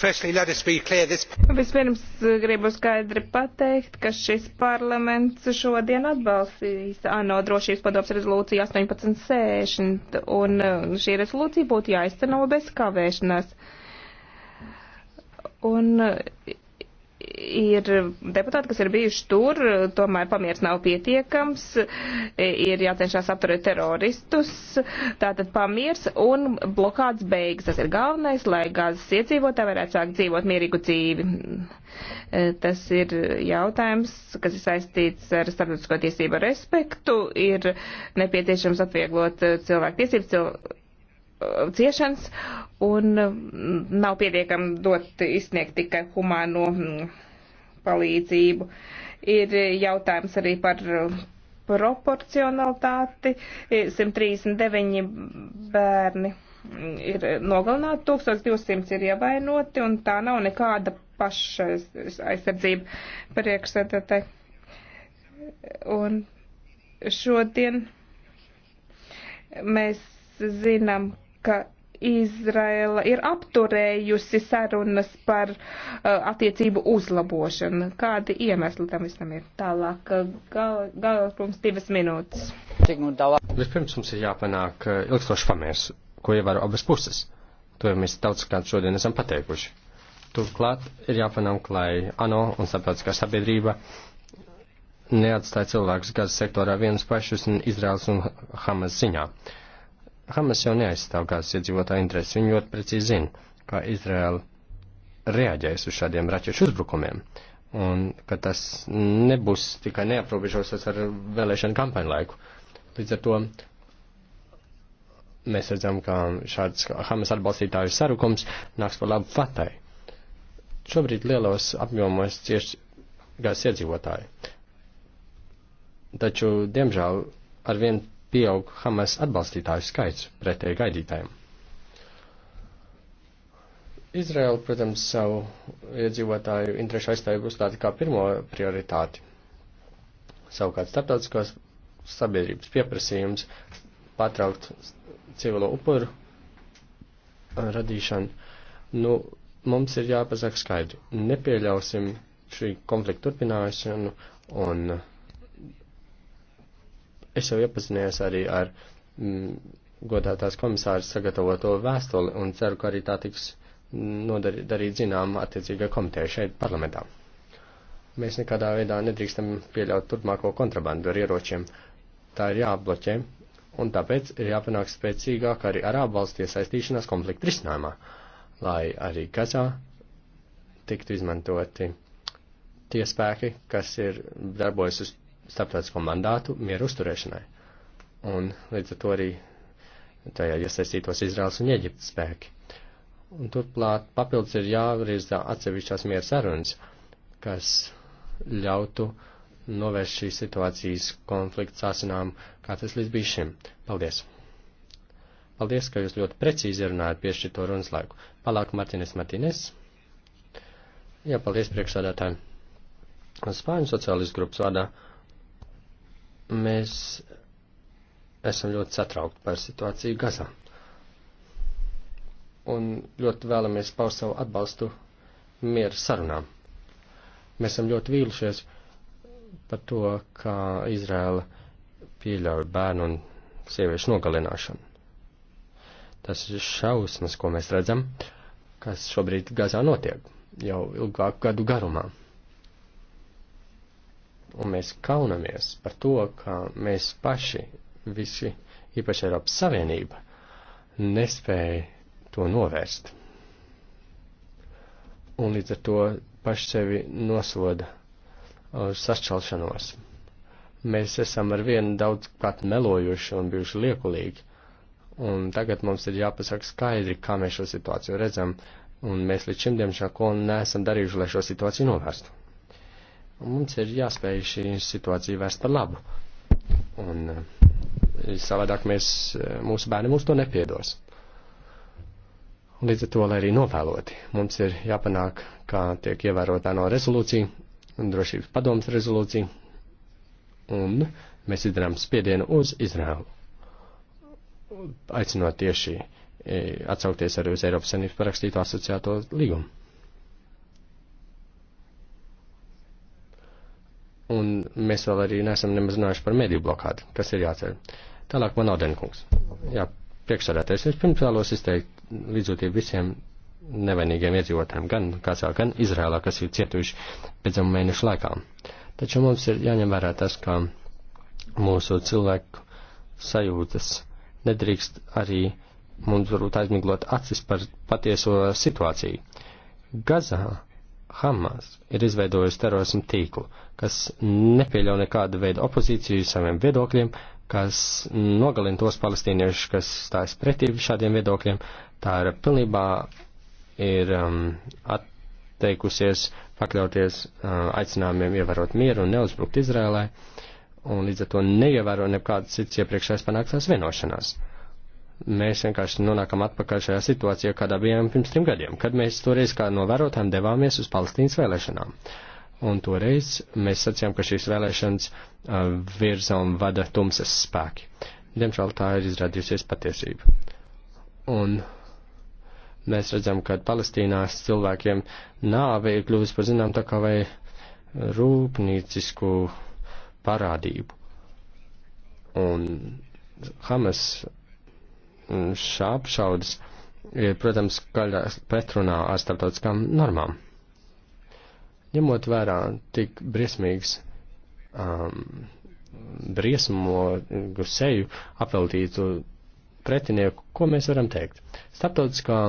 Vispirms uh, gribu skaidri pateikt, ka šis parlaments šodien atbalstīs ANO drošības padoms rezolūciju 1860, un šī rezolūcija būtu jāizteno bez kavēšanās. Un ir deputāti, kas ir bijuši tur, tomēr pamiers nav pietiekams, ir jācenšas apturēt teroristus, tātad pamiers un blokāds beigas. Tas ir galvenais, lai gāzes iedzīvotāji varētu sākt dzīvot mierīgu dzīvi. Tas ir jautājums, kas ir saistīts ar starptautisko tiesību respektu, ir nepieciešams atvieglot cilvēku tiesības, cilvēku Uh, ciešanas un uh, nav pietiekami dot izsniegt tikai humāno mm, palīdzību. Ir jautājums arī par uh, proporcionalitāti. 139 bērni ir nogalināti, 1200 ir ievainoti un tā nav nekāda paša aizsardzība priekšsēdētai. Un šodien mēs zinām, ka Izraela ir apturējusi sarunas par uh, attiecību uzlabošanu. Kādi iemesli tam visam ir? Tālāk, uh, gal, gal pirms divas minūtes. Vispirms mums ir jāpanāk uh, ilgstoši pamērs, ko ievēro abas puses. To jau mēs daudz kārt šodien esam pateikuši. Turklāt ir jāpanāk, lai ANO un starptautiskā sabiedrība neatstāja cilvēkus gazas sektorā vienus pašus un Izraels un Hamas ziņā. Uh, Hamas jau neaizstāv kāds iedzīvotāju intereses, viņi ļoti precīzi zina, kā Izraela reaģēs uz šādiem raķešu uzbrukumiem, un ka tas nebūs tikai neaprobežosies ar vēlēšanu kampaņu laiku. Līdz ar to mēs redzam, ka šāds Hamas atbalstītāju sarukums nāks par labu Fatai. Šobrīd lielos apjomos cieši gāzes iedzīvotāji. Taču, diemžēl, arvien pieaug Hamas atbalstītāju skaits pretēji gaidītājiem. Izraela, protams, savu iedzīvotāju interešu aizstāvību uzstāda kā pirmo prioritāti. Savukārt starptautiskos sabiedrības pieprasījums pārtraukt civilo upuru radīšanu, nu, mums ir jāpasaka skaidri. Nepieļausim šī konflikta turpināšanu un. Uh, Es jau iepazinies arī ar mm, godātās komisāras sagatavoto vēstuli un ceru, ka arī tā tiks nodarīt zinām attiecīgā komiteja šeit parlamentā. Mēs nekādā veidā nedrīkstam pieļaut turpmāko kontrabandu ar ieročiem. Tā ir jābloķē, un tāpēc ir jāpanāk spēcīgāk arī arābu valsts iesaistīšanās konflikta risinājumā, lai arī Gazā tiktu izmantoti tie spēki, kas ir darbojas uz starptautisko mandātu mieru uzturēšanai. Un līdz ar to arī tajā iesaistītos Izraels un Eģiptes spēki. Un turklāt papildus ir jāvirza atsevišķās miera sarunas, kas ļautu novērst šīs situācijas konflikts asinām, kā tas līdz bija šim. Paldies! Paldies, ka jūs ļoti precīzi runājat piešķir to runas laiku. Palāk Martīnes Martīnes. Jā, paldies priekšsādātājiem. Spāņu sociālistu grupas vārdā Mēs esam ļoti satraukti par situāciju Gazā. Un ļoti vēlamies paust savu atbalstu miera sarunām. Mēs esam ļoti vīlušies par to, kā Izrēla pieļauj bērnu un sieviešu nogalināšanu. Tas ir šausmas, ko mēs redzam, kas šobrīd Gazā notiek jau ilgāku gadu garumā. Un mēs kaunamies par to, ka mēs paši, visi, īpaši Eiropas Savienība, nespēja to novērst. Un līdz ar to paši sevi nosoda uz sašķelšanos. Mēs esam ar vienu daudz kārt melojuši un bijuši liekulīgi, un tagad mums ir jāpasaka skaidri, kā mēs šo situāciju redzam, un mēs līdz šim, diemžēl, ko nesam darījuši, lai šo situāciju novērstu. Un mums ir jāspēj šī situācija vērst par labu. Un eh, savādāk mēs, eh, mūsu bērni mūs to nepiedos. Un līdz ar to, lai arī novēloti, mums ir jāpanāk, kā tiek ievērotā no rezolūcija, drošības padomas rezolūcija, un mēs izdarām spiedienu uz Izraelu, aicinot tieši eh, atsaukties arī uz Eiropas Savienības parakstīto asociēto līgumu. un mēs vēl arī nesam nemazinājuši par mediju blokādu, kas ir jācer. Tālāk man audenkungs. Jā, priekšsādātais. Es pirms vēlos izteikt līdzjūtību visiem nevainīgiem iedzīvotājiem, gan Gazā, gan Izrēlā, kas ir cietuši pēdējo mēnešu laikā. Taču mums ir jāņem vērā tas, ka mūsu cilvēku sajūtas nedrīkst arī mums varbūt aizmiglot acis par patieso situāciju. Gazā Hamas ir izveidojusi terorismu tīklu, kas nepieļauj nekādu veidu opozīciju saviem viedokļiem, kas nogalina tos palestīniešus, kas stājas pretī šādiem viedokļiem. Tā ir pilnībā ir um, atteikusies pakļauties uh, aicinājumiem ievērot mieru un neuzbrukt Izrēlai, un līdz ar to neievēro nekādas cits iepriekšējās panāktās vienošanās. Uh, mēs vienkārši nonākam atpakaļ šajā situācijā, kādā bijām pirms trim gadiem, kad mēs toreiz kā novērotājiem devāmies uz Palestīnas vēlēšanām. Un toreiz mēs sacījām, ka šīs vēlēšanas uh, virza un vada tumsas spēki. Diemžēl tā ir izrādījusies patiesība. Un mēs redzam, ka Palestīnās cilvēkiem nāve ir kļuvusi par zinām tā kā vai rūpnīcisku parādību. Un Hamas šā apšaudas ir, protams, kaļā pretrunā ar starptautiskām normām. Ņemot vērā tik briesmīgs um, briesmogu seju apveltītu pretinieku, ko mēs varam teikt? Starptautiskā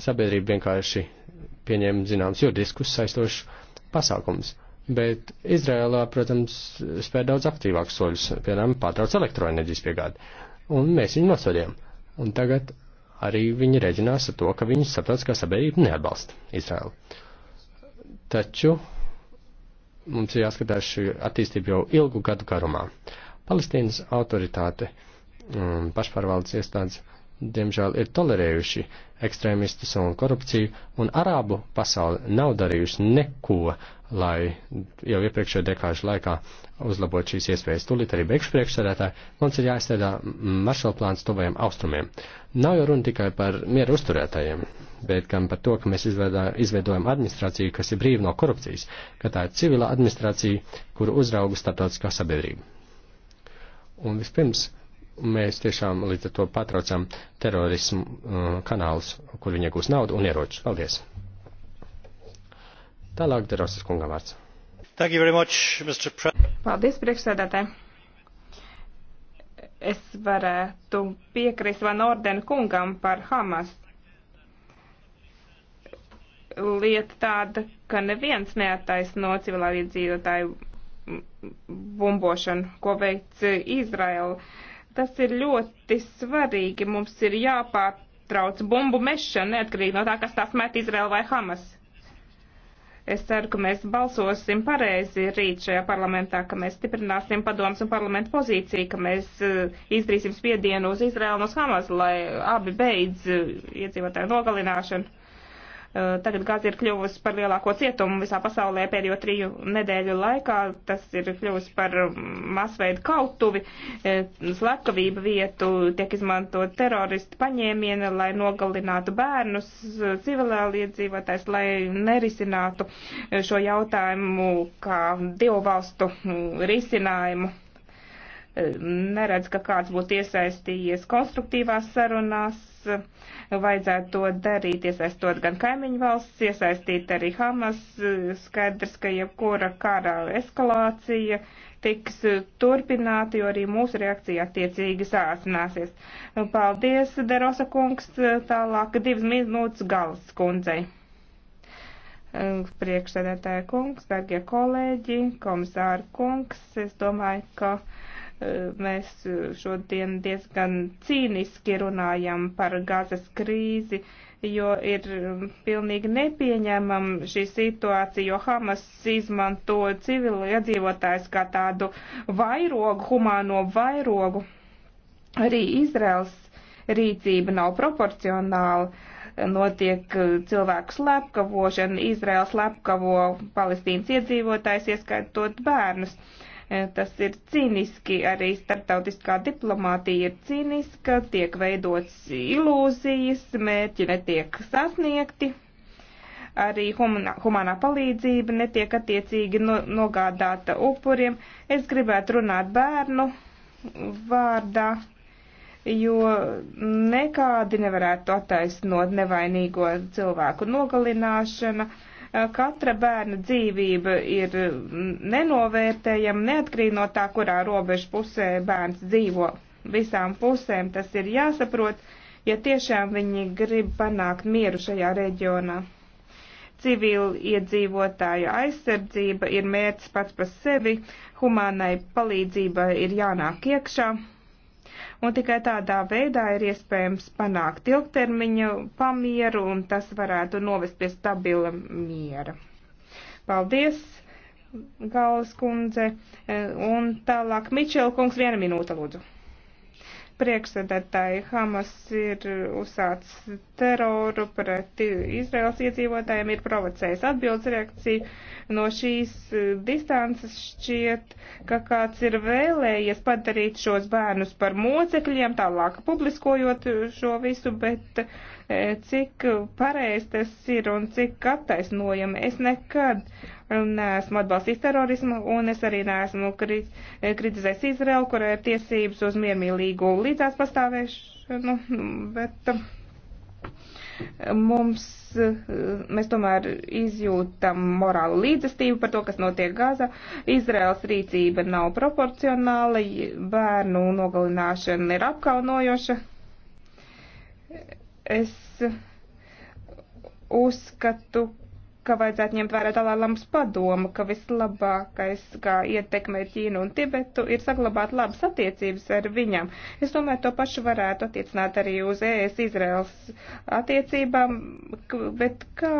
sabiedrība vienkārši pieņēma zināms juridiskus saistošus pasākumus, bet Izrēlā, protams, spēja daudz aktīvākus soļus, piemēram, pārtrauc elektroenerģijas piegādi un mēs viņu nosodījām. Un tagad arī viņi reģinās ar to, ka viņu starptautiskā sabiedrība neatbalsta Izraelu. Taču mums ir jāskatās šī attīstība jau ilgu gadu garumā. Palestīnas autoritāte un pašpārvaldes iestādes, diemžēl, ir tolerējuši ekstrēmistus un korupciju, un arābu pasauli nav darījusi neko, lai jau iepriekšējā dekāžu laikā uzlabot šīs iespējas. Tūlīt arī beigšu priekšsēdētāji, mums ir jāizstrādā maršalplāns tuvajiem austrumiem. Nav jau runa tikai par mieru uzturētājiem, bet gan par to, ka mēs izveidā, izveidojam administrāciju, kas ir brīva no korupcijas, ka tā ir civila administrācija, kuru uzrauga starptautiskā sabiedrība. Un vispirms mēs tiešām līdz ar to patraucam terorismu uh, kanālus, kur viņi iegūs naudu un ieročus. Paldies! Tālāk Derosas kungam vārds. Much, Paldies, priekšsēdētāji. Es varētu piekrist Van Ordena kungam par Hamas. Lieta tāda, ka neviens neataisno civilā iedzīvotāju bumbošanu, ko veic Izraela. Tas ir ļoti svarīgi. Mums ir jāpārtrauc bumbu mešana, neatkarīgi no tā, kas tās met Izraela vai Hamas. Es ceru, ka mēs balsosim pareizi rīt šajā parlamentā, ka mēs stiprināsim padomus un parlamentu pozīciju, ka mēs eh, izdarīsim spiedienu uz Izraēlu un uz Hamas, lai abi beidz eh, iedzīvotāju nogalināšanu. Eh, tagad Gaza ir kļuvusi par lielāko cietumu visā pasaulē pēdējo triju nedēļu laikā. Tas ir kļuvusi par masveidu kautuvi, eh, slepkavību vietu, tiek izmantot teroristu paņēmieni, lai nogalinātu bērnus, civilēliedzīvotājs, lai nerisinātu eh, šo jautājumu kā divu valstu risinājumu neredz, ka kāds būtu iesaistījies konstruktīvās sarunās. Vajadzētu to darīt, iesaistot gan kaimiņu valsts, iesaistīt arī Hamas. Skaidrs, ka jebkura kara eskalācija tiks turpināta, jo arī mūsu reakcija attiecīgi sāsināsies. Paldies, Derosa kungs, tālāk divas minūtes galas kundzei. Priekšsēdētāja kungs, dargie kolēģi, komisāra kungs, es domāju, ka Mēs šodien diezgan cīniski runājam par gazas krīzi, jo ir pilnīgi nepieņemam šī situācija, jo Hamas izmanto civili iedzīvotājs kā tādu vairogu, humāno vairogu. Arī Izraels rīcība nav proporcionāla. Notiek uh, cilvēku slepkavošana, Izraels slepkavo palestīnas iedzīvotājs, ieskaitot bērnus. Uh, E, tas ir cīniski, arī starptautiskā diplomātija ir cīniska, tiek veidots ilūzijas, mērķi netiek sasniegti, arī humanā, humanā palīdzība netiek attiecīgi no, nogādāta upuriem. Es gribētu runāt bērnu vārdā, jo nekādi nevarētu attaisnot nevainīgo cilvēku nogalināšana. Uh, Eh, katra bērna dzīvība ir mm, nenovērtējama, neatkarīgi no tā, kurā robeža pusē bērns dzīvo. Visām pusēm tas ir jāsaprot, ja tiešām viņi grib panākt mieru šajā reģionā. Civiliedzīvotāju aizsardzība ir mērķis pats par sevi, humānai palīdzībai ir jānāk iekšā, un tikai tādā veidā ir iespējams panākt ilgtermiņa pamieru, un tas varētu novest pie stabila miera. Paldies, Gaulas kundze, un tālāk Mičela kungs, viena minūte lūdzu priekšsēdētāji Hamas ir uzsācis teroru pret Izraels iedzīvotājiem, ir provocējis atbildes reakciju. No šīs eh, distances šķiet, ka kāds ir vēlējies padarīt šos bērnus par mocekļiem, tālāk publiskojot eh, šo visu, bet uh, E, cik pareizi tas ir un cik attaisnojami. Es nekad neesmu atbalstījis terorismu un es arī neesmu e, kritizējis Izraelu, kurai ir tiesības uz miermīlīgu līdzās pastāvēšanu, bet um, mums, e, mēs tomēr izjūtam morālu līdzestību par to, kas notiek Gaza. Izraels rīcība nav proporcionāla, bērnu nogalināšana ir apkaunojoša Es uzskatu, ka vajadzētu ņemt vērā Dalālams padomu, ka vislabākais, kā ietekmē Ķīnu un Tibetu, ir saglabāt labas attiecības ar viņam. Es domāju, to pašu varētu attiecināt arī uz ES Izraels attiecībām, bet kā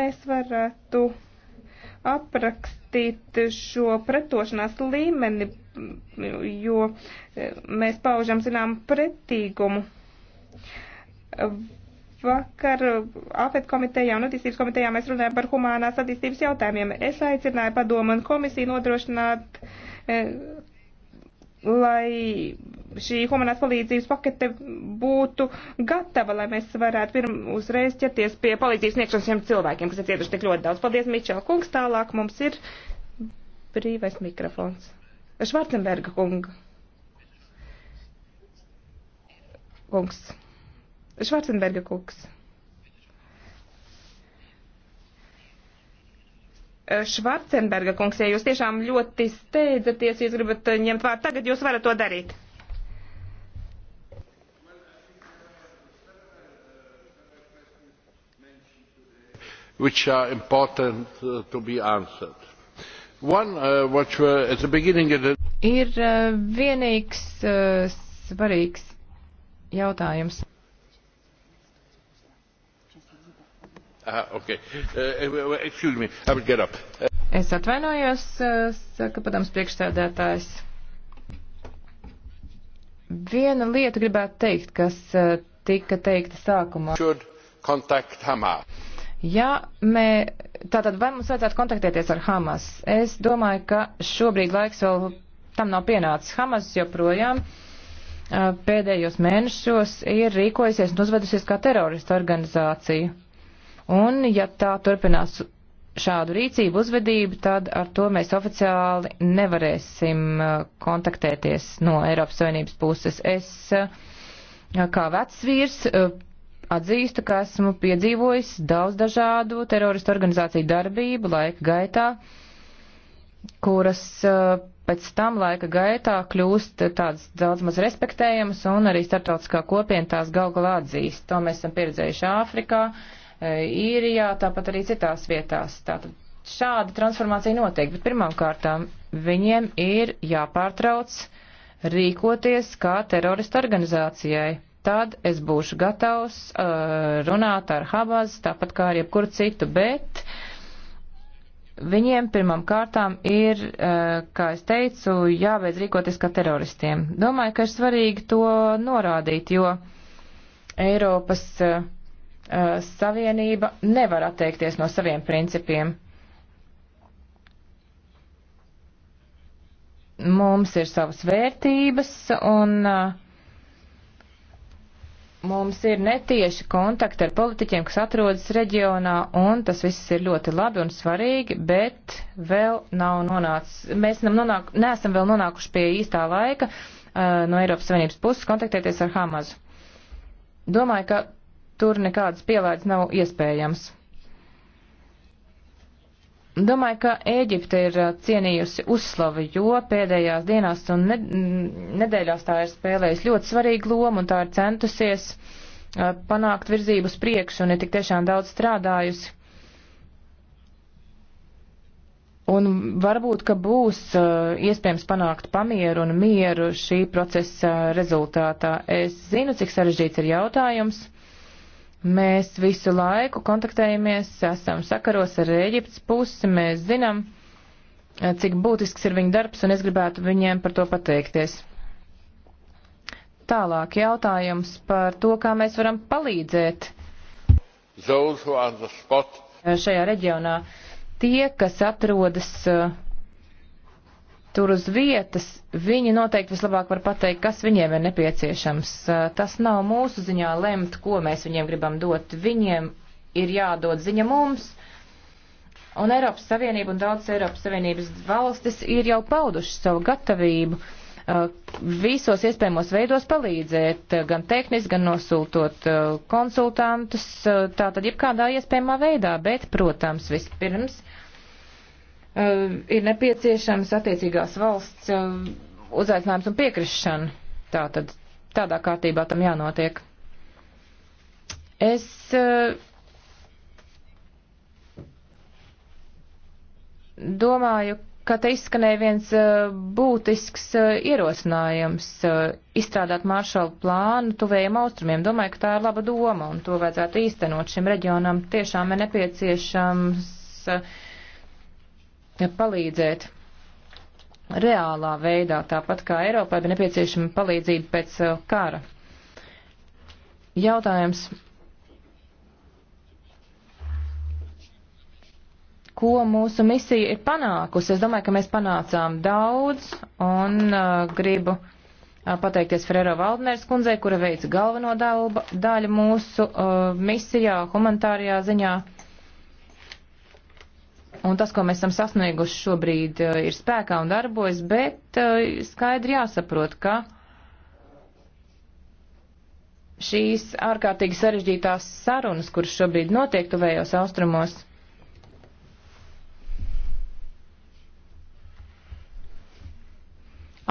mēs varētu aprakstīt šo pretošanās līmeni, jo mēs paužam, zinām, pretīgumu Vakar AFET komitejā un attīstības komitejā mēs runājam par humānās attīstības jautājumiem. Es aicināju padomu un komisiju nodrošināt, eh, lai šī humanās palīdzības pakete būtu gatava, lai mēs varētu pirm uzreiz ķerties pie palīdzības sniegšanas šiem cilvēkiem, kas ir cietuši tik ļoti daudz. Paldies, Mičela kungs. Tālāk mums ir brīvais mikrofons. Švarcenberga kunga. kungs. Švarcenberga kungs. Švarcenberga kungs, ja jūs tiešām ļoti steidzaties, jūs gribat eh, ņemt vārdu tagad, jūs varat to darīt. which are important uh, to be answered. One, uh, which were at the beginning of the... Ir uh, vienīgs uh, svarīgs jautājums. Ah, okay. uh, excuse me, I will get up. Uh... Es atvainojos, saka padams priekšstādētājs. Vienu lietu gribētu teikt, kas tika teikta sākumā. Ja mē, tātad vai mums vajadzētu kontaktēties ar Hamas? Es domāju, ka šobrīd laiks vēl tam nav pienācis. Hamas joprojām pēdējos mēnešos ir rīkojusies un uzvedusies kā terorista organizācija Un, ja tā turpinās šādu rīcību, uzvedību, tad ar to mēs oficiāli nevarēsim uh, kontaktēties no Eiropas Savienības puses. Es uh, kā vecs vīrs uh, atzīstu, ka esmu piedzīvojis daudz dažādu teroristu organizāciju darbību laika gaitā, kuras pēc tam laika gaitā kļūst tādas daudz maz respektējamas un arī starptautiskā kopiena tās galgalā atzīst. To mēs esam pieredzējuši Āfrikā E, īrijā, tāpat arī citās vietās. Tātad šāda transformācija notiek, bet pirmām kārtām viņiem ir jāpārtrauc rīkoties kā terorista organizācijai. Tad es būšu gatavs uh, runāt ar Habaz, tāpat kā ar jebkuru citu, bet viņiem pirmām kārtām ir, uh, kā es teicu, jābeidz rīkoties kā teroristiem. Domāju, ka ir svarīgi to norādīt, jo Eiropas uh, Eh, savienība nevar atteikties no saviem principiem. Mums ir savas vērtības un eh, mums ir netieši kontakti ar politiķiem, kas atrodas reģionā, un tas viss ir ļoti labi un svarīgi, bet vēl nav nonācis, mēs nonāk, neesam vēl nonākuši pie īstā laika uh, no Eiropas Savienības puses kontaktēties ar Hamazu. Domāju, ka tur nekādas pielaides nav iespējams. Domāju, ka Ēģipte ir uh, cienījusi uzslavu, jo pēdējās dienās un nedēļās tā ir spēlējusi ļoti svarīgu lomu un tā ir centusies uh, panākt virzību uz priekšu un ir tik tiešām daudz strādājusi. Un varbūt, ka būs uh, iespējams panākt pamieru un mieru šī procesa rezultātā. Es zinu, cik sarežģīts ir jautājums Mēs visu laiku kontaktējamies, esam sakaros ar Eģiptes pusi, mēs zinām, eh, cik būtisks ir viņa darbs, un es gribētu viņiem par to pateikties. Tālāk jautājums par to, kā mēs varam palīdzēt eh, šajā reģionā. Tie, kas atrodas uh, tur uz vietas, viņi noteikti vislabāk var pateikt, kas viņiem ir nepieciešams. Tas nav mūsu ziņā lemt, ko mēs viņiem gribam dot. Viņiem ir jādod ziņa mums. Un Eiropas Savienība un daudzas Eiropas Savienības valstis ir jau pauduši savu gatavību visos iespējamos veidos palīdzēt, gan tehniski, gan nosūtot konsultantus, tātad jebkādā iespējamā veidā, bet, protams, vispirms Eh, ir nepieciešams attiecīgās valsts eh, uzaicinājums un piekrišana. Tātad tādā kārtībā tam jānotiek. Es eh, domāju, ka te izskanēja viens būtisks ierosinājums izstrādāt maršalu plānu tuvējiem austrumiem. Domāju, ka tā ir laba doma un to vajadzētu īstenot šim reģionam. Tiešām ir nepieciešams uh, palīdzēt reālā veidā, tāpat kā Eiropai bija nepieciešama palīdzība pēc uh, kara. Jautājums, ko mūsu misija ir panākusi? Es domāju, ka mēs panācām daudz un uh, gribu uh, pateikties Ferrero Valdners kundzei, kura veica galveno daļu mūsu uh, misijā, humanitārajā ziņā. Uh, Un tas, ko mēs esam sasnieguši šobrīd, eh, ir spēkā un darbojas, bet eh, skaidri jāsaprot, ka šīs ārkārtīgi sarežģītās sarunas, kuras šobrīd notiek tuvējos austrumos,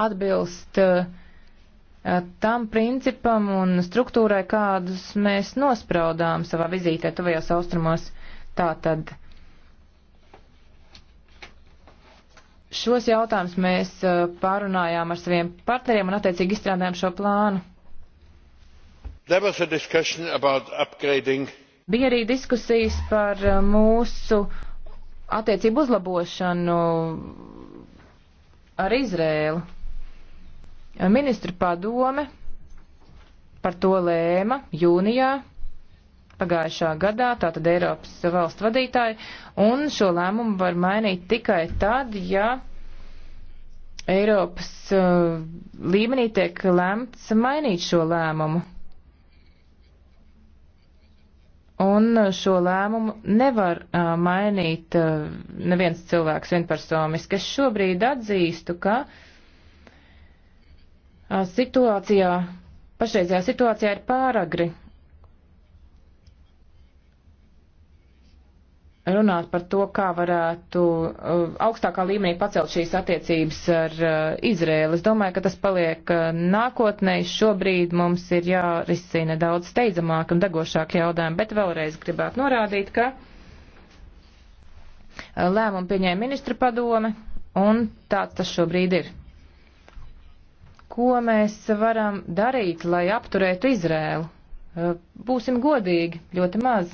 atbilst uh, tam principam un struktūrai, kādus mēs nospraudām savā vizītē tuvējos austrumos. Tātad Šos jautājumus mēs uh, pārunājām ar saviem partneriem un attiecīgi izstrādājām šo plānu. Bija arī diskusijas par uh, mūsu attiecību uzlabošanu ar Izrēlu. Ministru padome par to lēma jūnijā pagājušā gadā, tātad Eiropas valstu vadītāji, un šo lēmumu var mainīt tikai tad, ja Eiropas uh, līmenī tiek lemts mainīt šo lēmumu. Un uh, šo lēmumu nevar uh, mainīt uh, neviens cilvēks vienpersoniski. Es šobrīd atzīstu, ka uh, situācijā, pašreizējā situācijā ir pāragri runāt par to, kā varētu uh, augstākā līmenī pacelt šīs attiecības ar uh, Izrēlu. Es domāju, ka tas paliek uh, nākotnē. Šobrīd mums ir jārisina daudz steidzamāk un degošāk jautājumi, bet vēlreiz gribētu norādīt, ka lēmumu pieņēma ministra padome un tāds tas šobrīd ir. Ko mēs varam darīt, lai apturētu Izrēlu? Būsim godīgi, ļoti maz.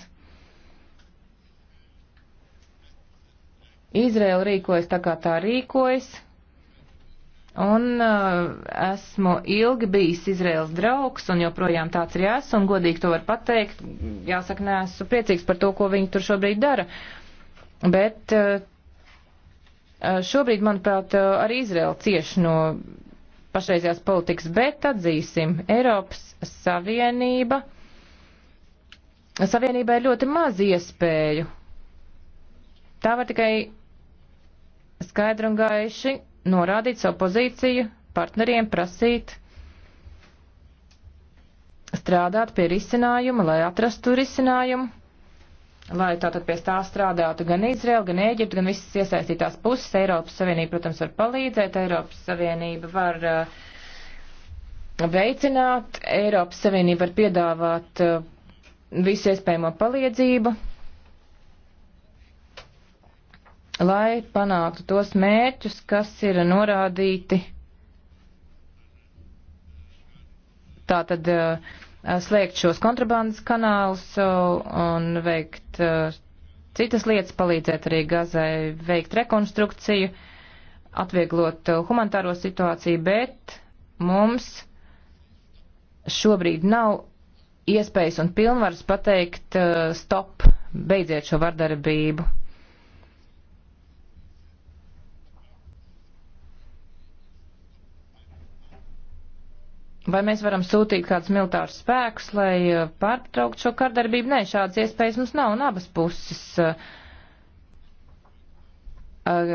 Izraela rīkojas tā kā tā rīkojas, un uh, esmu ilgi bijis Izraels draugs, un joprojām tāds arī esmu, un godīgi to var pateikt. Jāsaka, neesmu priecīgs par to, ko viņi tur šobrīd dara. Bet uh, uh šobrīd, manuprāt, uh, arī Izraela cieši no pašreizējās politikas, bet atzīsim, Eiropas Savienība. Savienībai ir ļoti maz iespēju. Tā var tikai skaidri un gaiši norādīt savu pozīciju, partneriem prasīt strādāt pie risinājuma, lai atrastu risinājumu, lai tātad pie tā strādātu gan Izraela, gan Ēģipta, gan visas iesaistītās puses. Eiropas Savienība, protams, var palīdzēt, Eiropas Savienība var uh, veicināt, Eiropas Savienība var piedāvāt uh, visu iespējamo palīdzību, lai panāktu tos mērķus, kas ir norādīti tātad eh, slēgt šos kontrabandas kanālus eh, un veikt eh, citas lietas, palīdzēt arī Gazai veikt rekonstrukciju, atvieglot humanitāro situāciju, bet mums šobrīd nav iespējas un pilnvaras pateikt stop, beidziet šo vardarbību Vai mēs varam sūtīt kādus militārus spēkus, lai eh, pārtrauktu šo kardarbību? Nē, šādas iespējas mums nav, un abas puses uh, uh,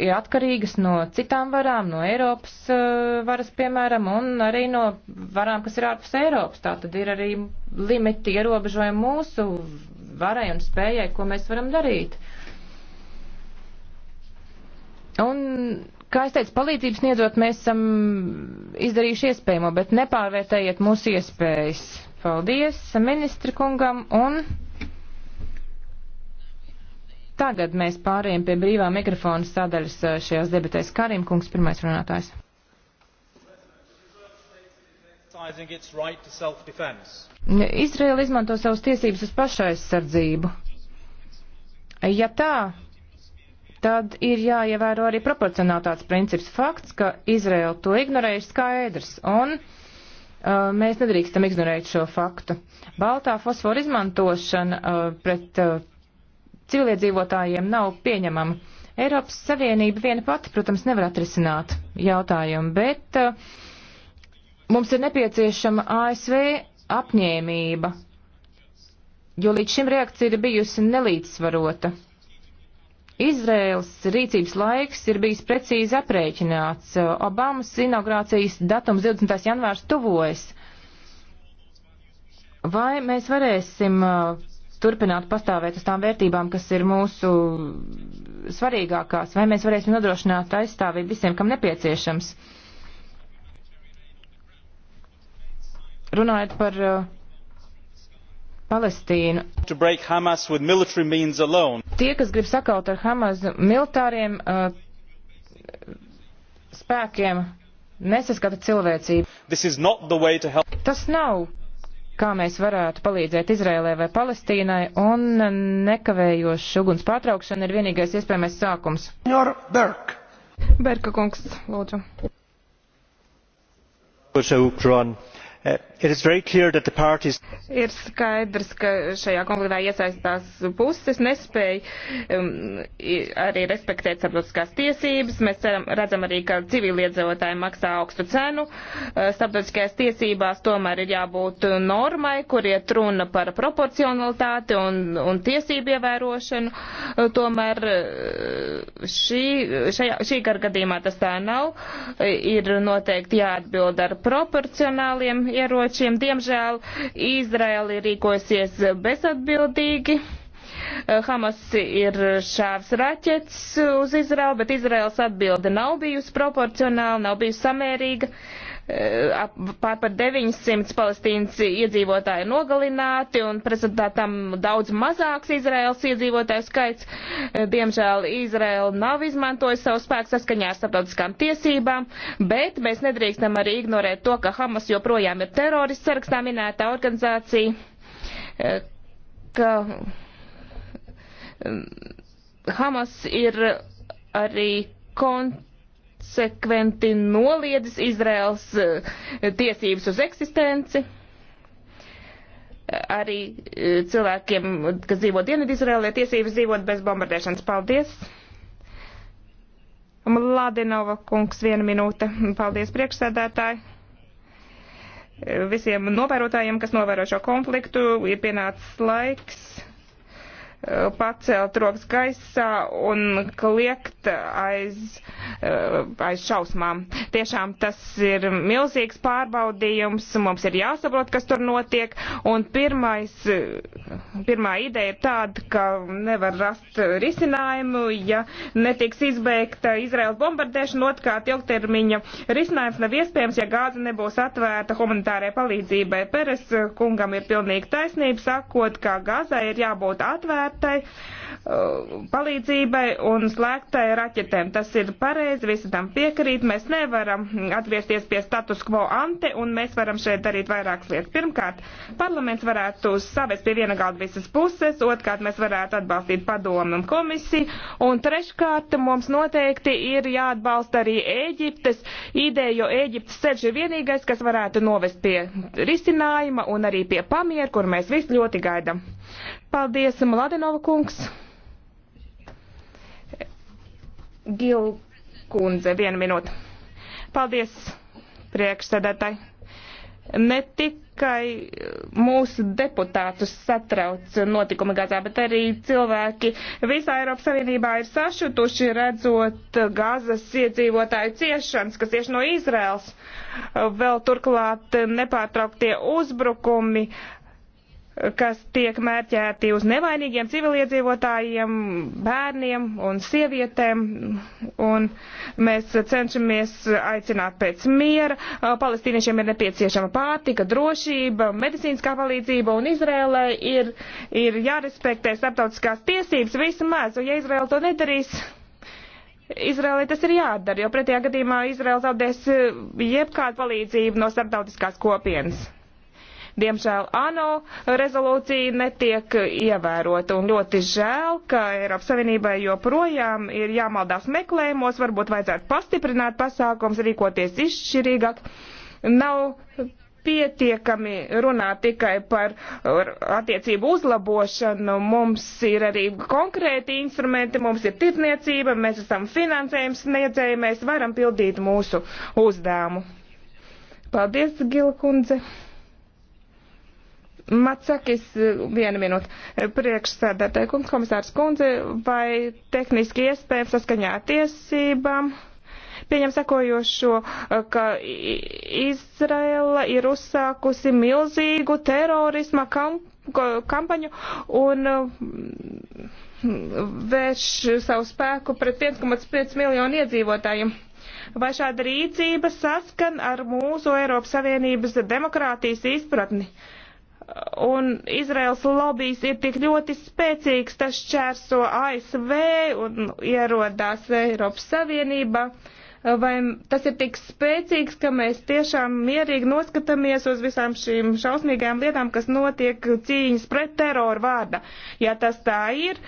ir atkarīgas no citām varām, no Eiropas uh, varas, piemēram, un arī no varām, kas ir ārpus Eiropas. Tā tad ir arī limiti ierobežojumi mūsu varai un spējai, ko mēs varam darīt. Un Kā es teicu, palīdzības sniedzot, mēs esam izdarījuši iespējamo, bet nepārvērtējiet mūsu iespējas. Paldies ministra kungam un. Tagad mēs pārējiem pie brīvā mikrofona sadaļas eh, šajās debatēs. Karim kungs, pirmais runātājs. Izraela izmanto savas tiesības uz pašaizsardzību. Ja tā, tad ir jāievēro arī proporcionātāts princips. Fakts, ka Izraela to ignorē, ir skaidrs, un uh, mēs nedrīkstam ignorēt šo faktu. Baltā fosfora izmantošana uh, pret uh, civiliedzīvotājiem nav pieņemama. Eiropas Savienība viena pati, protams, nevar atrisināt jautājumu, bet uh, mums ir nepieciešama ASV apņēmība, jo līdz šim reakcija ir bijusi nelīdzsvarota. Izraels rīcības laiks ir bijis precīzi aprēķināts. Obamas inaugurācijas datums 20. janvārs tuvojas. Vai mēs varēsim uh, turpināt pastāvēt uz tām vērtībām, kas ir mūsu svarīgākās, vai mēs varēsim nodrošināt aizstāvību visiem, kam nepieciešams? Runājot par uh, Palestīnu. Tie, kas grib sakaut ar Hamas militāriem uh, spēkiem, nesaskata cilvēcību. Tas nav kā mēs varētu palīdzēt Izrēlē vai Palestīnai, un nekavējošs uguns pārtraukšana ir vienīgais iespējamais sākums. Berk. Berka kungs, lūdzu. Uh, parties... Ir skaidrs, ka šajā konfliktā iesaistās puses nespēja um, arī respektēt starptautiskās tiesības. Mēs ceram, redzam arī, ka civiliedzīvotāji maksā augstu cenu. Uh, starptautiskajās tiesībās tomēr ir jābūt normai, kur iet runa par proporcionalitāti un, un tiesību ievērošanu. Uh, tomēr šī, šajā, šī gadījumā tas tā nav. Ir noteikti jāatbild ar proporcionāliem ieročiem. Diemžēl Izraēla ir rīkosies bezatbildīgi. Eh, Hamas ir šāvs raķets uz Izraelu, bet Izraels atbilde nav bijusi proporcionāla, nav bijusi samērīga. Uh, pār par 900 palestīnas iedzīvotāji nogalināti un prezentā tam daudz mazāks Izraels iedzīvotāju skaits. Eh, Diemžēl Izraela nav izmantojusi savu spēku saskaņā ar starptautiskām tiesībām, bet mēs nedrīkstam arī ignorēt to, ka Hamas joprojām ir terorists sarakstā minēta organizācija, eh, ka mm, Hamas ir arī kontrolēta konsekventi noliedzis Izraels eh, tiesības uz eksistenci. Arī eh, cilvēkiem, kas dzīvo Dienvidu Izraēlē, tiesības dzīvot bez bombardēšanas. Paldies! Mladenova kungs, viena minūte. Paldies priekšsēdētāji! Visiem novērotājiem, kas novēro šo konfliktu, ir pienācis laiks Eh, pacelt rokas gaisā un kliegt aiz, eh, aiz šausmām. Tiešām tas ir milzīgs pārbaudījums, mums ir jāsaprot, kas tur notiek, un pirmais, eh, pirmā ideja ir tāda, ka nevar rast risinājumu, ja netiks izbeigta Izraels bombardēšana, otrkārt ilgtermiņa risinājums nav iespējams, ja gāze nebūs atvērta humanitārai palīdzībai. Peres kungam ir pilnīgi taisnība, sakot, ka gāzai ir jābūt atvērta, obligātai uh, palīdzībai un slēgtai raķetēm. Tas ir pareizi, visi tam piekrīt. Mēs nevaram atgriezties pie status quo ante un mēs varam šeit darīt vairākas lietas. Pirmkārt, parlaments varētu savest pie viena galda visas puses, otrkārt mēs varētu atbalstīt padomu un komisiju un treškārt mums noteikti ir jāatbalsta arī Ēģiptes ideja, jo Ēģiptes ceļš ir vienīgais, kas varētu novest pie risinājuma un arī pie pamiera, kur mēs visi ļoti gaidām. Paldies, Mladenova kungs. Gil kundze, viena minūte. Paldies, priekšsēdētāji. Ne tikai mūsu deputātus satrauc notikumi Gazā, bet arī cilvēki visā Eiropas Savienībā ir sašutuši redzot Gazas iedzīvotāju ciešanas, kas tieši no Izraels. Vēl turklāt nepārtrauktie uzbrukumi uh, kas tiek mērķēti uz nevainīgiem civiliedzīvotājiem, bērniem un sievietēm. Un mēs cenšamies aicināt pēc miera. Palestīniešiem ir nepieciešama pārtika, drošība, medicīniskā palīdzība un Izrēlē ir, ir jārespektē starptautiskās tiesības vismaz, un ja Izrēla to nedarīs. Izrēlē tas ir jādara, jo pretējā gadījumā Izrēla zaudēs jebkādu palīdzību no starptautiskās kopienas. Diemžēl ANO rezolūcija netiek ievērota un ļoti žēl, ka Eiropas Savienībai joprojām ir jāmaldās meklējumos, varbūt vajadzētu pastiprināt pasākums, rīkoties izšķirīgāk. Nav pietiekami runā tikai par attiecību uzlabošanu. Mums ir arī konkrēti instrumenti, mums ir tirdzniecība, mēs esam finansējums sniedzēji, mēs varam pildīt mūsu uzdevumu. Paldies, Gilkundze! Matsakis, viena minūte, priekšsēdētāja kungs, komisārs kundze, vai tehniski iespējams saskaņā tiesībām pieņem sekojošo, ka Izraela ir uzsākusi milzīgu terorisma kamp kampaņu un mm, vērš savu spēku pret 1,5 miljonu iedzīvotājiem. Vai šāda rīcība saskan ar mūsu Eiropas Savienības demokrātijas izpratni? Uh, un Izraels lobijs ir tik ļoti spēcīgs, tas šķērso ASV un ierodās Eiropas Savienībā. Vai tas ir tik spēcīgs, ka mēs tiešām mierīgi noskatāmies uz visām šīm šausmīgajām lietām, kas notiek cīņas pret teroru vārda? Ja tas tā ir,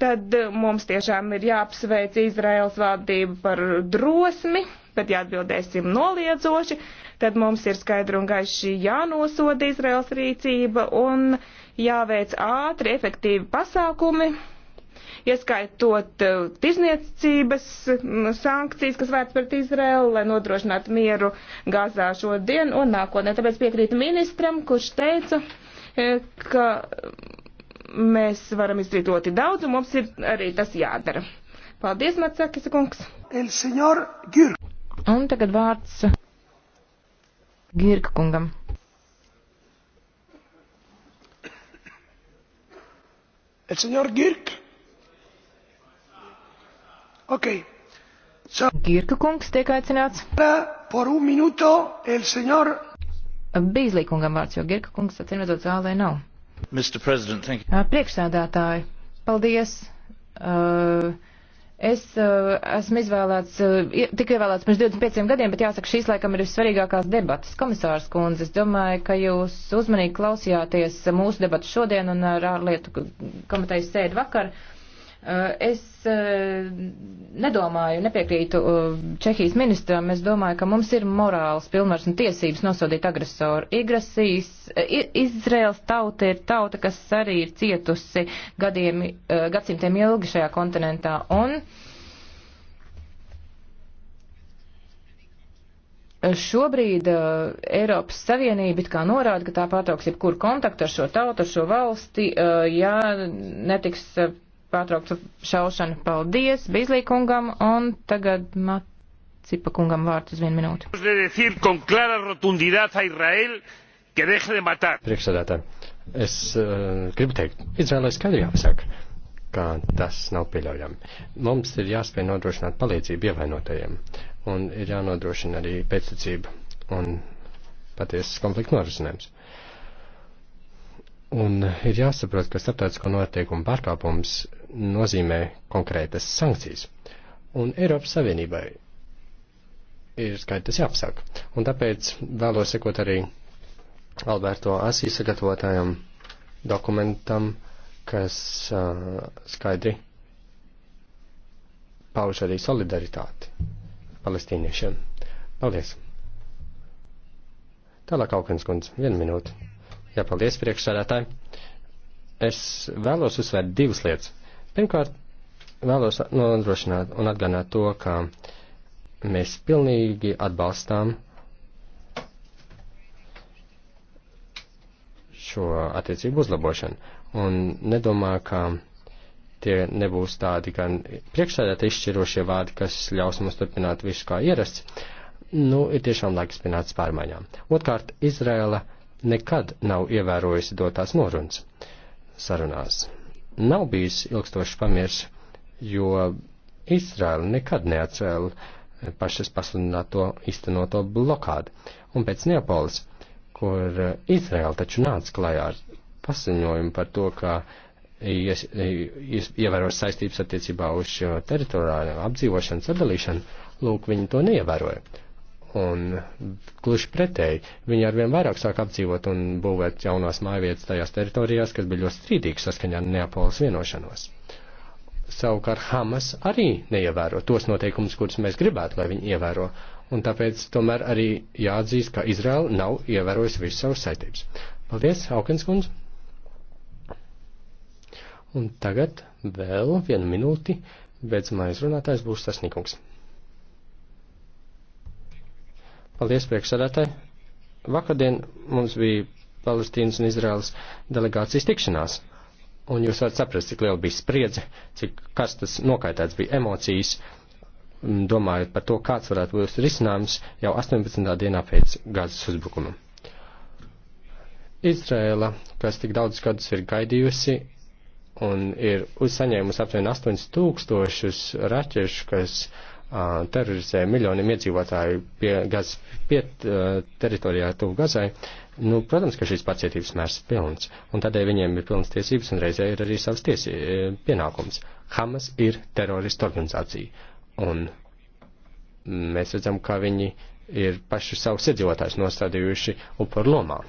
tad mums tiešām ir jāapsveic Izraels valdību par drosmi tad jāatbildēsim noliedzoši, tad mums ir skaidri un gaiši jānosoda Izraels rīcība un jāveic ātri, efektīvi pasākumi, ieskaitot eh, tirzniecības mm, sankcijas, kas vērts pret Izraelu, lai nodrošinātu mieru Gazā šodien un nākotnē. Tāpēc piekrītu ministram, kurš teica, eh, ka mēs varam izdarīt ļoti daudz, un mums ir arī tas jādara. Paldies, Matsakis kungs! El senor Gürk! Un tagad vārds Girka kungam. El señor Girk. Ok. So, Girka kungs tiek aicināts. Por un minuto el señor. Bīzlī kungam vārds, jo Girka kungs atcīmredzot zālē nav. Mr. President, thank you. Priekšsēdētāji, paldies. Uh, Es uh, esmu izvēlēts, uh, tik ievēlēts pirms 25 gadiem, bet jāsaka, šīs laikam ir vissvarīgākās debatas. Komisārs kundze, es domāju, ka jūs uzmanīgi klausījāties mūsu debatu šodien un uh, ar ārlietu komitejas sēdi vakar. Uh, Eh, es eh, nedomāju, nepiekrītu eh, Čehijas ministram. Es domāju, ka mums ir morāls pilnvars un tiesības nosodīt agresoru. Igrasīs, Izraels tauta ir tauta, kas arī ir cietusi gadiem, gadsimtiem ilgi šajā kontinentā. Un šobrīd uh, Eiropas Savienība it kā norāda, ka tā pārtrauks jebkuru kontaktu ar šo tautu, ar šo valsti, uh, ja netiks uh, pārtrauktu šaušanu. Paldies Bizlīkungam un tagad Macipa kungam vārds uz vienu minūti. Priekšsēdētāji, es uh, gribu teikt, Izrēlē skaidri jāpasaka, ka tas nav pieļaujami. Mums ir jāspēj nodrošināt palīdzību ievainotajiem un ir jānodrošina arī pēcticība un patiesas konflikta norisinājums. Uh, Un ir jāsaprot, ka starptautisko noteikumu pārkāpums nozīmē konkrētas sankcijas. Un Eiropas Savienībai ir skaidrs tas jāapsāk. Un tāpēc vēlos sekot arī Alberto Asī sagatavotajam dokumentam, kas uh, skaidri pauž arī solidaritāti palestīniešiem. Paldies! Tālāk Aukens kundze, vienu minūti. Jā, paldies priekšsēdētāji. Es vēlos uzsvērt divas lietas. Pirmkārt, vēlos nodrošināt un atgādināt to, ka mēs pilnīgi atbalstām šo attiecību uzlabošanu. Un nedomāju, ka tie nebūs tādi gan priekšsēdētāji izšķirošie vārdi, kas ļaus mums turpināt visu kā ierasts. Nu, ir tiešām laiks pienācis pārmaiņām. Otkārt, Izraela nekad nav ievērojusi dotās norunas sarunās. Nav bijis ilgstošs pamiers, jo Izraela nekad neatcēla pašas pasludināto iztenoto blokādu. Un pēc Neapolis, kur Izraela taču nāca klajā ar paziņojumu par to, ka ies, ies, ievēros saistības attiecībā uz šo teritoriālo apdzīvošanu sadalīšanu, lūk, viņi to neievēroja. Un gluži pretēji, viņi arvien vairāk sāk apdzīvot un būvēt jaunās mājvietas tajās teritorijās, kas bija ļoti strīdīgas saskaņā ar Neapolas vienošanos. Savukārt Hamas arī neievēro tos noteikumus, kurus mēs gribētu, lai viņi ievēro, un tāpēc tomēr arī jāatzīst, ka Izraela nav ievērojusi visu savus saitības. Paldies, Haukens kundz! Un tagad vēl vienu minūti, beidzamais runātājs būs tas Nikungs. Paldies, priekšsēdētāji. Vakardien mums bija Palestīnas un Izraels delegācijas tikšanās, un jūs varat saprast, cik liela bija spriedze, cik kas tas nokaitēts bija emocijas, domājot par to, kāds varētu būt risinājums jau 18. dienā pēc gazas uzbrukuma. Izraela, kas tik daudz gadus ir gaidījusi un ir uzsaņēmusi aptuveni 8000 raķešu, kas terorizē miljoniem iedzīvotāju pie Gazas piet teritorijā tuvu Gazai, nu, protams, ka šis pacietības mērs ir pilns, un tādēļ viņiem ir pilnas tiesības un reizē ir arī savs tiesi, pienākums. Hamas ir terorista organizācija, un mēs redzam, ka viņi ir paši savus iedzīvotājus nostādījuši upur lomā.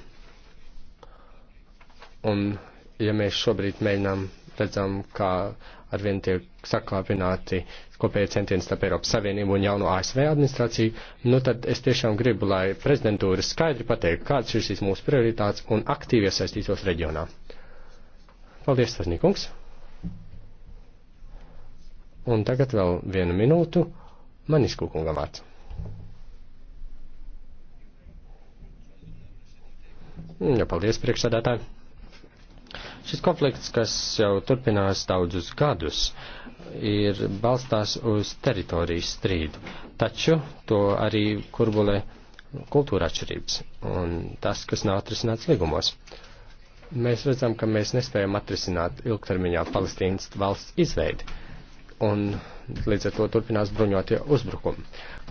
Un, ja mēs šobrīd mēģinām, redzam, ka uh, arvien tiek saklāpināti kopēji centieni starp Eiropas Savienību un jauno ASV administrāciju, nu tad es tiešām gribu, lai prezidentūra skaidri pateikt, kādas ir šīs mūsu prioritātes un aktīvi iesaistītos reģionā. Paldies, Sarnīkungs! Un tagad vēl vienu minūtu Manisku kungam vārds. Ja, paldies, priekšsādātāji! Šis konflikts, kas jau turpinās daudzus gadus, ir balstās uz teritorijas strīdu, taču to arī kurbulē kultūra atšķirības un tas, kas nav atrisināts līgumos. Mēs redzam, ka mēs nespējam atrisināt ilgtermiņā Palestīnas valsts izveidi un līdz ar to turpinās bruņotie uzbrukumi,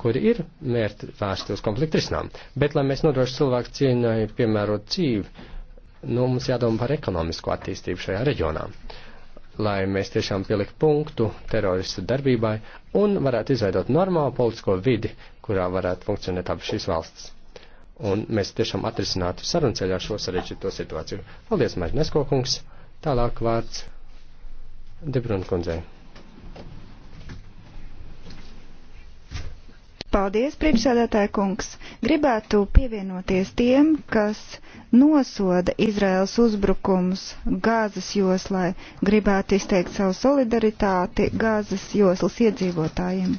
kuri ir mērķi vērsti uz konfliktu risinām. Bet, lai mēs nodrošinātu cilvēku cieņai piemērot dzīvi, nu, mums jādomā par ekonomisko attīstību šajā reģionā, lai mēs tiešām pieliktu punktu teroristu darbībai un varētu izveidot normālu politisko vidi, kurā varētu funkcionēt abas šīs valstis. Un mēs tiešām atrisinātu sarunceļā šo sarežģīto situāciju. Paldies, Mērķinesko kungs. Tālāk vārds Debrunkundzei. Paldies, priekšsēdētāja kungs. Gribētu pievienoties tiem, kas nosoda Izraels uzbrukums gāzes joslai, gribētu izteikt savu solidaritāti gāzes joslas iedzīvotājiem.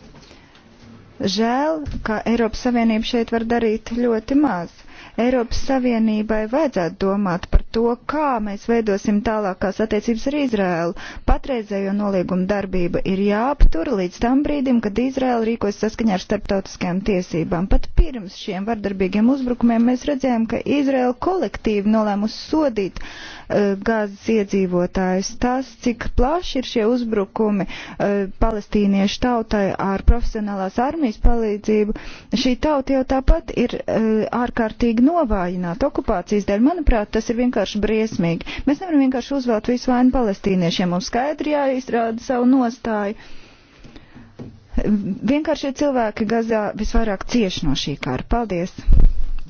Žēl, ka Eiropas Savienība šeit var darīt ļoti maz. Eiropas Savienībai vajadzētu domāt par to, kā mēs veidosim tālākās attiecības ar Izraēlu. Patreizējo noliegumu darbība ir jāaptur līdz tam brīdim, kad Izraēla rīkojas saskaņā ar starptautiskajām tiesībām. Pat pirms šiem vardarbīgiem uzbrukumiem mēs redzējām, ka Izraēla kolektīvi nolēmusi sodīt uh, eh, gazas iedzīvotājus. Tas, cik plaši ir šie uzbrukumi uh, palestīniešu tautai ar profesionālās armijas palīdzību, šī tauta jau tāpat ir uh, ārkārtīgi novājināti okupācijas dēļ, manuprāt, tas ir vienkārši briesmīgi. Mēs nevaram vienkārši uzvelt visu vainu palestīniešiem, mums skaidri jāizrāda savu nostāju. Vienkāršie cilvēki Gazā visvairāk cieši no šī kara. Paldies!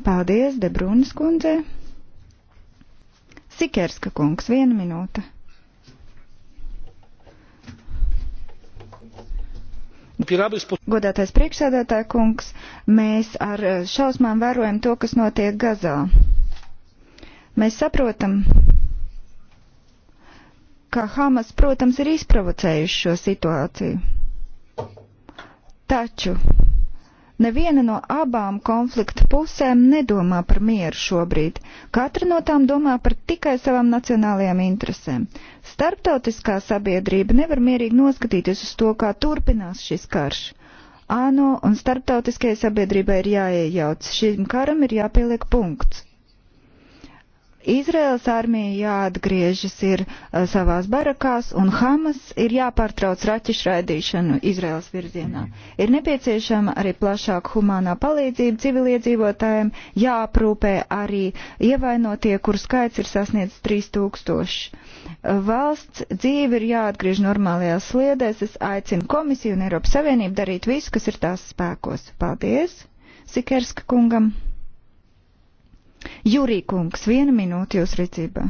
Paldies, Debrunas kundze! Sikerska kungs, viena minūte. Godātais priekšsēdētāja kungs, mēs ar eh, šausmām vērojam to, kas notiek Gazā. Mēs saprotam, ka Hamas, protams, ir izprovocējuši šo situāciju. Taču Neviena no abām konflikta pusēm nedomā par mieru šobrīd. Katra no tām domā par tikai savām nacionālajām interesēm. Starptautiskā sabiedrība nevar mierīgi noskatīties uz to, kā turpinās šis karš. ANO un starptautiskajai sabiedrībai ir jāiejauc. Šim karam ir jāpieliek punkts. Izraels armija jāatgriežas ir eh, savās barakās un Hamas ir jāpārtrauc raķešu raidīšanu Izraels virzienā. Ir nepieciešama arī plašāka humānā palīdzība civiliedzīvotājiem, jāaprūpē arī ievainotie, kur skaits ir sasniedzis 3000. Valsts dzīve ir jāatgriež normālajās sliedēs. Es aicinu komisiju un Eiropas Savienību darīt visu, kas ir tās spēkos. Paldies! Sikerska kungam! Jurī kungs, viena minūte jūs rīcībā.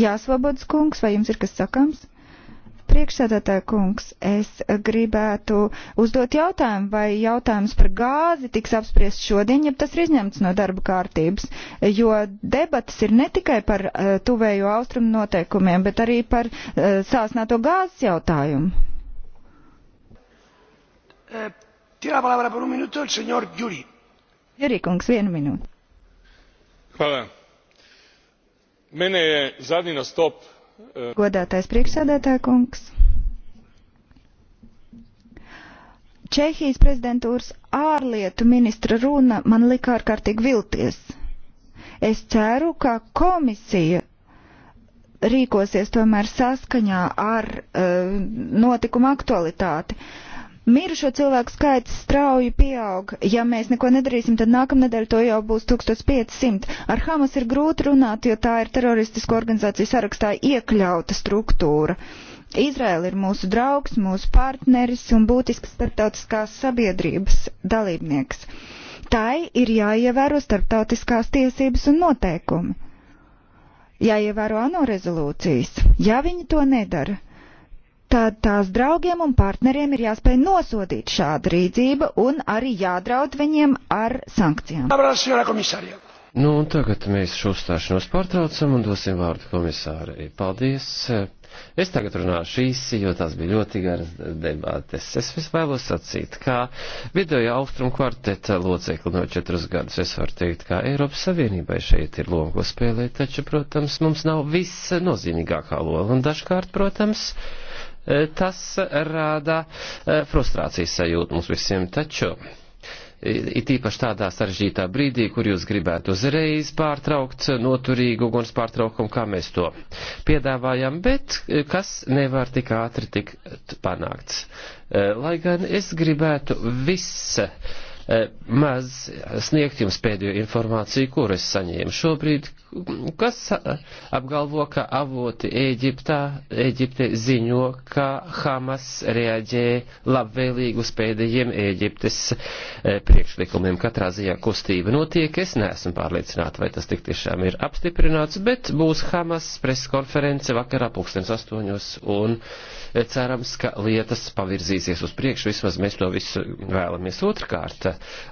Jā, Svobodas kungs, vai jums ir kas sakams? Priekšsēdētāja kungs, es gribētu uzdot jautājumu, vai jautājums par gāzi tiks apspriest šodien, ja tas ir izņemts no darba kārtības, jo debatas ir ne tikai par uh, tuvējo austrumu noteikumiem, bet arī par uh, sāsnāto gāzes jautājumu. Uh, Jurī kungs, viena minūte minēja zadina stop. E, Godātais priekšsēdētāja kungs. Čehijas prezidentūras ārlietu ministra runa man lika ārkārtīgi vilties. Es ceru, ka komisija rīkosies tomēr saskaņā ar uh, e, notikuma aktualitāti. Uh, Mirušo cilvēku skaits strauji pieaug. Ja mēs neko nedarīsim, tad nākamnedēļ to jau būs 1500. Ar Hamas ir grūti runāt, jo tā ir teroristisko organizāciju sarakstā iekļauta struktūra. Izraela ir mūsu draugs, mūsu partneris un būtisks starptautiskās sabiedrības dalībnieks. Tai ir jāievēro starptautiskās tiesības un noteikumi. Jāievēro ANO rezolūcijas. Ja viņi to nedara, tad tās draugiem un partneriem ir jāspēj nosodīt šādu rīcību un arī jādraud viņiem ar sankcijām. Nu, un tagad mēs šo uzstāšanos pārtraucam un dosim vārdu komisārai. Paldies! Es tagad runāšu īsi, jo tās bija ļoti garas debātes. Es vēlos sacīt, kā vidējā austrumu kvarteta locekli no četrus gadus. Es varu teikt, kā Eiropas Savienībai šeit ir loma, ko spēlēt, taču, protams, mums nav viss nozīmīgākā loma. Un dažkārt, protams, uh, Tas rāda eh, frustrācijas sajūtu mums visiem, taču it īpaši tādā sarežģītā brīdī, kur jūs gribētu uzreiz pārtraukt noturīgu uguns pārtraukumu, kā mēs to piedāvājam, bet eh, kas nevar tik ātri tikt panākts. Eh, lai gan es gribētu viss Eh, maz sniegt jums pēdējo informāciju, kur es saņēmu šobrīd, kas eh, apgalvo, ka avoti Ēģiptā, Ēģipte ziņo, ka Hamas reaģē labvēlīgi uz pēdējiem Ēģiptes eh, priekšlikumiem. Katrā ziņā kustība notiek, es neesmu pārliecināta, vai tas tik tiešām ir apstiprināts, bet būs Hamas preskonference vakarā pulkstens astoņos un cerams, ka lietas pavirzīsies uz priekšu, vismaz mēs to visu vēlamies. Otrkārt,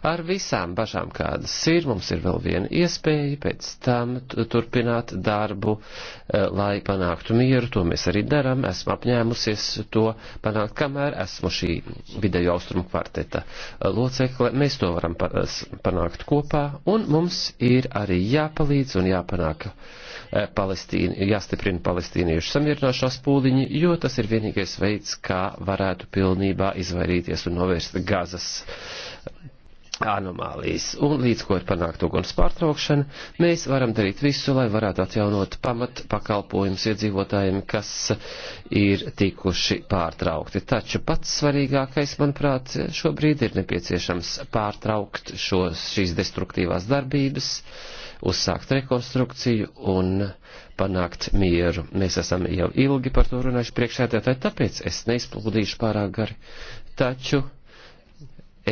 ar visām bažām, kādas ir, mums ir vēl viena iespēja pēc tam turpināt darbu, eh, lai panāktu mieru, to mēs arī darām, esmu apņēmusies to panākt, kamēr esmu šī video austrumu kvarteta eh, locekle, mēs to varam panākt kopā, un mums ir arī jāpalīdz un jāpanāk. Eh, Palestīni, jāstiprina palestīniešu samierināšanās pūliņi, jo tas ir vienīgais veids, kā varētu pilnībā izvairīties un novērst gazas eh, anomālijas. Un līdz ko ir panākt uguns pārtraukšana, mēs varam darīt visu, lai varētu atjaunot pamat pakalpojumus iedzīvotājiem, kas ir tikuši pārtraukti. Taču pats svarīgākais, manuprāt, šobrīd ir nepieciešams pārtraukt šos, šīs destruktīvās darbības uzsākt rekonstrukciju un panākt mieru. Mēs esam jau ilgi par to runājuši priekšētētāji, tāpēc es neizplūdīšu pārāk gari. Taču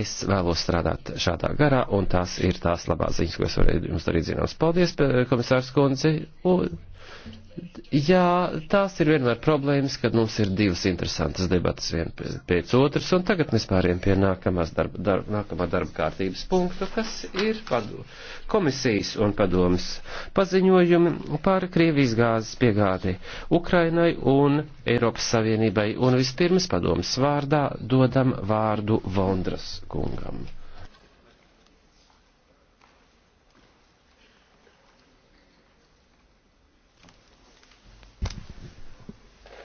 es vēlos strādāt šādā garā, un tās ir tās labās ziņas, ko es varēju jums darīt zināms. Paldies, komisārs Kundze, un Jā, tās ir vienmēr problēmas, kad mums ir divas interesantas debatas vien pēc otras, un tagad mēs pāriem pie nākamās darba, darba, nākamā darba kārtības punktu, kas ir padu, komisijas un padomas paziņojumi par Krievijas gāzes piegādi Ukrainai un Eiropas Savienībai, un vispirms padomas vārdā dodam vārdu Vondras kungam.